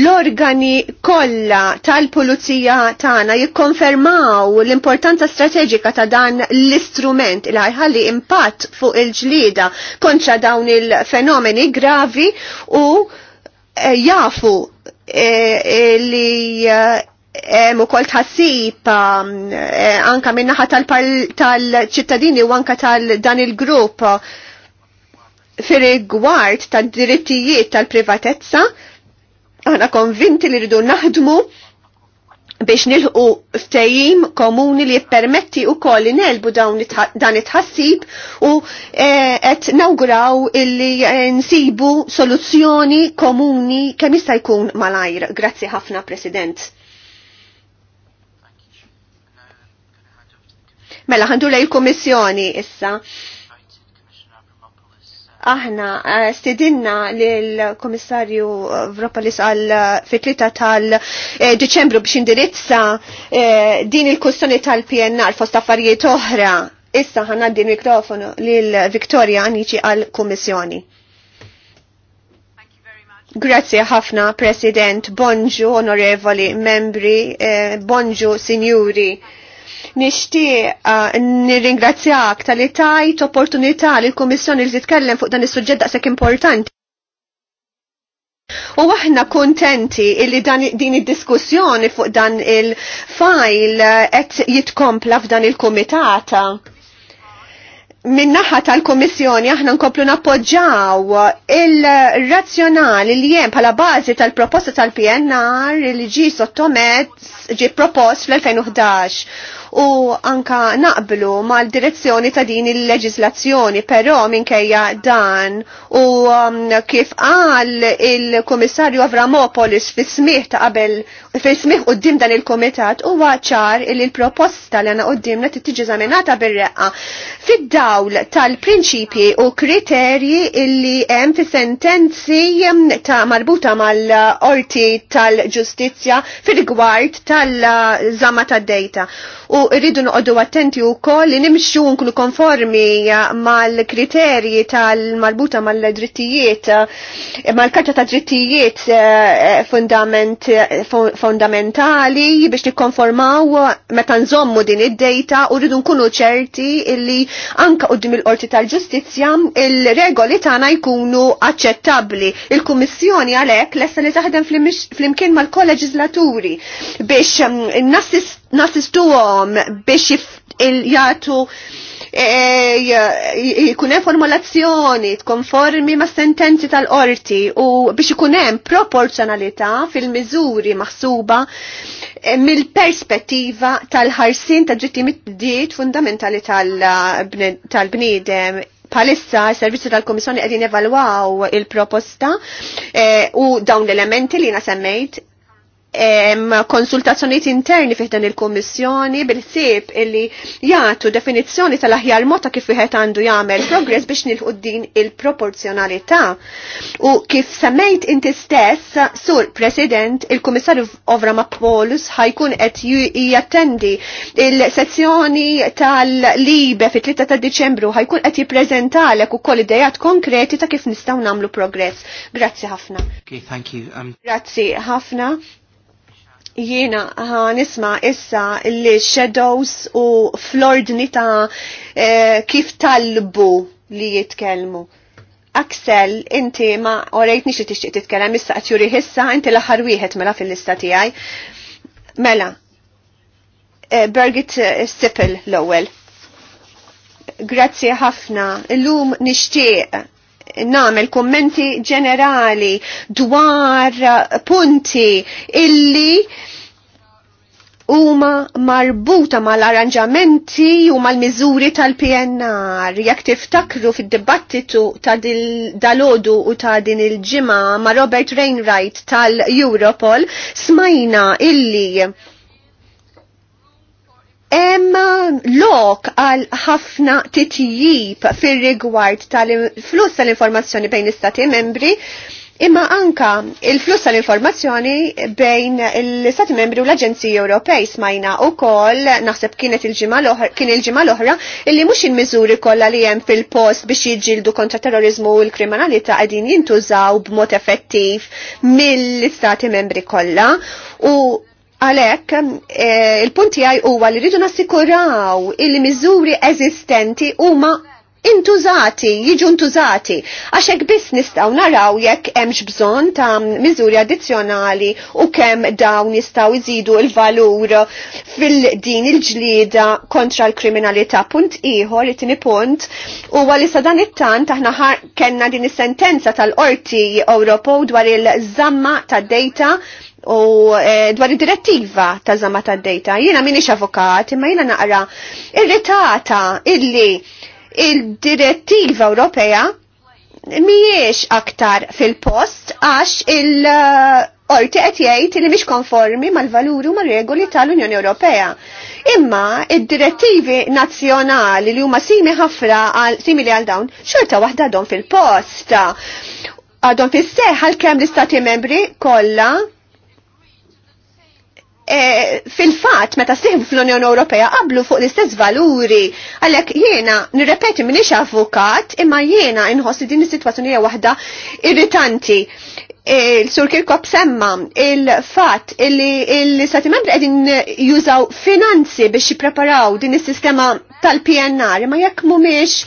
L-organi kollha tal-pulizija tagħna jikkonfermaw l-importanza strateġika ta' dan l-istrument li ħajħalli impatt fuq il-ġlieda kontra dawn il-fenomeni gravi u eh, jafu eh, li eh, hemm ukoll tħassib eh, anka min-naħa tal-ċittadini u anka tal-dan il-grupp fir-rigward tad-drittijiet tal-privatezza. Aħna konvinti li rridu naħdmu biex nilħu ftejim komuni li jippermetti u koll li nelbu dan it-ħassib u eh, qed nawguraw illi eh, nsibu soluzzjoni komuni kemm jista' jkun malajr. Grazzi ħafna, President. Mela ħandu lej il-Kummissjoni issa. Aħna eh, stidinna lill-Kummissarju Vropalis għal eh, fitlita tal-Deċembru biex indirizza eh, din il-kustjoni tal-PNR fost affarijiet oħra. Issa ħanna din mikrofonu lill-Viktoria Anici għal-Kummissjoni. Grazie ħafna, President. Bonġu, onorevoli membri. Eh, bonġu, signori. Nixtieq uh, nirringrazzjak tal-li tajt opportunità li l-Kummissjoni li zitkellem fuq dan is-suġġett daqshekk importanti. U aħna kontenti illi dan, din id-diskussjoni fuq dan il-fajl uh, qed jitkompla f'dan il-kumitata. Min-naħa tal-Komissjoni aħna nkomplu nappoġġaw il-razzjonali li jem bħala bażi tal-proposta tal-PNR li ġi sottomet ġi propost fl-2011 u anka naqblu mal-direzzjoni ta' din il-leġislazzjoni, però minkejja dan u um, kif qal il-Kummissarju Avramopolis fi smih ta' qabel fi smih qudiem dan il-Kumitat huwa ċar il il-proposta li għana qoddimna tittiġi żaminata bir-reqqa fid-dawl tal prinċipi u kriterji illi hemm fi sentenzi ta' marbuta mal-orti tal-ġustizzja fir-rigward tal zama tad-dejta. U u rridu noqogħdu attenti wkoll li nimxu nkunu konformi mal-kriterji tal-marbuta mal-drittijiet eh, mal-karta ta' drittijiet eh, fundament, fundamentali biex nikkonformaw meta nżommu din id-dejta u rridu nkunu ċerti illi anka qudiem il-qorti tal-ġustizzja il-regoli tagħna jkunu aċċettabbli. Il-Kummissjoni għalhekk lesta li taħdem fl-imkien mal-kolleġislaturi biex mm, nassist nasistu għom biex il-jatu jikunem e, e, e, formulazzjoni tkonformi ma' sentenzi tal-qorti u biex ikunem proporzjonalità fil-miżuri maħsuba mill-perspettiva tal-ħarsin ta' ġittimiddiet fundamentali tal-bniedem palissa servizzi tal-Komissjoni qegħdin evalwaw il-proposta u dawn l-elementi li nasemmejt konsultazzjoniet interni fih dan il-Kummissjoni bil-ħsieb illi jagħtu definizzjoni tal-aħjar mod ta' kif wieħed għandu jagħmel progress biex nilħu din il-proporzjonalità. U kif semmejt inti stess, sur President, il-Kummissarju Ovramopoulos ħajkun qed jattendi il-sezzjoni tal-Libe fit-3 ta' Diċembru ħajkun qed jippreżentalek ukoll idejat konkreti ta' kif nistgħu nagħmlu progress. Grazzi ħafna. Okay, thank you. Um... Grazzi ħafna jiena nisma issa li shadows u flordni ta' eh, kif talbu li jitkellmu. Aksel, inti ma orejtni xie tixtieq titkellem issa qed juri ħissa inti l-aħħar wieħed mela fil-lista tiegħi. Mela, eh, Birgit eh, Sippel l-ewwel. Grazzi ħafna. Illum nixtieq namel kommenti ġenerali dwar eh, punti illi huma marbuta mal-arranġamenti u mal-miżuri tal-PNR. Jekk tiftakru fid-dibattitu ta' dal-ħodu u ta' din il-ġimgħa ma' Robert Rainwright tal-Europol smajna illi Hemm lok għal ħafna titjib fir-rigward tal-flus tal-informazzjoni bejn l-istati membri imma anka il-flus tal-informazzjoni bejn l istati membri u l-Aġenziji Ewropej smajna u koll naħseb kienet kien il-ġimgħa l-oħra illi mhux il-miżuri kollha li hemm fil-post biex jiġġieldu kontra terrorizmu u l-kriminalità qegħdin jintużaw b'mod effettiv mill istati membri kollha u Għalek, eh, il-punti għaj huwa li rridu nassikuraw il-miżuri eżistenti huma intużati, jiġu intużati, għaxek hekk nistaw nistgħu naraw jekk hemmx bżonn ta' miżuri addizzjonali u kemm dawn jistgħu jżidu l-valur fil-din il-ġlieda kontra l-kriminalità. Punt ieħor, it-tieni punt, huwa li sa dan it-tant aħna kenna din is-sentenza tal-Qorti Ewropew dwar il-żamma tad data u eh, dwar id-direttiva ta' zama ta' data. Jena minix avokat, imma jena naqra irritata illi il-direttiva Ewropea miex aktar fil-post għax il-orti qed jgħid li mhix konformi mal-valuri u mal-regoli tal-Unjoni Ewropea. Imma id-direttivi nazzjonali li huma simi ħafra għal simili għal dawn xorta waħda għadhom fil-post. Għadhom fis-seħħ għal kemm l-istati membri kollha Eh, fil-fat meta siħbu fl-Unjoni Ewropea qablu fuq l-istess valuri. Għalhekk jiena nirrepeti minix avukat imma jiena inħossi din is-sitwazzjoni hija waħda irritanti il-Sur Kirkop semma il-fat illi il sati Membri għedin jużaw finanzi biex jipreparaw din is-sistema tal-PNR, ma jekk mumiex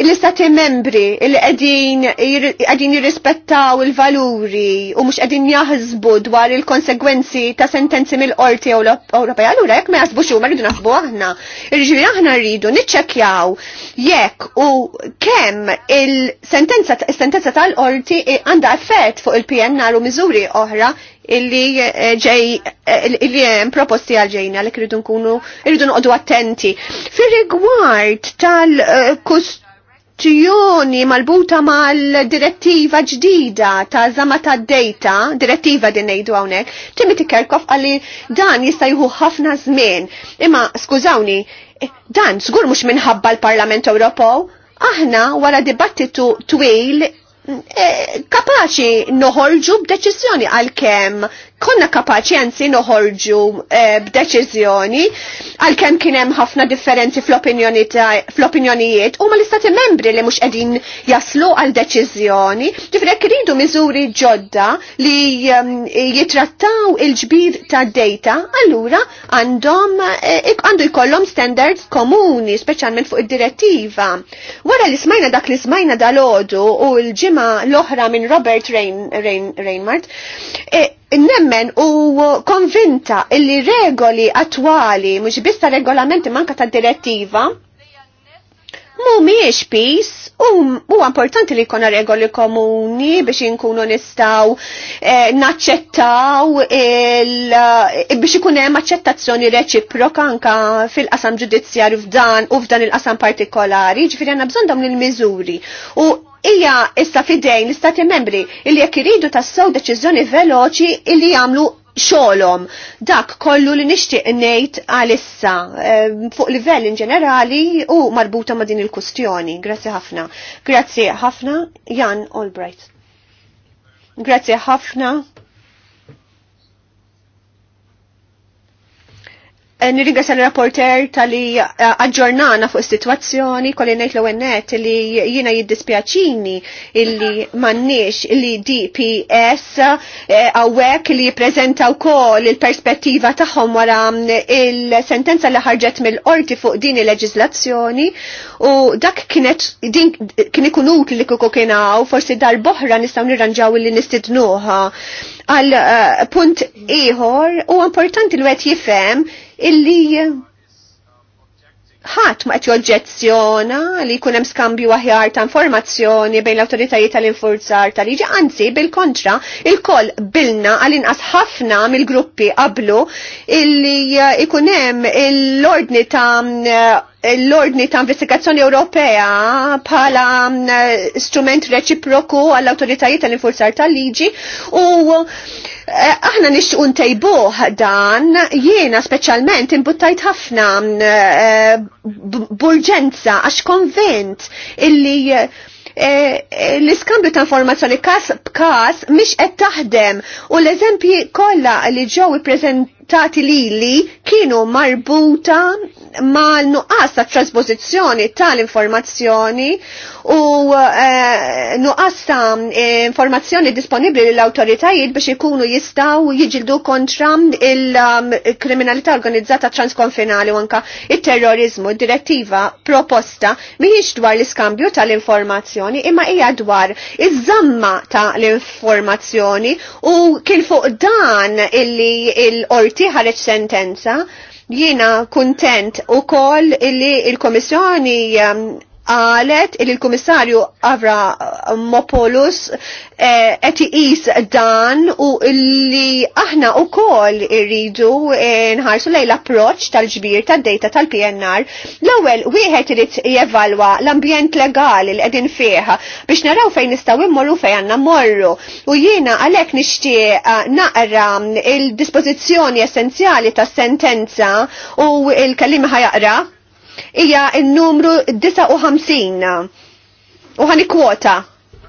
l-Istati Membri li għedin jirrispettaw il-valuri u mux għedin jahzbu dwar il-konsegwenzi ta' sentenzi mill-Qorti Ewropea, allura jekk ma jaħsbu xu, ma rridu naħbu aħna. Irġivi aħna rridu niċċekjaw jekk u kemm il-sentenza tal-Qorti għandha effett fuq il pnr VPN u miżuri oħra illi eh, ġej eh, illi proposti għal ġejna li kridu nkunu irridu noqogħdu attenti. Fir-rigward tal-kustjoni malbuta mal-direttiva ġdida ta' zama ta' data, direttiva din ngħidu hawnhekk, Timothy Kerkhoff għalli dan jista' jieħu ħafna żmien. Imma skużawni, dan żgur mhux minħabba l-Parlament Ewropew, aħna wara dibattitu twil Eh, kapaċi noħorġu b'deċiżjoni għal-kem konna kapaċi għanzi noħorġu eh, b'deċiżjoni għal-kem kienem ħafna differenzi fl-opinjonijiet u ma l-istati membri li mux edin jaslu għal-deċiżjoni ġifre kridu miżuri ġodda li ehm, jitrattaw il-ġbir ta' data allura għandhom eh, għandu jkollhom standards komuni speċjalment fuq id-direttiva wara li smajna dak li smajna dal-ħodu u l-ġim il-kelima l-oħra minn Robert Reinhardt, e, nemmen u konvinta illi regoli attwali, mux bista regolamenti manka ta' direttiva, miex pis u huwa importanti li jkollna regoli komuni biex inkunu nistgħu eh, naċċettaw e, biex ikun hemm aċċettazzjoni reċiproka anka fil-qasam ġudizzjarju f'dan u f'dan il-qasam partikolari, ġifieri bżonn dawn il-miżuri. U ija issa fidejn l-istati membri illi jekk iridu tassew deċiżjoni veloċi illi jagħmlu xolom. Dak kollu li nixtieq ngħid għalissa ehm, fuq livell in ġenerali u marbuta ma' din il-kustjoni. Grazzi ħafna. Grazzi ħafna Jan Albright. Grazie ħafna Eh, nirringrazzja l-rapporter tal-li eh, aġġornana fuq is-sitwazzjoni, kolli ngħid l għennet li jiena jiddispjaċini illi m'għandniex li DPS eh, hawnhekk li jippreżenta wkoll il-perspettiva tagħhom wara mm, il-sentenza li ħarġet mill-qorti fuq din il leġizlazzjoni u dak kienet din kien ikun utli li kuku kienaw forsi dar boħra nistgħu nirranġaw li nistidnuħa. għal punt ieħor u importanti li qed jifhem illi ħadd ma qed joġġezzjona li jkun hemm skambju aħjar ta' informazzjoni bejn l-awtoritajiet tal-infurzar tal-liġi, anzi bil-kontra, il-koll bilna għal-inqas ħafna mill-gruppi qablu illi jkun hemm l-ordni ta' l-ordni ta' investigazzjoni Ewropea bħala mm, eh, strument reċiproku għall autoritajiet tal-infurzar tal-liġi u eh, aħna nixtiequ ntejbuh dan jiena speċjalment imbuttajt ħafna mm, eh, burġenza għax konvent illi l-iskambju ta' informazzjoni kas b'kas mhix qed taħdem u l-eżempji kollha li ġew ippreżentati lili kienu marbuta ma nuqqas ta' traspożizzjoni tal-informazzjoni u eh, nuqqas ta' informazzjoni disponibli l-autoritajiet biex ikunu jistaw jiġildu kontra il-kriminalità organizzata transkonfinali u anka il-terrorizmu. Direttiva proposta miħiġ dwar l-iskambju tal-informazzjoni imma hija dwar iż-żamma ta' l-informazzjoni u kien fuq dan illi l-orti ħareġ sentenza Jiena kuntent u koll li il-Komissjoni um, għalet il-Komissarju Avra Mopolus qed eh, iqis dan u li aħna u kol irridu eh, nħarsu lej l-approċ tal-ġbir tad-data tal-PNR. L-ewwel wieħed irid jevalwa l-ambjent legali li qegħdin fih biex naraw fejn nistgħu immorru fejn għandna morru. U jiena għalhekk nixtieq eh, naqra il-dispożizzjoni essenzjali tas-sentenza u il-kellim ħajaqra ija il numru 59 Uħani kwota.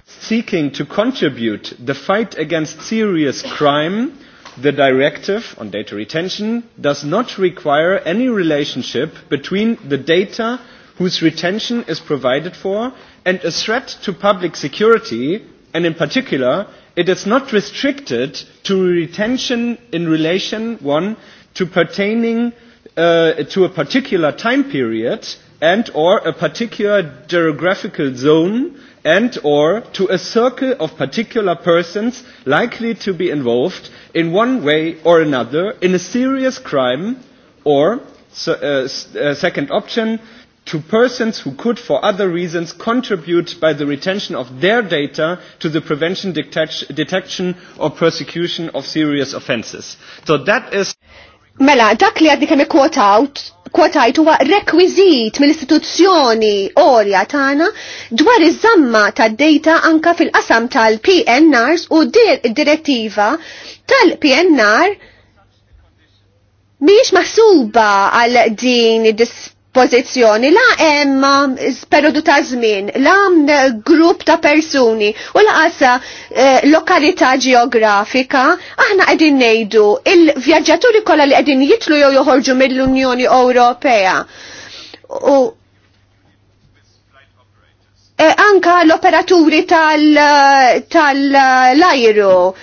Seeking to contribute the fight against serious crime, the directive on data retention does not require any relationship between the data whose retention is provided for and a threat to public security, and in particular, it is not restricted to retention in relation, one, to pertaining uh, to a particular time period and or a particular geographical zone and or to a circle of particular persons likely to be involved in one way or another in a serious crime or so, uh, uh, second option to persons who could for other reasons contribute by the retention of their data to the prevention detection or persecution of serious offenses so that is Mela, dak li għaddi kemm quote-out, quote-out huwa rekwizit mill-istituzzjoni orja tagħna dwar iż-żamma tad-dejta anka fil-qasam tal-PNRs u direttiva tal-PNR miex maħsuba għal din id dis pożizzjoni la hemm periodu ta' żmien, la eh, grupp ta' persuni u laqasa eh, lokalità ġeografika, aħna qegħdin ngħidu il-vjaġġaturi kollha li qegħdin jitlu jew joħorġu mill-Unjoni Ewropea. U e, anka l-operaturi tal-ajru tal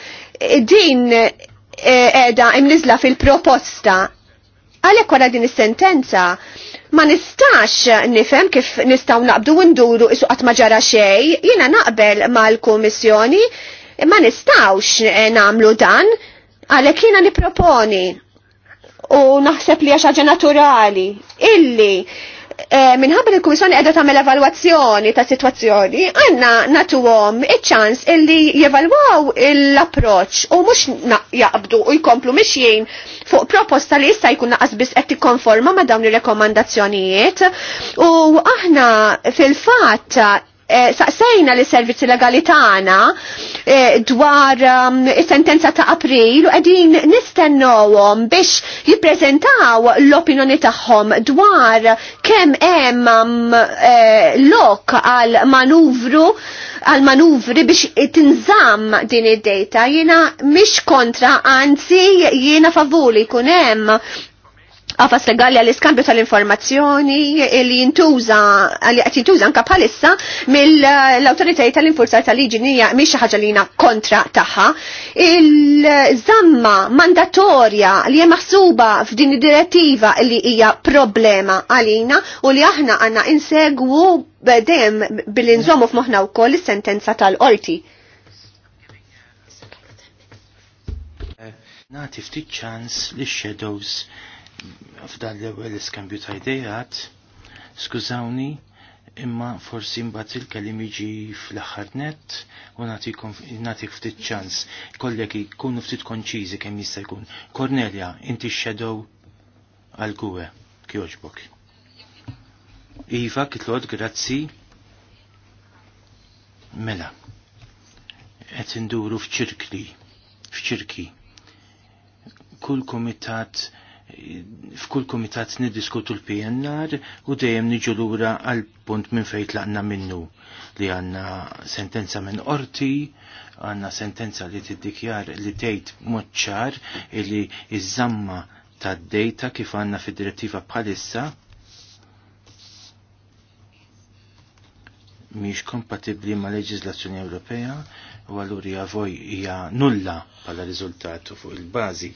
din eh, edha imnizla fil-proposta. Għalek wara din is-sentenza, ma nistax nifem kif nistaw naqbdu nduru isu qatt ma ġara xej, jiena naqbel mal-kummissjoni ma nistawx eh, namlu dan għalhekk jiena niproponi u naħseb li għaxa naturali illi Eh, minħabba li l-Kummissjoni qiegħda tagħmel evalwazzjoni ta' sitwazzjoni, għandna natuhom iċ-ċans illi jevalwaw l-approċċ u mhux jaqbdu u jkomplu mixjin fuq proposta li jista' jkun naqas biss qed tikkonforma ma' dawn ir-rekomandazzjonijiet u aħna fil-fatt Eh, saqsejna li servizzi legali tagħna eh, dwar um, is-sentenza ta' April u qegħdin nistennowhom biex jippreżentaw l-opinjoni tagħhom dwar kemm hemm um, eh, lok għal manuvru għal manuvri biex tinżamm din id-data jiena mhix kontra anzi jiena favuli kun jkun hemm għafas legali għall-iskambju tal-informazzjoni li jintuża għalli qed jintuża anke bħalissa mill-awtoritajiet tal-infurzar tal-liġi hija xi ħaġa kontra tagħha. Il-żamma mandatorja li hija maħsuba f'din id-direttiva li hija problema għalina u li aħna għandna insegwu b'dem bil-inżomu f'moħħna wkoll is-sentenza tal-qorti. Nati ftit ċans li shadows f'dan l-ewwel iskambju ta' idejat, skużawni, imma forsi mbagħad il-kelim jiġi fl-aħħar net u nagħtik ftit ċans. Kollek ikunu ftit konċiżi kemm jista' jkun. Cornelia, inti x-shadow għal kuwe kjoġbok. Iva, kitlod, grazzi. Mela, qed induru f'ċirkli, f'ċirki. Kull komitat f'kull komitat niddiskutu l-PNR u dejjem niġu lura għal punt minn fejn tlaqna minnu li għandna sentenza minn qorti, għandna sentenza li tiddikjar li tgħid mod ċar li iż-żamma tad-dejta kif għandna fid-direttiva bħalissa miex kompatibli ma' leġislazzjoni Ewropea u għallur javoj hija nulla pala riżultatu fuq il-bażi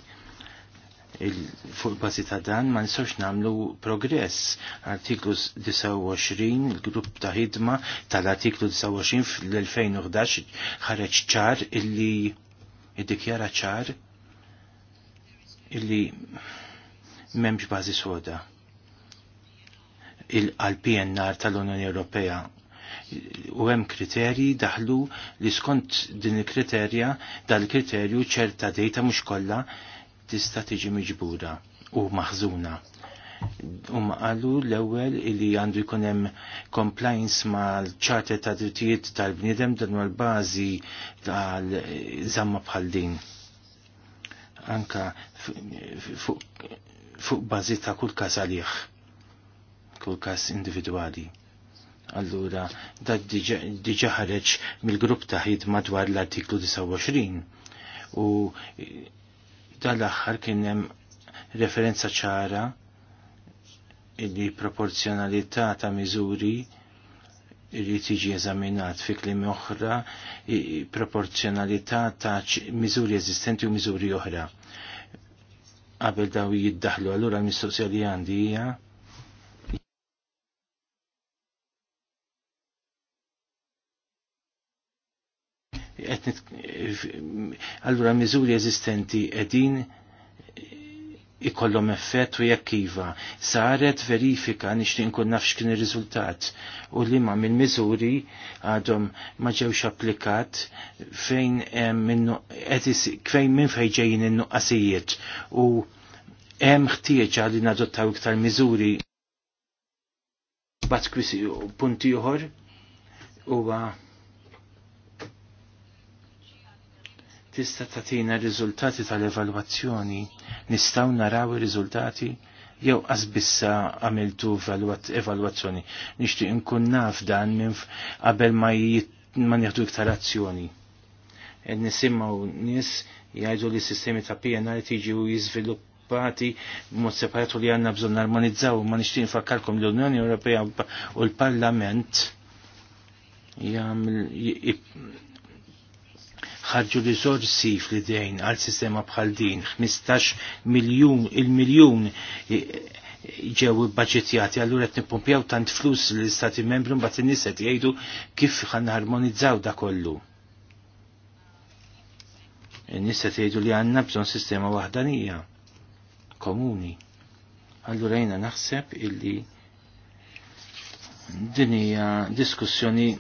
fuq bazi ta' dan ma nistax namlu progress. Artiklu 29, il-grupp ta' ħidma tal-artiklu 29 fl-2011 ħareġ ċar illi iddikjara ċar illi memx bazi soda il-PNR tal-Unjoni Ewropea u hemm kriterji daħlu li skont din il-kriterja dal-kriterju ċerta dejta mhux kollha tista' tiġi miġbura u maħżuna. U um, maqalu l-ewwel illi għandu jkun hemm compliance mal-ċarter ta' drittijiet tal-bniedem dan l bażi tal-żamma bħal din. Anka fuq bażi ta' kull każ għalih, kull każ individwali. Allura, da diġa ħareġ mill-grupp ta' ħidma dwar l-artiklu 29 u tal-aħħar kien hemm referenza ċara li proporzjonalità ta' miżuri li tiġi eżaminat fi klim oħra proporzjonalità ta' miżuri eżistenti u miżuri oħra. Qabel daw jiddaħlu allura l-mistoqsija li għandi hija allura miżuri eżistenti qegħdin ikollhom effett u jekk iva. Saret verifika nixtieq nkun naf x'kien ir-riżultat u li ma mill-miżuri għadhom ma ġewx applikat fejn eh, minnu minn fejn ġejjin in-nuqqasijiet u hemm ħtieġa li nadottaw iktar miżuri bat punti oħor huwa tista' tagħtina riżultati tal-evalwazzjoni nistgħu naraw ir-riżultati jew qasbissa għamiltu evalwazzjoni. Nixtieq inkun naf dan minn qabel ma ma nieħdu iktar azzjoni. Qed nisimgħu nies jgħidu li s-sistemi ta' PNR tiġu jiżviluppati mod separatu li għandna bżonn armonizzaw ma nixtieq infakkarkom l-Unjoni Ewropea u l-Parlament jagħmel ħarġu risorsi fl-idejn għal sistema bħal din, 15 miljun, il-miljun eh, ġew budgetjati, allura qed nippompjaw tant flus l-Istati membru mbagħad in qed jgħidu kif ħan harmonizzaw da kollu. In-nies jgħidu li għandna bżonn sistema waħdanija komuni. Allura jiena naħseb illi din hija diskussjoni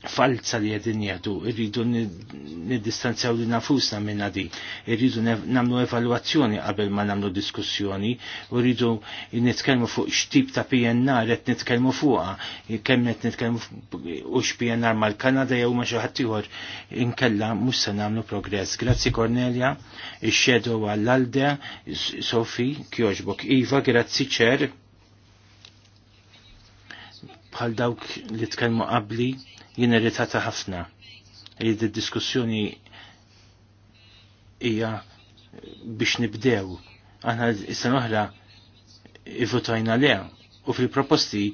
falza li għedin jgħadu, irridu nidistanzjaw li nafusna minna di, irridu namlu evaluazzjoni qabel ma namlu diskussjoni, u irridu nitkelmu fuq xtib ta' PNR qed nitkelmu fuqa, kemm qed nitkelmu u x'PNR mal-Kanada jew ma xi ħadd ieħor inkella mhux se nagħmlu progress. Grazzi Cornelia, xedu għall-Alde, Sofi, Kjoġbok, Iva, grazzi ċer bħal dawk li tkellmu qabli jien irritata ħafna li d-diskussjoni hija biex nibdew. Aħna issa oħra votajna le u fil-proposti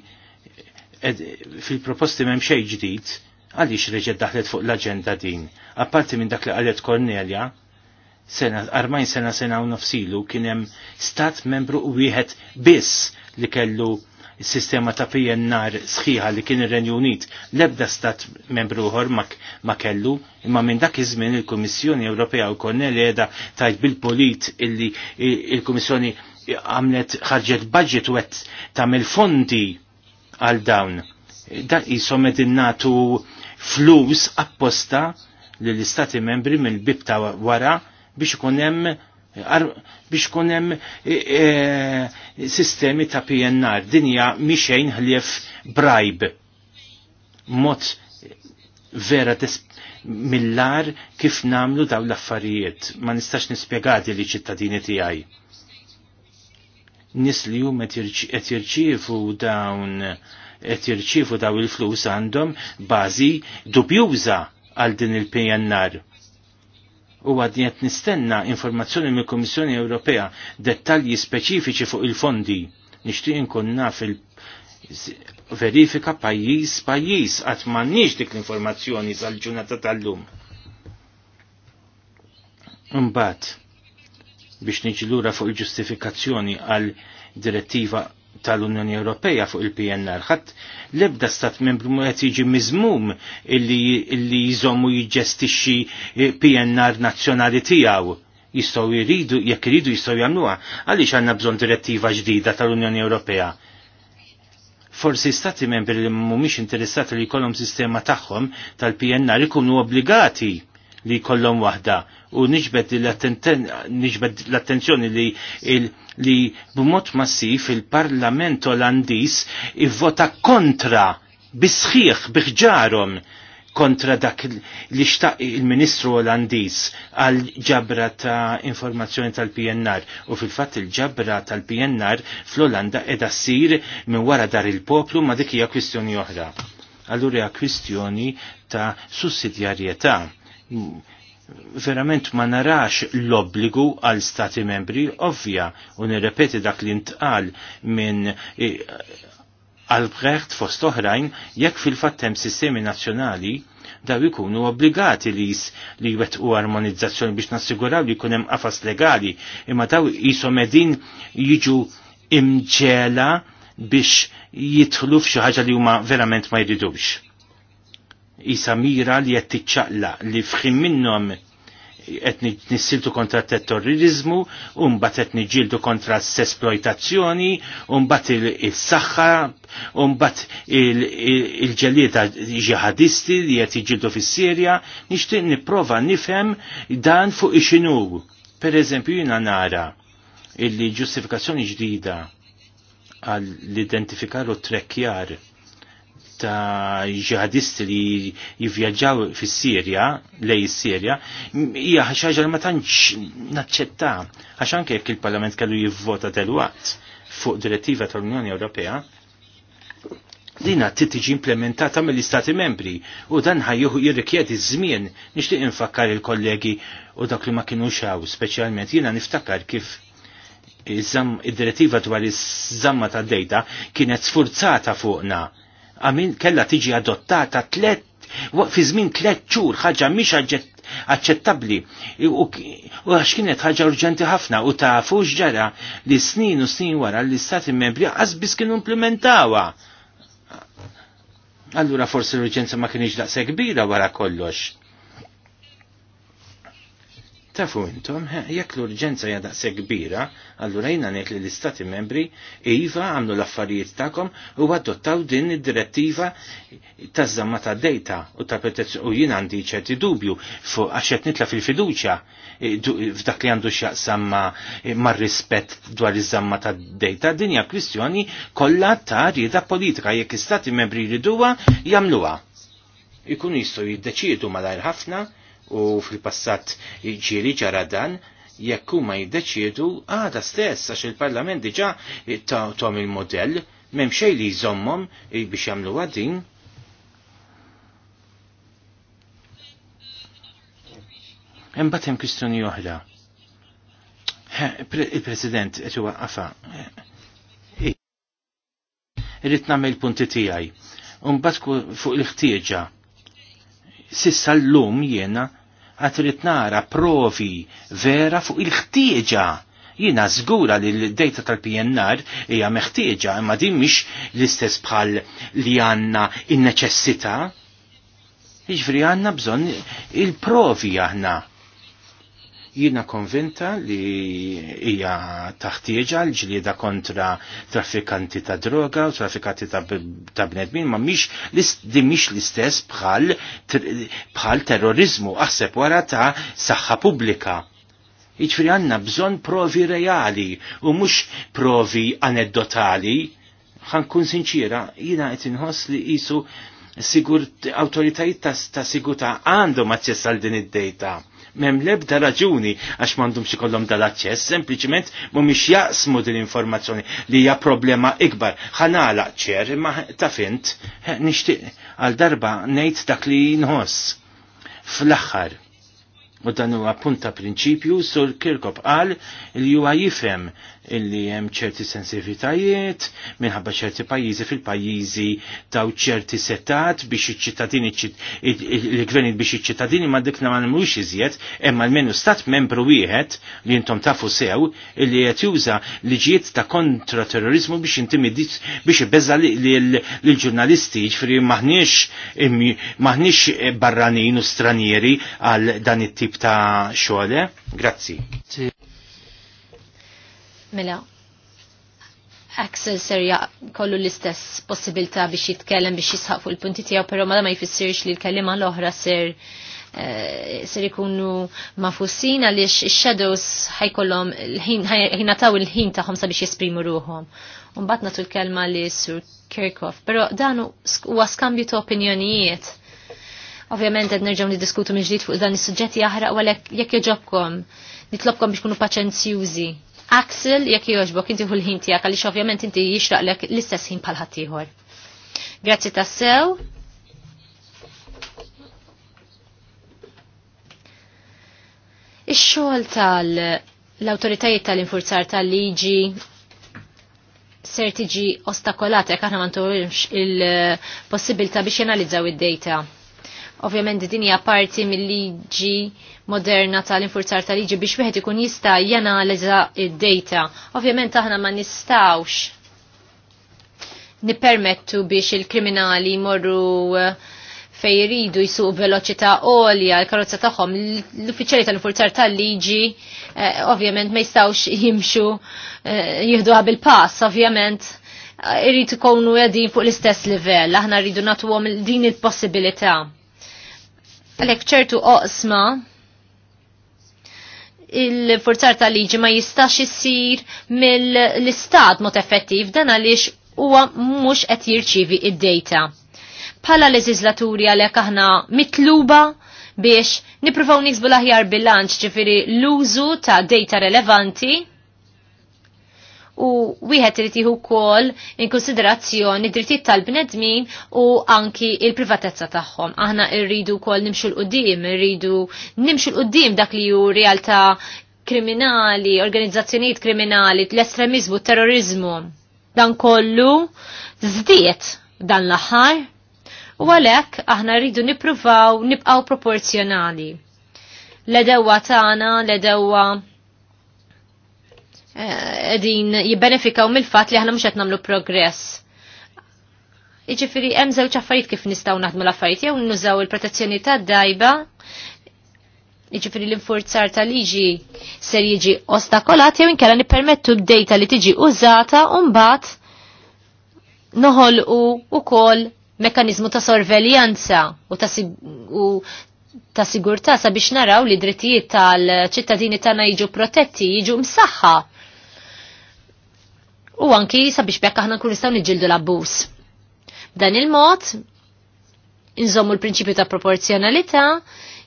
fil-proposti m'hemm xejn ġdid għaliex reġed daħlet fuq l-aġenda din. Apparti minn dak li qalet Cornelia, sena, armajn sena sena u nofsilu kien hemm stat membru u wieħed biss li kellu sistema ta' PNR sħiħa li kien ir-Renju Unit l-ebda stat membru uħor ma kellu, imma minn dak iż-żmien il-Kummissjoni Ewropea u konnel edha tajt bil-polit illi il-Kummissjoni għamlet ħarġet budget wet mill fondi għal dawn. Dan jisomet innatu flus apposta lill-istati membri mill-bib ta' wara biex ikun hemm biex kunem e, e, sistemi ta' PNR. Dinja miexejn ħlief bribe. Mod vera millar kif namlu daw l-affarijiet. Ma nistax nispiegati li ċittadini tijaj. Nis li jum qed jirċievu dawn qed daw il-flus għandhom bażi dubjuża għal din il-PNR u għadniet nistenna informazzjoni mill kommissjoni Ewropea dettalji speċifiċi fuq il-fondi. Nishtiq nkun naf verifika pajjiż pajjiż għat m'għandniex dik l-informazzjoni sal-ġunata tal-lum. Mbat, biex niġi lura fuq il-ġustifikazzjoni għal direttiva tal-Unjoni Ewropea fuq il-PNR. ħadd l-ebda stat membru ma qed jiġi miżmum illi jżommu jiġġestixxi PNR nazzjonali tiegħu jistgħu jridu jekk iridu jistgħu jagħmluha għaliex għandna bżonn direttiva ġdida tal-Unjoni Ewropea. Forsi stati membri li mhumiex interessati li jkollhom sistema tagħhom tal-PNR ikunu obbligati li kollom wahda u niġbed l-attenzjoni li li b'mod massiv il-Parlament Olandis ivvota kontra bisħiħ biħġarom kontra dak li xtaq il-Ministru Olandiż għal ġabra ta' informazzjoni tal-PNR u fil-fatt il-ġabra tal-PNR fl-Olanda edha ssir minn wara dar il-poplu ma dik hija kwistjoni oħra. Allura hija kwistjoni ta' sussidjarjetà Mm. verament ma narax l-obbligu għal stati membri ovvja u nirrepeti dak li ntqal minn e, Albrecht fost oħrajn jekk fil-fattem sistemi nazzjonali daw ikunu obbligati li jis li u armonizzazzjoni biex nassiguraw li jkun hemm legali imma daw jisom edin jiġu imġela biex jidħlu f'xi ħaġa li huma verament ma jridux isamira li qed tiċċaqla li fħim minnhom qed nissiltu kontra t-terrorizmu, mbagħad qed niġġieldu kontra s-esploitazzjoni, u mbagħad il-saħħa, u mbagħad il-ġelieta ġihadisti li qed jiġġieldu fis-Sirja, nixtieq nipprova nifhem dan fuq ix-xinu. Pereżempju jiena nara illi ġustifikazzjoni ġdida għall-identifikar u trekkjar ta' ġihadisti li jivvjaġġaw fis sirja lej sirja hija ħaxaġa li ma tantx naċċetta għax anke jekk il-Parlament kellu jivvota delwaqt fuq direttiva tal-Unjoni Ewropea dina tiġi implementata mill-Istati membri u dan ħajjuħu jirrikjedi żmien nixtieq infakkar il-kollegi u dak li ma kinux hawn speċjalment jiena niftakar kif id-direttiva dwar iż-żamma tad-dejta kienet sfurzata fuqna għamil kella tiġi adottata tlet fi żmien tlet ċur, ħaġa mhix aċċettabbli u għax kienet ħaġa urġenti ħafna u fuġ ġara li snin u snin wara li stati membri għazbis kienu implementawa. Allura forsi l-urġenza ma kienx daqsa kbira wara kollox Tafu intom, jekk l-urġenza hija daqshekk kbira, allura jiena ngħid li l-Istati membri iva għamlu l-affarijiet tagħkom u adottaw din id-direttiva taż-żamma ta' dejta u ta' protezzjoni u jien għandi ċerti dubju fuq għax qed nitla fil-fiduċja e, f'dak li għandu x'jaqsam mar-rispett e, dwar iż-żamma ta' dejta din hija kwistjoni kollha ta' rieda politika jekk istati membri jriduha jagħmluha. Ikun jistgħu jiddeċiedu malajr ħafna u fil-passat ġiri ġara dan, jekk huma jiddeċiedu għada stess għax il-Parlament diġà tom il-modell m'hemm li jżommhom biex jamlu għadin. Imbagħad hemm kwistjoni oħra. Il-President qed iwaqqafa. Irrid nagħmel punti tiegħi. mbagħad fuq il-ħtieġa sissa l-lum jiena għatrit nara provi vera fuq il-ħtieġa jina zgura li l-data tal-PNR hija meħtieġa imma din mhix l-istess bħal li għandna in-neċessità. Jiġri għandna bżonn il-provi aħna. Jina konvinta li hija taħtieġa l-ġlieda kontra traffikanti ta' droga u traffikanti ta' bnedmin ma' miex dimix l-istess bħal terrorizmu aħseb wara ta' saħħa pubblika. Iġfri għanna bżon provi reali u mux provi aneddotali. Ħankun sinċira, jina qed inħoss li jisu sigur autoritajiet ta', ta sigurta għandhom aċċess għal din id-dejta mem lebda raġuni għax mandum xikollom dal-aċċess, sempliciment mumiex jaqsmu din informazzjoni li hija problema ikbar. Ħanala ċer, ma ta' fint, nixtieq għal darba ngħid dak li nħoss. Fl-aħħar, u dan huwa punta prinċipju sur Kirkop qal li huwa jifhem illi hemm ċerti sensivitajiet minħabba ċerti pajjiżi fil-pajjiżi daw ċerti setat biex iċ-ċittadini il-gvern biex iċ-ċittadini ma dikna ma nagħmlux iżjed, hemm almenu stat membru wieħed li intom tafu sew illi qed juża liġijiet ta' kontra terrorizmu biex intimidit biex ibeża lill-ġurnalisti, ġifieri maħniex maħniex barranin u stranieri għal dan it-tip ta' xogħol. Eh? Grazzi. Mela, Axel serja kollu l-istess possibilità biex jitkellem biex jisħaq fuq il-punti tiegħu, però mela ma jfissirx li l-kelima l-oħra ser eh, ser ikunu mafussin għaliex ix-shadows ħajkollhom ħin il-ħin tagħhom sabiex jesprimu ruhom. Mbagħad nagħtu l-kelma li Sur Kirkov, però dan huwa skambju ta' opinjonijiet. Ovvjament qed nerġgħu niddiskutu minn ġdid fuq dan is-suġġetti aħra għalhekk jekk joġobkom. Nitlobkom biex kunu paċenzjużi Axel, jekk jogħġbok inti ħin tiegħek għaliex ovvjament inti jixraqlek l-istess ħin bħal ħaddieħor. Grazzi tassew. Ix-xogħol tal l-awtoritajiet tal-infurzar tal-liġi ser tiġi ostakolata jekk aħna ma il-possibilità biex jenalizzaw id-data Ovvjament din hija parti mill-liġi moderna tal-infurzar tal-liġi biex wieħed ikun jista' janaliza id-data. Ovvjament aħna ma nistawx nippermettu biex il-kriminali morru eh, fej jridu jisuq veloċità għolja l-karozza tagħhom l-uffiċjali tal-infurzar tal-liġi eh, ovvjament ma jistawx jimxu eh, jihduha bil-pass, ovvjament eh, irrid ikunu qegħdin fuq l-istess livell, aħna rridu nagħtuhom din il-possibilità Għalhekk ċertu oqsma il-forzar tal-liġi ma jistax issir mill-istat mod effettiv dan għaliex huwa mhux qed jirċivi id-data. Bħala leżislaturi għalhekk aħna mitluba biex nippruvaw niksbu l-aħjar bilanċ ġifiri l-użu ta' data relevanti u wieħed irid jieħu wkoll in konsiderazzjoni drittijiet tal-bnedmin u anki il-privatezza tagħhom. Aħna rridu wkoll nimxu l-qudiem, irridu nimxu l-qudiem dak li hu realtà kriminali, organizzazzjonijiet kriminali, l-estremizmu, terrorizmu. Dan kollu żdiet dan l-aħħar u għalhekk aħna rridu nippruvaw nibqgħu proporzjonali. L-edewa tagħna, l-edewa qegħdin eh, jibbenefikaw mill-fatt li aħna mhux qed nagħmlu progress. Iġifiri, hemm żewġ affarijiet kif nistgħu naħdmu l-affarijiet jew nużaw il-protezzjoni tad-dajba Iġifiri l-infurzar tal-liġi ser jiġi ostakolat jew inkella nippermettu d-dejta li tiġi użata u mbagħad noħolqu wkoll mekanizmu ta' sorveljanza u ta' u ta' sigurtà sabiex naraw li drittijiet tal-ċittadini tagħna jiġu protetti, jiġu msaħħa u anki sabiex bekk aħna nkunu nistaw nġildu l abbus B'dan il-mod inżommu l-prinċipju ta' proporzjonalità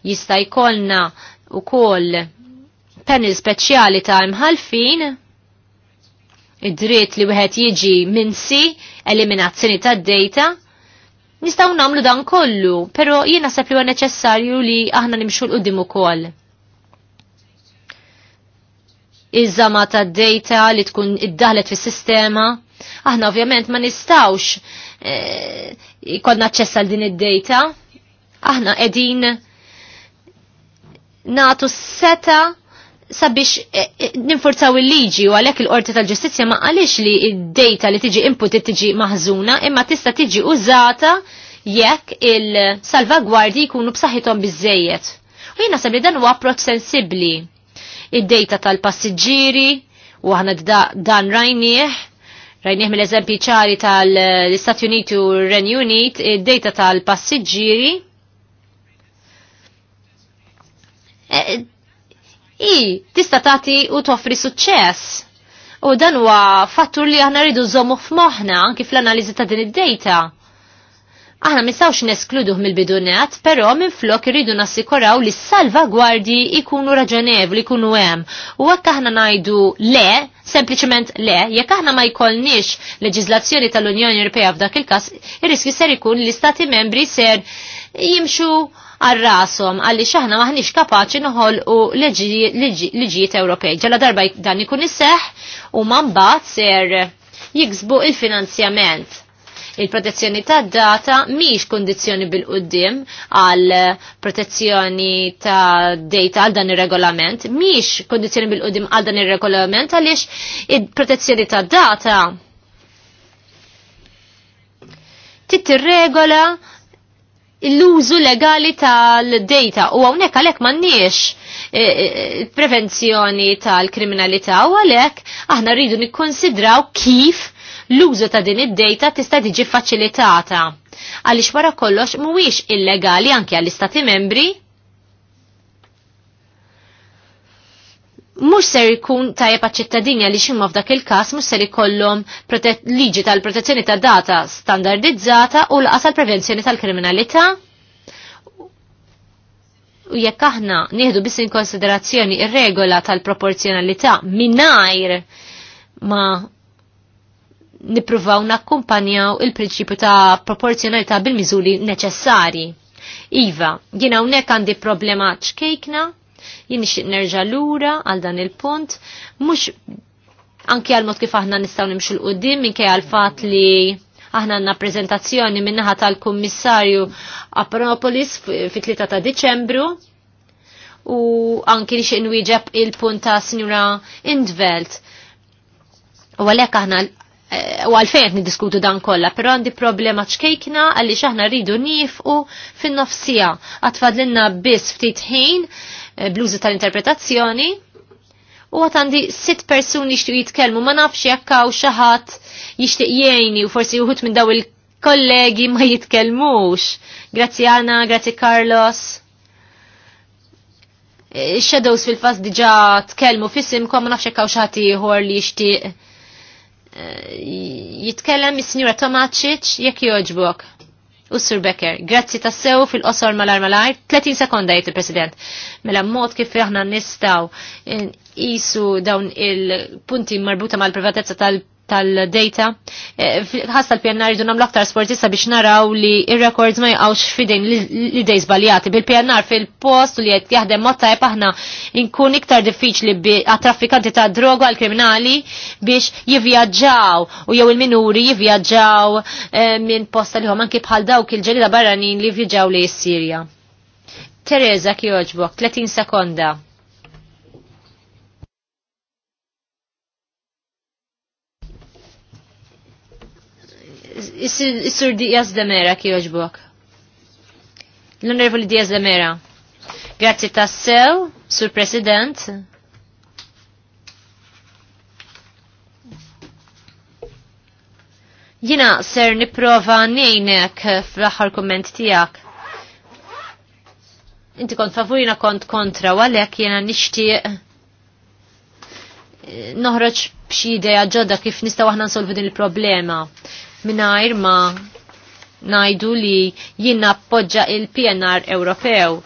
jista' jkollna wkoll panel speċjali ta' imħalfin id-dritt li wieħed jiġi minsi eliminazzjoni tad-data Nistaw namlu dan kollu, pero jien naħseb li huwa neċessarju li aħna nimxu l qudiem ukoll iż-żama ta' data li tkun iddaħlet fis sistema Aħna ovvjament ma nistawx eh, ikonna ċess għal din id-data. Aħna edin natu seta sabiex eh, eh, ninfurzaw il-liġi u għalek il-qorti tal-ġustizja ma għalix li id-data li tiġi input tiġi maħżuna imma tista tiġi użata jekk il-salvagwardi jkunu b'saħħithom biżejjed. U jina sabi dan huwa approċċ sensibbli id-data tal-passiġġieri u aħna dan rajnieh, rajnieh mill-eżempji ċari tal-Istati Uniti u Ren Unit, id-data tal-passiġġieri. Eh, I, tista tagħti u toffri suċċess. U dan huwa fattur li aħna rridu żommu f'moħħna anki fl-analiżi ta' din id-data Aħna mistawx neskluduh mill-bidunet, però minn flok irridu nassikuraw li s-salvagwardji ikunu li ikunu hemm. U hekk aħna ngħidu le, sempliċement le, jekk aħna ma jkollniex leġislazzjoni tal-Unjoni Ewropea f'dak il-każ, ir-riski ser ikun li stati membri ser jimxu għal-rasom għalli xaħna maħnix kapaċi nħol u liġijiet Ewropej. Ġalla darba dan ikun isseħ u man bat ser jiksbu il-finanzjament Il-protezzjoni ta' data miex kondizjoni bil-qoddim għal protezzjoni ta' data għal dan ir-regolament, miex kondizjoni bil-qoddim għal dan ir-regolament għaliex il-protezzjoni ta' data titirregola l-użu legali tal-data u għawnek għalek mannix eh, eh, prevenzjoni tal-kriminalità u għalek aħna rridu nikkonsidraw kif l-użu ta' din id-data tista' tiġi faċilitata. Għaliex wara kollox mhuwiex illegali anke għall-istati membri mux ser ikun tajjeb ċittadini għalix ximma f'dak il-kas mux ser ikollhom liġi tal-protezzjoni ta' data standardizzata u laqas tal-prevenzjoni tal-kriminalità. U jekk aħna nieħdu biss in konsiderazzjoni ir-regola tal-proporzjonalità mingħajr ma nipruvaw nakkumpanjaw il-prinċipju ta' proporzjonalità bil-miżuri neċessari. Iva, jien hawnhekk għandi problema ċkejkna, jien nixtieq nerġa' lura għal dan il-punt, mhux anke għal mod kif aħna nistgħu nimxu l qudiem minkejja għal fatt li aħna għandna preżentazzjoni min-naħa tal-Kummissarju Apropolis fit-3 ta' Diċembru u anke nixtieq nwieġeb il-punt ta' Sinjura Indvelt. U għalek aħna Eh, u għalfejn qed niddiskutu dan kollha, però għandi problema ċkejkna għalli aħna rridu nifqu fin-nofsija. Għatfadlinna biss ftit ħin eh, bluzi tal-interpretazzjoni u għat għandi sitt persuni jixtu jitkellmu ma nafx jakkaw xaħat jixtieq jgħini u forsi uħut minn daw il-kollegi ma jitkellmux. Grazzi Anna, grazzi Carlos. Eh, Shadows fil-fas diġa tkellmu kwa ma nafx jakkaw xaħat ieħor li jixtieq jitkellem is-Sinjura Tomacic jekk joġbok. U Sir Becker, grazzi tassew fil-qosor mal-arma malar, 30 sekonda jgħid il-President. Mela mod kif aħna nistaw isu dawn il-punti marbuta mal-privatezza tal- tal-data. E, Ħassa l-PNR idunam nagħmlu aktar sportista biex naraw li il records ma jqgħux fidejn li dej żbaljati. Bil-PNR fil-post li qed jaħdem motta tajb aħna inkun iktar diffiċli għat-traffikanti ta' droga għal kriminali biex jivvjaġġaw u jew il-minuri jivvjaġġaw e, minn posta li għoman anki bħal dawk il-ġelida barranin li vjaġġaw li s-Sirja. Tereza kjoġbok, 30 sekonda. Is-sur Diaz Demera kjoġbok. L-onorevoli Diaz Demera. Grazzi tassew, sur President. Jina ser niprofa nejnek fl-axar komment tijak. Inti kont favorina kont kontra, għalek jena nishtiq eh, noħroġ b'xi idea ġodda kif nistgħu aħna nsolvu din il-problema minnajr ma najdu li jina appoġġa il-PNR Ewropew.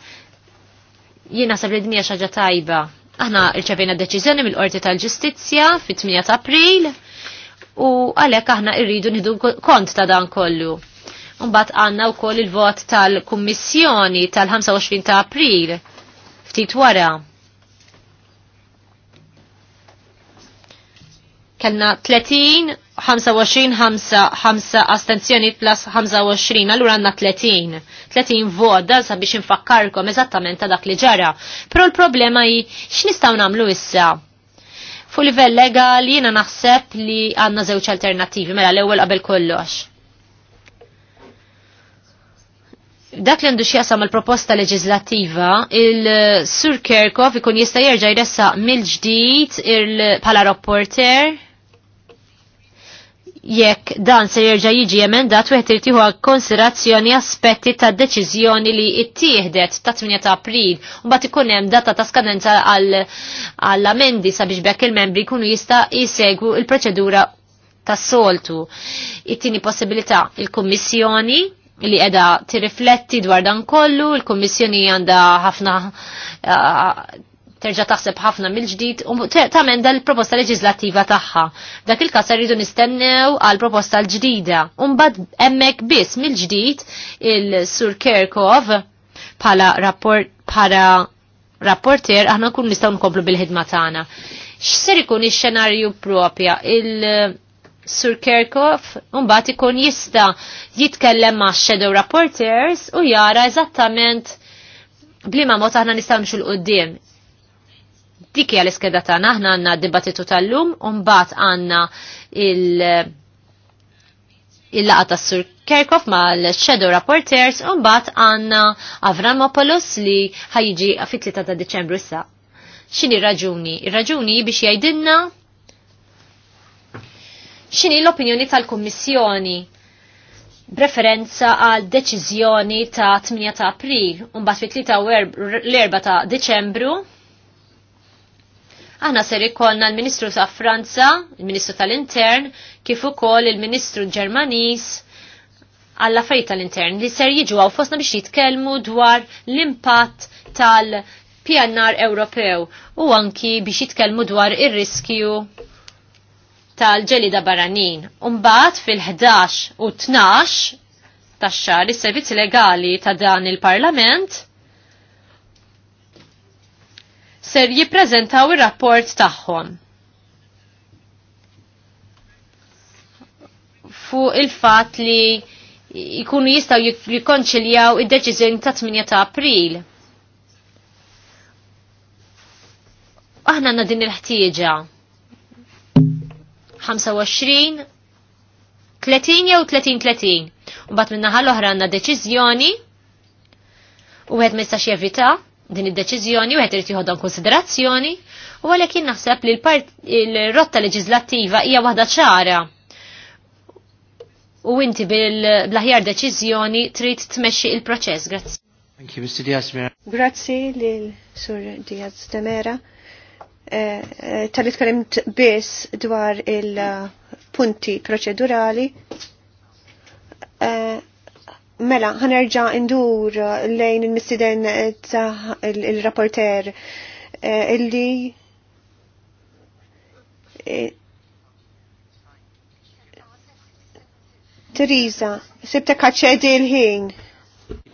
Jina sabri xaġa tajba. Aħna rċevejna deċiżjoni mill-Qorti tal-Ġustizzja fit-8 ta' April u għalhekk aħna rridu nieħdu kont ta' dan kollu. Mbagħad għandna wkoll il-vot tal-Kummissjoni tal-25 ta' April ftit wara. Kellna 30 25-5 astenzjoni plus 25, allura għanna 30. 30 voda sabiex infakkarkom eżattament ta' dak li ġara. Pero l-problema hi x'nistgħu nagħmlu issa? Fu livell legali jiena naħseb li għandna żewġ alternattivi mela l-ewwel qabel kollox. Dak li għandu xjasam il-proposta leġizlativa, il-Sur Kerkov ikun jista' jerġa' jressa mill-ġdid il-pala rapporter jekk dan se jerġa' jiġi emendat weħt irtiħu għal konsirazzjoni aspetti tad deċiżjoni li ttieħdet ta' 8 ta' April u bat ikun hemm data ta' skadenza għall amendi sabiex bekk il-membri jkunu jista' jisegwu il-proċedura tas-soltu. It-tieni possibilità il-Kummissjoni li qiegħda tirrifletti dwar dan kollu, il-Kummissjoni għandha ħafna terġa' taħseb ħafna mill-ġdid u tagħmel l-proposta leġislattiva tagħha. Dak il-każ irridu nistennew għal proposta l-ġdida. U mbagħad hemmhekk biss mill-ġdid il-Sur Kerkov bħala rapport bħala rapporter aħna nkun nistgħu nkomplu bil-ħidma tagħna. X'ser ikun ix-xenarju propja il- Sur Kerkov mbagħad ikun jista' jitkellem ma' shadow rapporters u jara eżattament bliema mod aħna nistgħu nixu l-qudiem dik hija l-iskeda tagħna naħna għanna dibattitu tal-lum un mbagħad għandna il- laqa ta' Sur Kerkov ma' l-Shadow Rapporters u mbagħad għandna Avramopoulos li ħajġi fit-3 ta' Deċembru issa. X'inhi raġuni? Ir-raġuni biex jgħidilna x'inhi l-opinjoni tal-Kummissjoni preferenza għal deċiżjoni ta' 8 ta' April u mbagħad fit-3 l-4 ta' Deċembru Aħna ser ikollna l-Ministru ta' Franza, il-Ministru tal-Intern, kif ukoll il-Ministru Ġermaniż għall fej tal-intern li ser jiġu għaw fosna biex jitkellmu dwar l-impatt tal-PNR Ewropew u anki biex jitkellmu dwar ir-riskju tal-ġelida barranin. Umbat fil-11 u 12 tax-xar is-servizzi legali ta' dan il-Parlament ser jippreżentaw ir-rapport tagħhom. Fuq il-fatt li jkunu jistaw jikonċiljaw id-deċiżjoni ta' 8 ta' April. Aħna għandna din il-ħtieġa. 25 30 jew 30-30. U bat minnaħal oħra għandna deċiżjoni u għed mistax jevita din id-deċiżjoni u qed irid jieħodhom konsiderazzjoni u għalhekk jien naħseb li l-rotta leġislattiva hija waħda ċara. U inti bil-aħjar deċiżjoni trid tmexxi il-proċess. Grazzi. Thank you, Mr. Diaz Grazzi lil Sur Diaz Demera. Talit eh, eh, Tal tkellimt biss dwar il-punti proċedurali eh, Mela, ħanerġa indur lejn il-missiden il-rapporter eh, illi eh, Teresa, sibtek ħaċċedi l-ħin.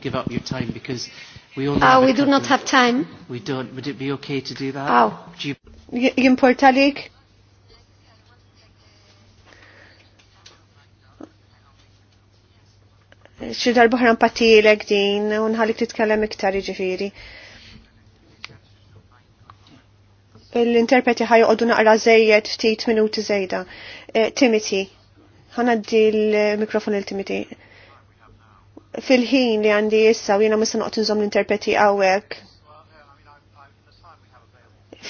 Give up your time because we only Oh, ah, we do not have time. We don't. Would it be okay to do that? Oh. Jimportalik? xi darbaħra mpatilek din u nħallik titkellem iktar iġifieri. L-interpreti ħajqodu naqra żejjed ftit minuti żejda. Eh, Timothy, ddi l-mikrofon il Timothy. Fil-ħin li għandi issa u jiena mista noqgħod nżomm l-interpreti hawnhekk.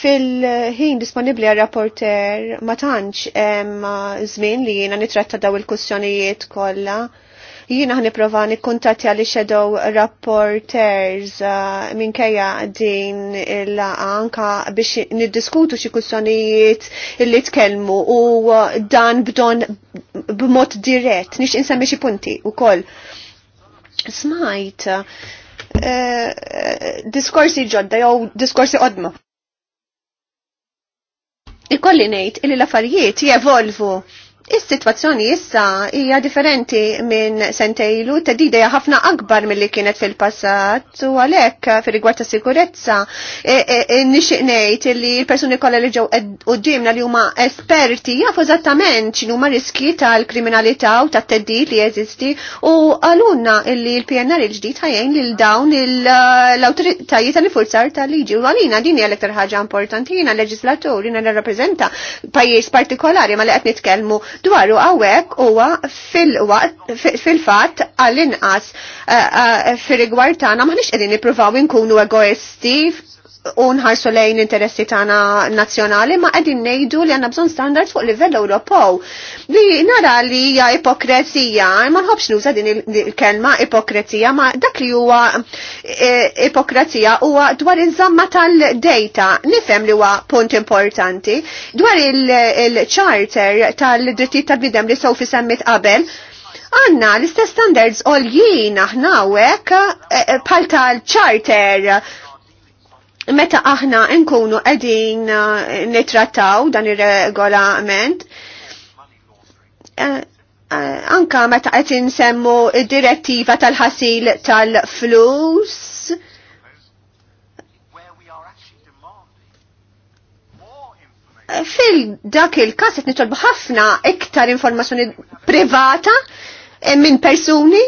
Fil-ħin disponibli għal rapporter ma tantx hemm eh, żmien li jiena nitratta daw il-kussjonijiet kollha Jiena ħniprofa nikkuntatti għal shadow rapporters uh, minkejja din l anka biex niddiskutu xi kwistjonijiet li tkellmu u uh, dan bdon b'mod dirett, nix insemmi xi punti wkoll. Smajt, uh, diskorsi ġodda jew diskorsi qodma. Ikolli ngħid illi l-affarijiet jevolvu Is-sitwazzjoni issa hija differenti minn sentejlu, tedida hija ħafna akbar milli kienet fil-passat u għalhekk fir-rigward ta' sikurezza e, e, e, nixtieq ngħid li l-persuni kollha li ġew qudiemna li huma esperti jafu eżattament x'inhu huma riski tal-kriminalità u tat-teddid li jeżisti u għalunna li l-PNR il-ġdid ħajjin lil dawn l-awtoritajiet tal-forzar tal-liġi u għalina din hija l-iktar ħaġa importanti jiena leġislatur jiena nirrappreżenta pajjiż partikolari ma li qed nitkellmu dwaru għawek huwa fil-fat għall-inqas eh, eh, fil-rigward tagħna maħniex qegħdin nippruvaw inkunu egoisti unħarsu lejn interessi tagħna nazzjonali ma qegħdin ngħidu li għandna bżonn standards fuq livell Ewropew. Li nara li hija ipokrezija, ma nħobbx nuża din il-kelma ipokrezija, ma dak li huwa e, ipokrezija huwa dwar iż-żamma tal-data. Nifhem li huwa punt importanti dwar il-charter tal-drittijiet tal-bidem li sew fi semmit qabel għanna l-istess standards jien aħna għek pal e, e, tal-charter meta aħna nkunu qegħdin eh, nitrattaw dan ir-regolament, eh, eh, anka meta qed insemmu id-direttiva tal-ħasil tal-flus. Fil-dak il-kas qed nitolbu ħafna iktar informazzjoni privata minn persuni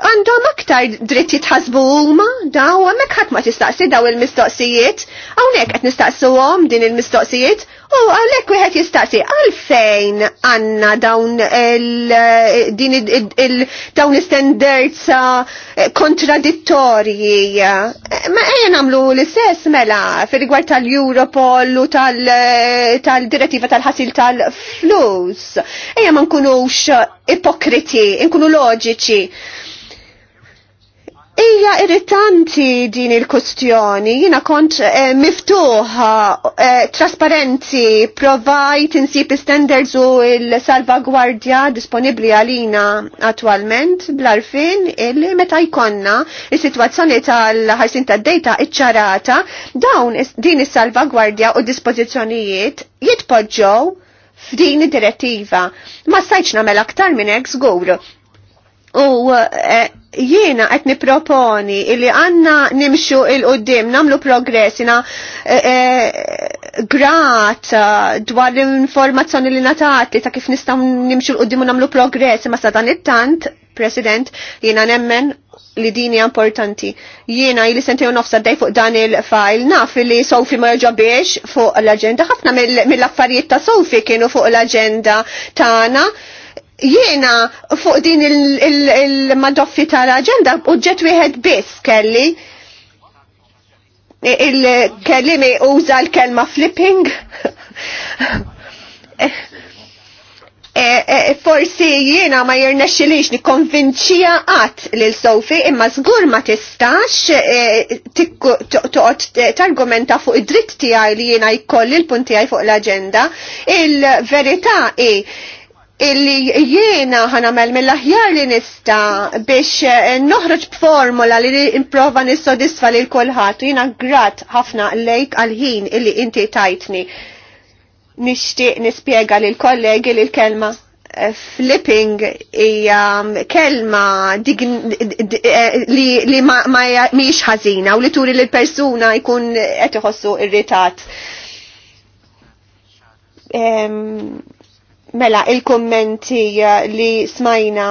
għandhom aktar dritti tħasbu huma daw għamek ħadd ma tistaqsi daw il-mistoqsijiet, hawnhekk qed nistaqsuhom din il-mistoqsijiet u għalhekk wieħed jistaqsi għalfejn għandna dawn din dawn l-standards eh, kontradittorji. Ma ejja nagħmlu l-istess mela fir-rigward tal-Europol u tal-direttiva tal-ħasil tal-flus. Ejja ma nkunux ipokriti, nkunu loġiċi. Ija irritanti din il-kustjoni, jina kont eh, miftuħa, eh, trasparenti, provajt insib standards u il-salvagwardja disponibli għalina attualment bl-arfin illi meta jkonna il-situazzjoni tal-ħarsin ta' data iċċarata dawn din il-salvagwardja u dispozizjonijiet jitpoġġow f'din id-direttiva. Ma sajċna mela aktar minn ex-gowru U eh, jiena qed niproponi illi għanna nimxu il-qoddim, namlu progressina e, eh, eh, grat dwar l-informazzjoni li natat li ta' kif nistgħu nimxu l-qoddim u namlu progress ma sa' dan it-tant, President, jiena nemmen li dini importanti. Jiena ili sentiju nofsa dej fuq dan il-fajl naf li Sofi ma joġobiex fuq l-agenda. ħafna mill-affarijiet ta' Sofi kienu fuq l-agenda tagħna. Ta Jiena fuq din il-madoffi tal-agenda uġġet wieħed biss kelli il mi uża l-kelma flipping. Eh, eh, eh, forsi jiena ma jirnexxilix nikkonvinċija qatt lil Sofi imma żgur ma tistax toqgħod targumenta fuq id-dritt tiegħi li jiena jkolli l-punt tiegħi fuq l-aġenda. Il-verità hi illi jiena ħanamel mill-aħjar li nista biex eh, noħroġ b'formula li improva nissodisfa li l-kolħat. Jiena grat ħafna lejk għal-ħin illi inti tajtni. Nishtiq nispiega li l-kollegi li l-kelma eh, flipping hija mm, kelma eh, li, ma, miex ħażina u li turi li l-persuna jkun qed iħossu irritat. Mela, il-kommenti eh, li smajna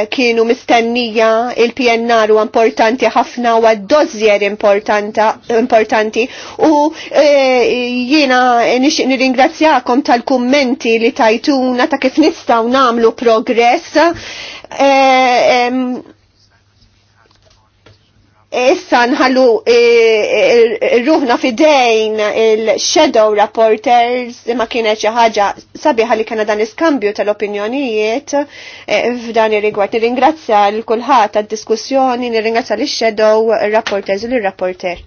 eh, kienu mistennija il-PNR u importanti ħafna u għad dozzjer importanti u eh, jiena jiena nirringrazzjakom tal-kommenti li tajtuna ta' kif nistaw namlu progress issa nħallu e, e, e, ruħna fidejn il-shadow rapporters ma kienet xi ħaġa sabiħa li kena dan iskambju tal-opinjonijiet f'dan ir-rigward. Nirringrazzja l kulħadd għad-diskussjoni, nirringrazzja l-shadow rapporters u l-rapporter.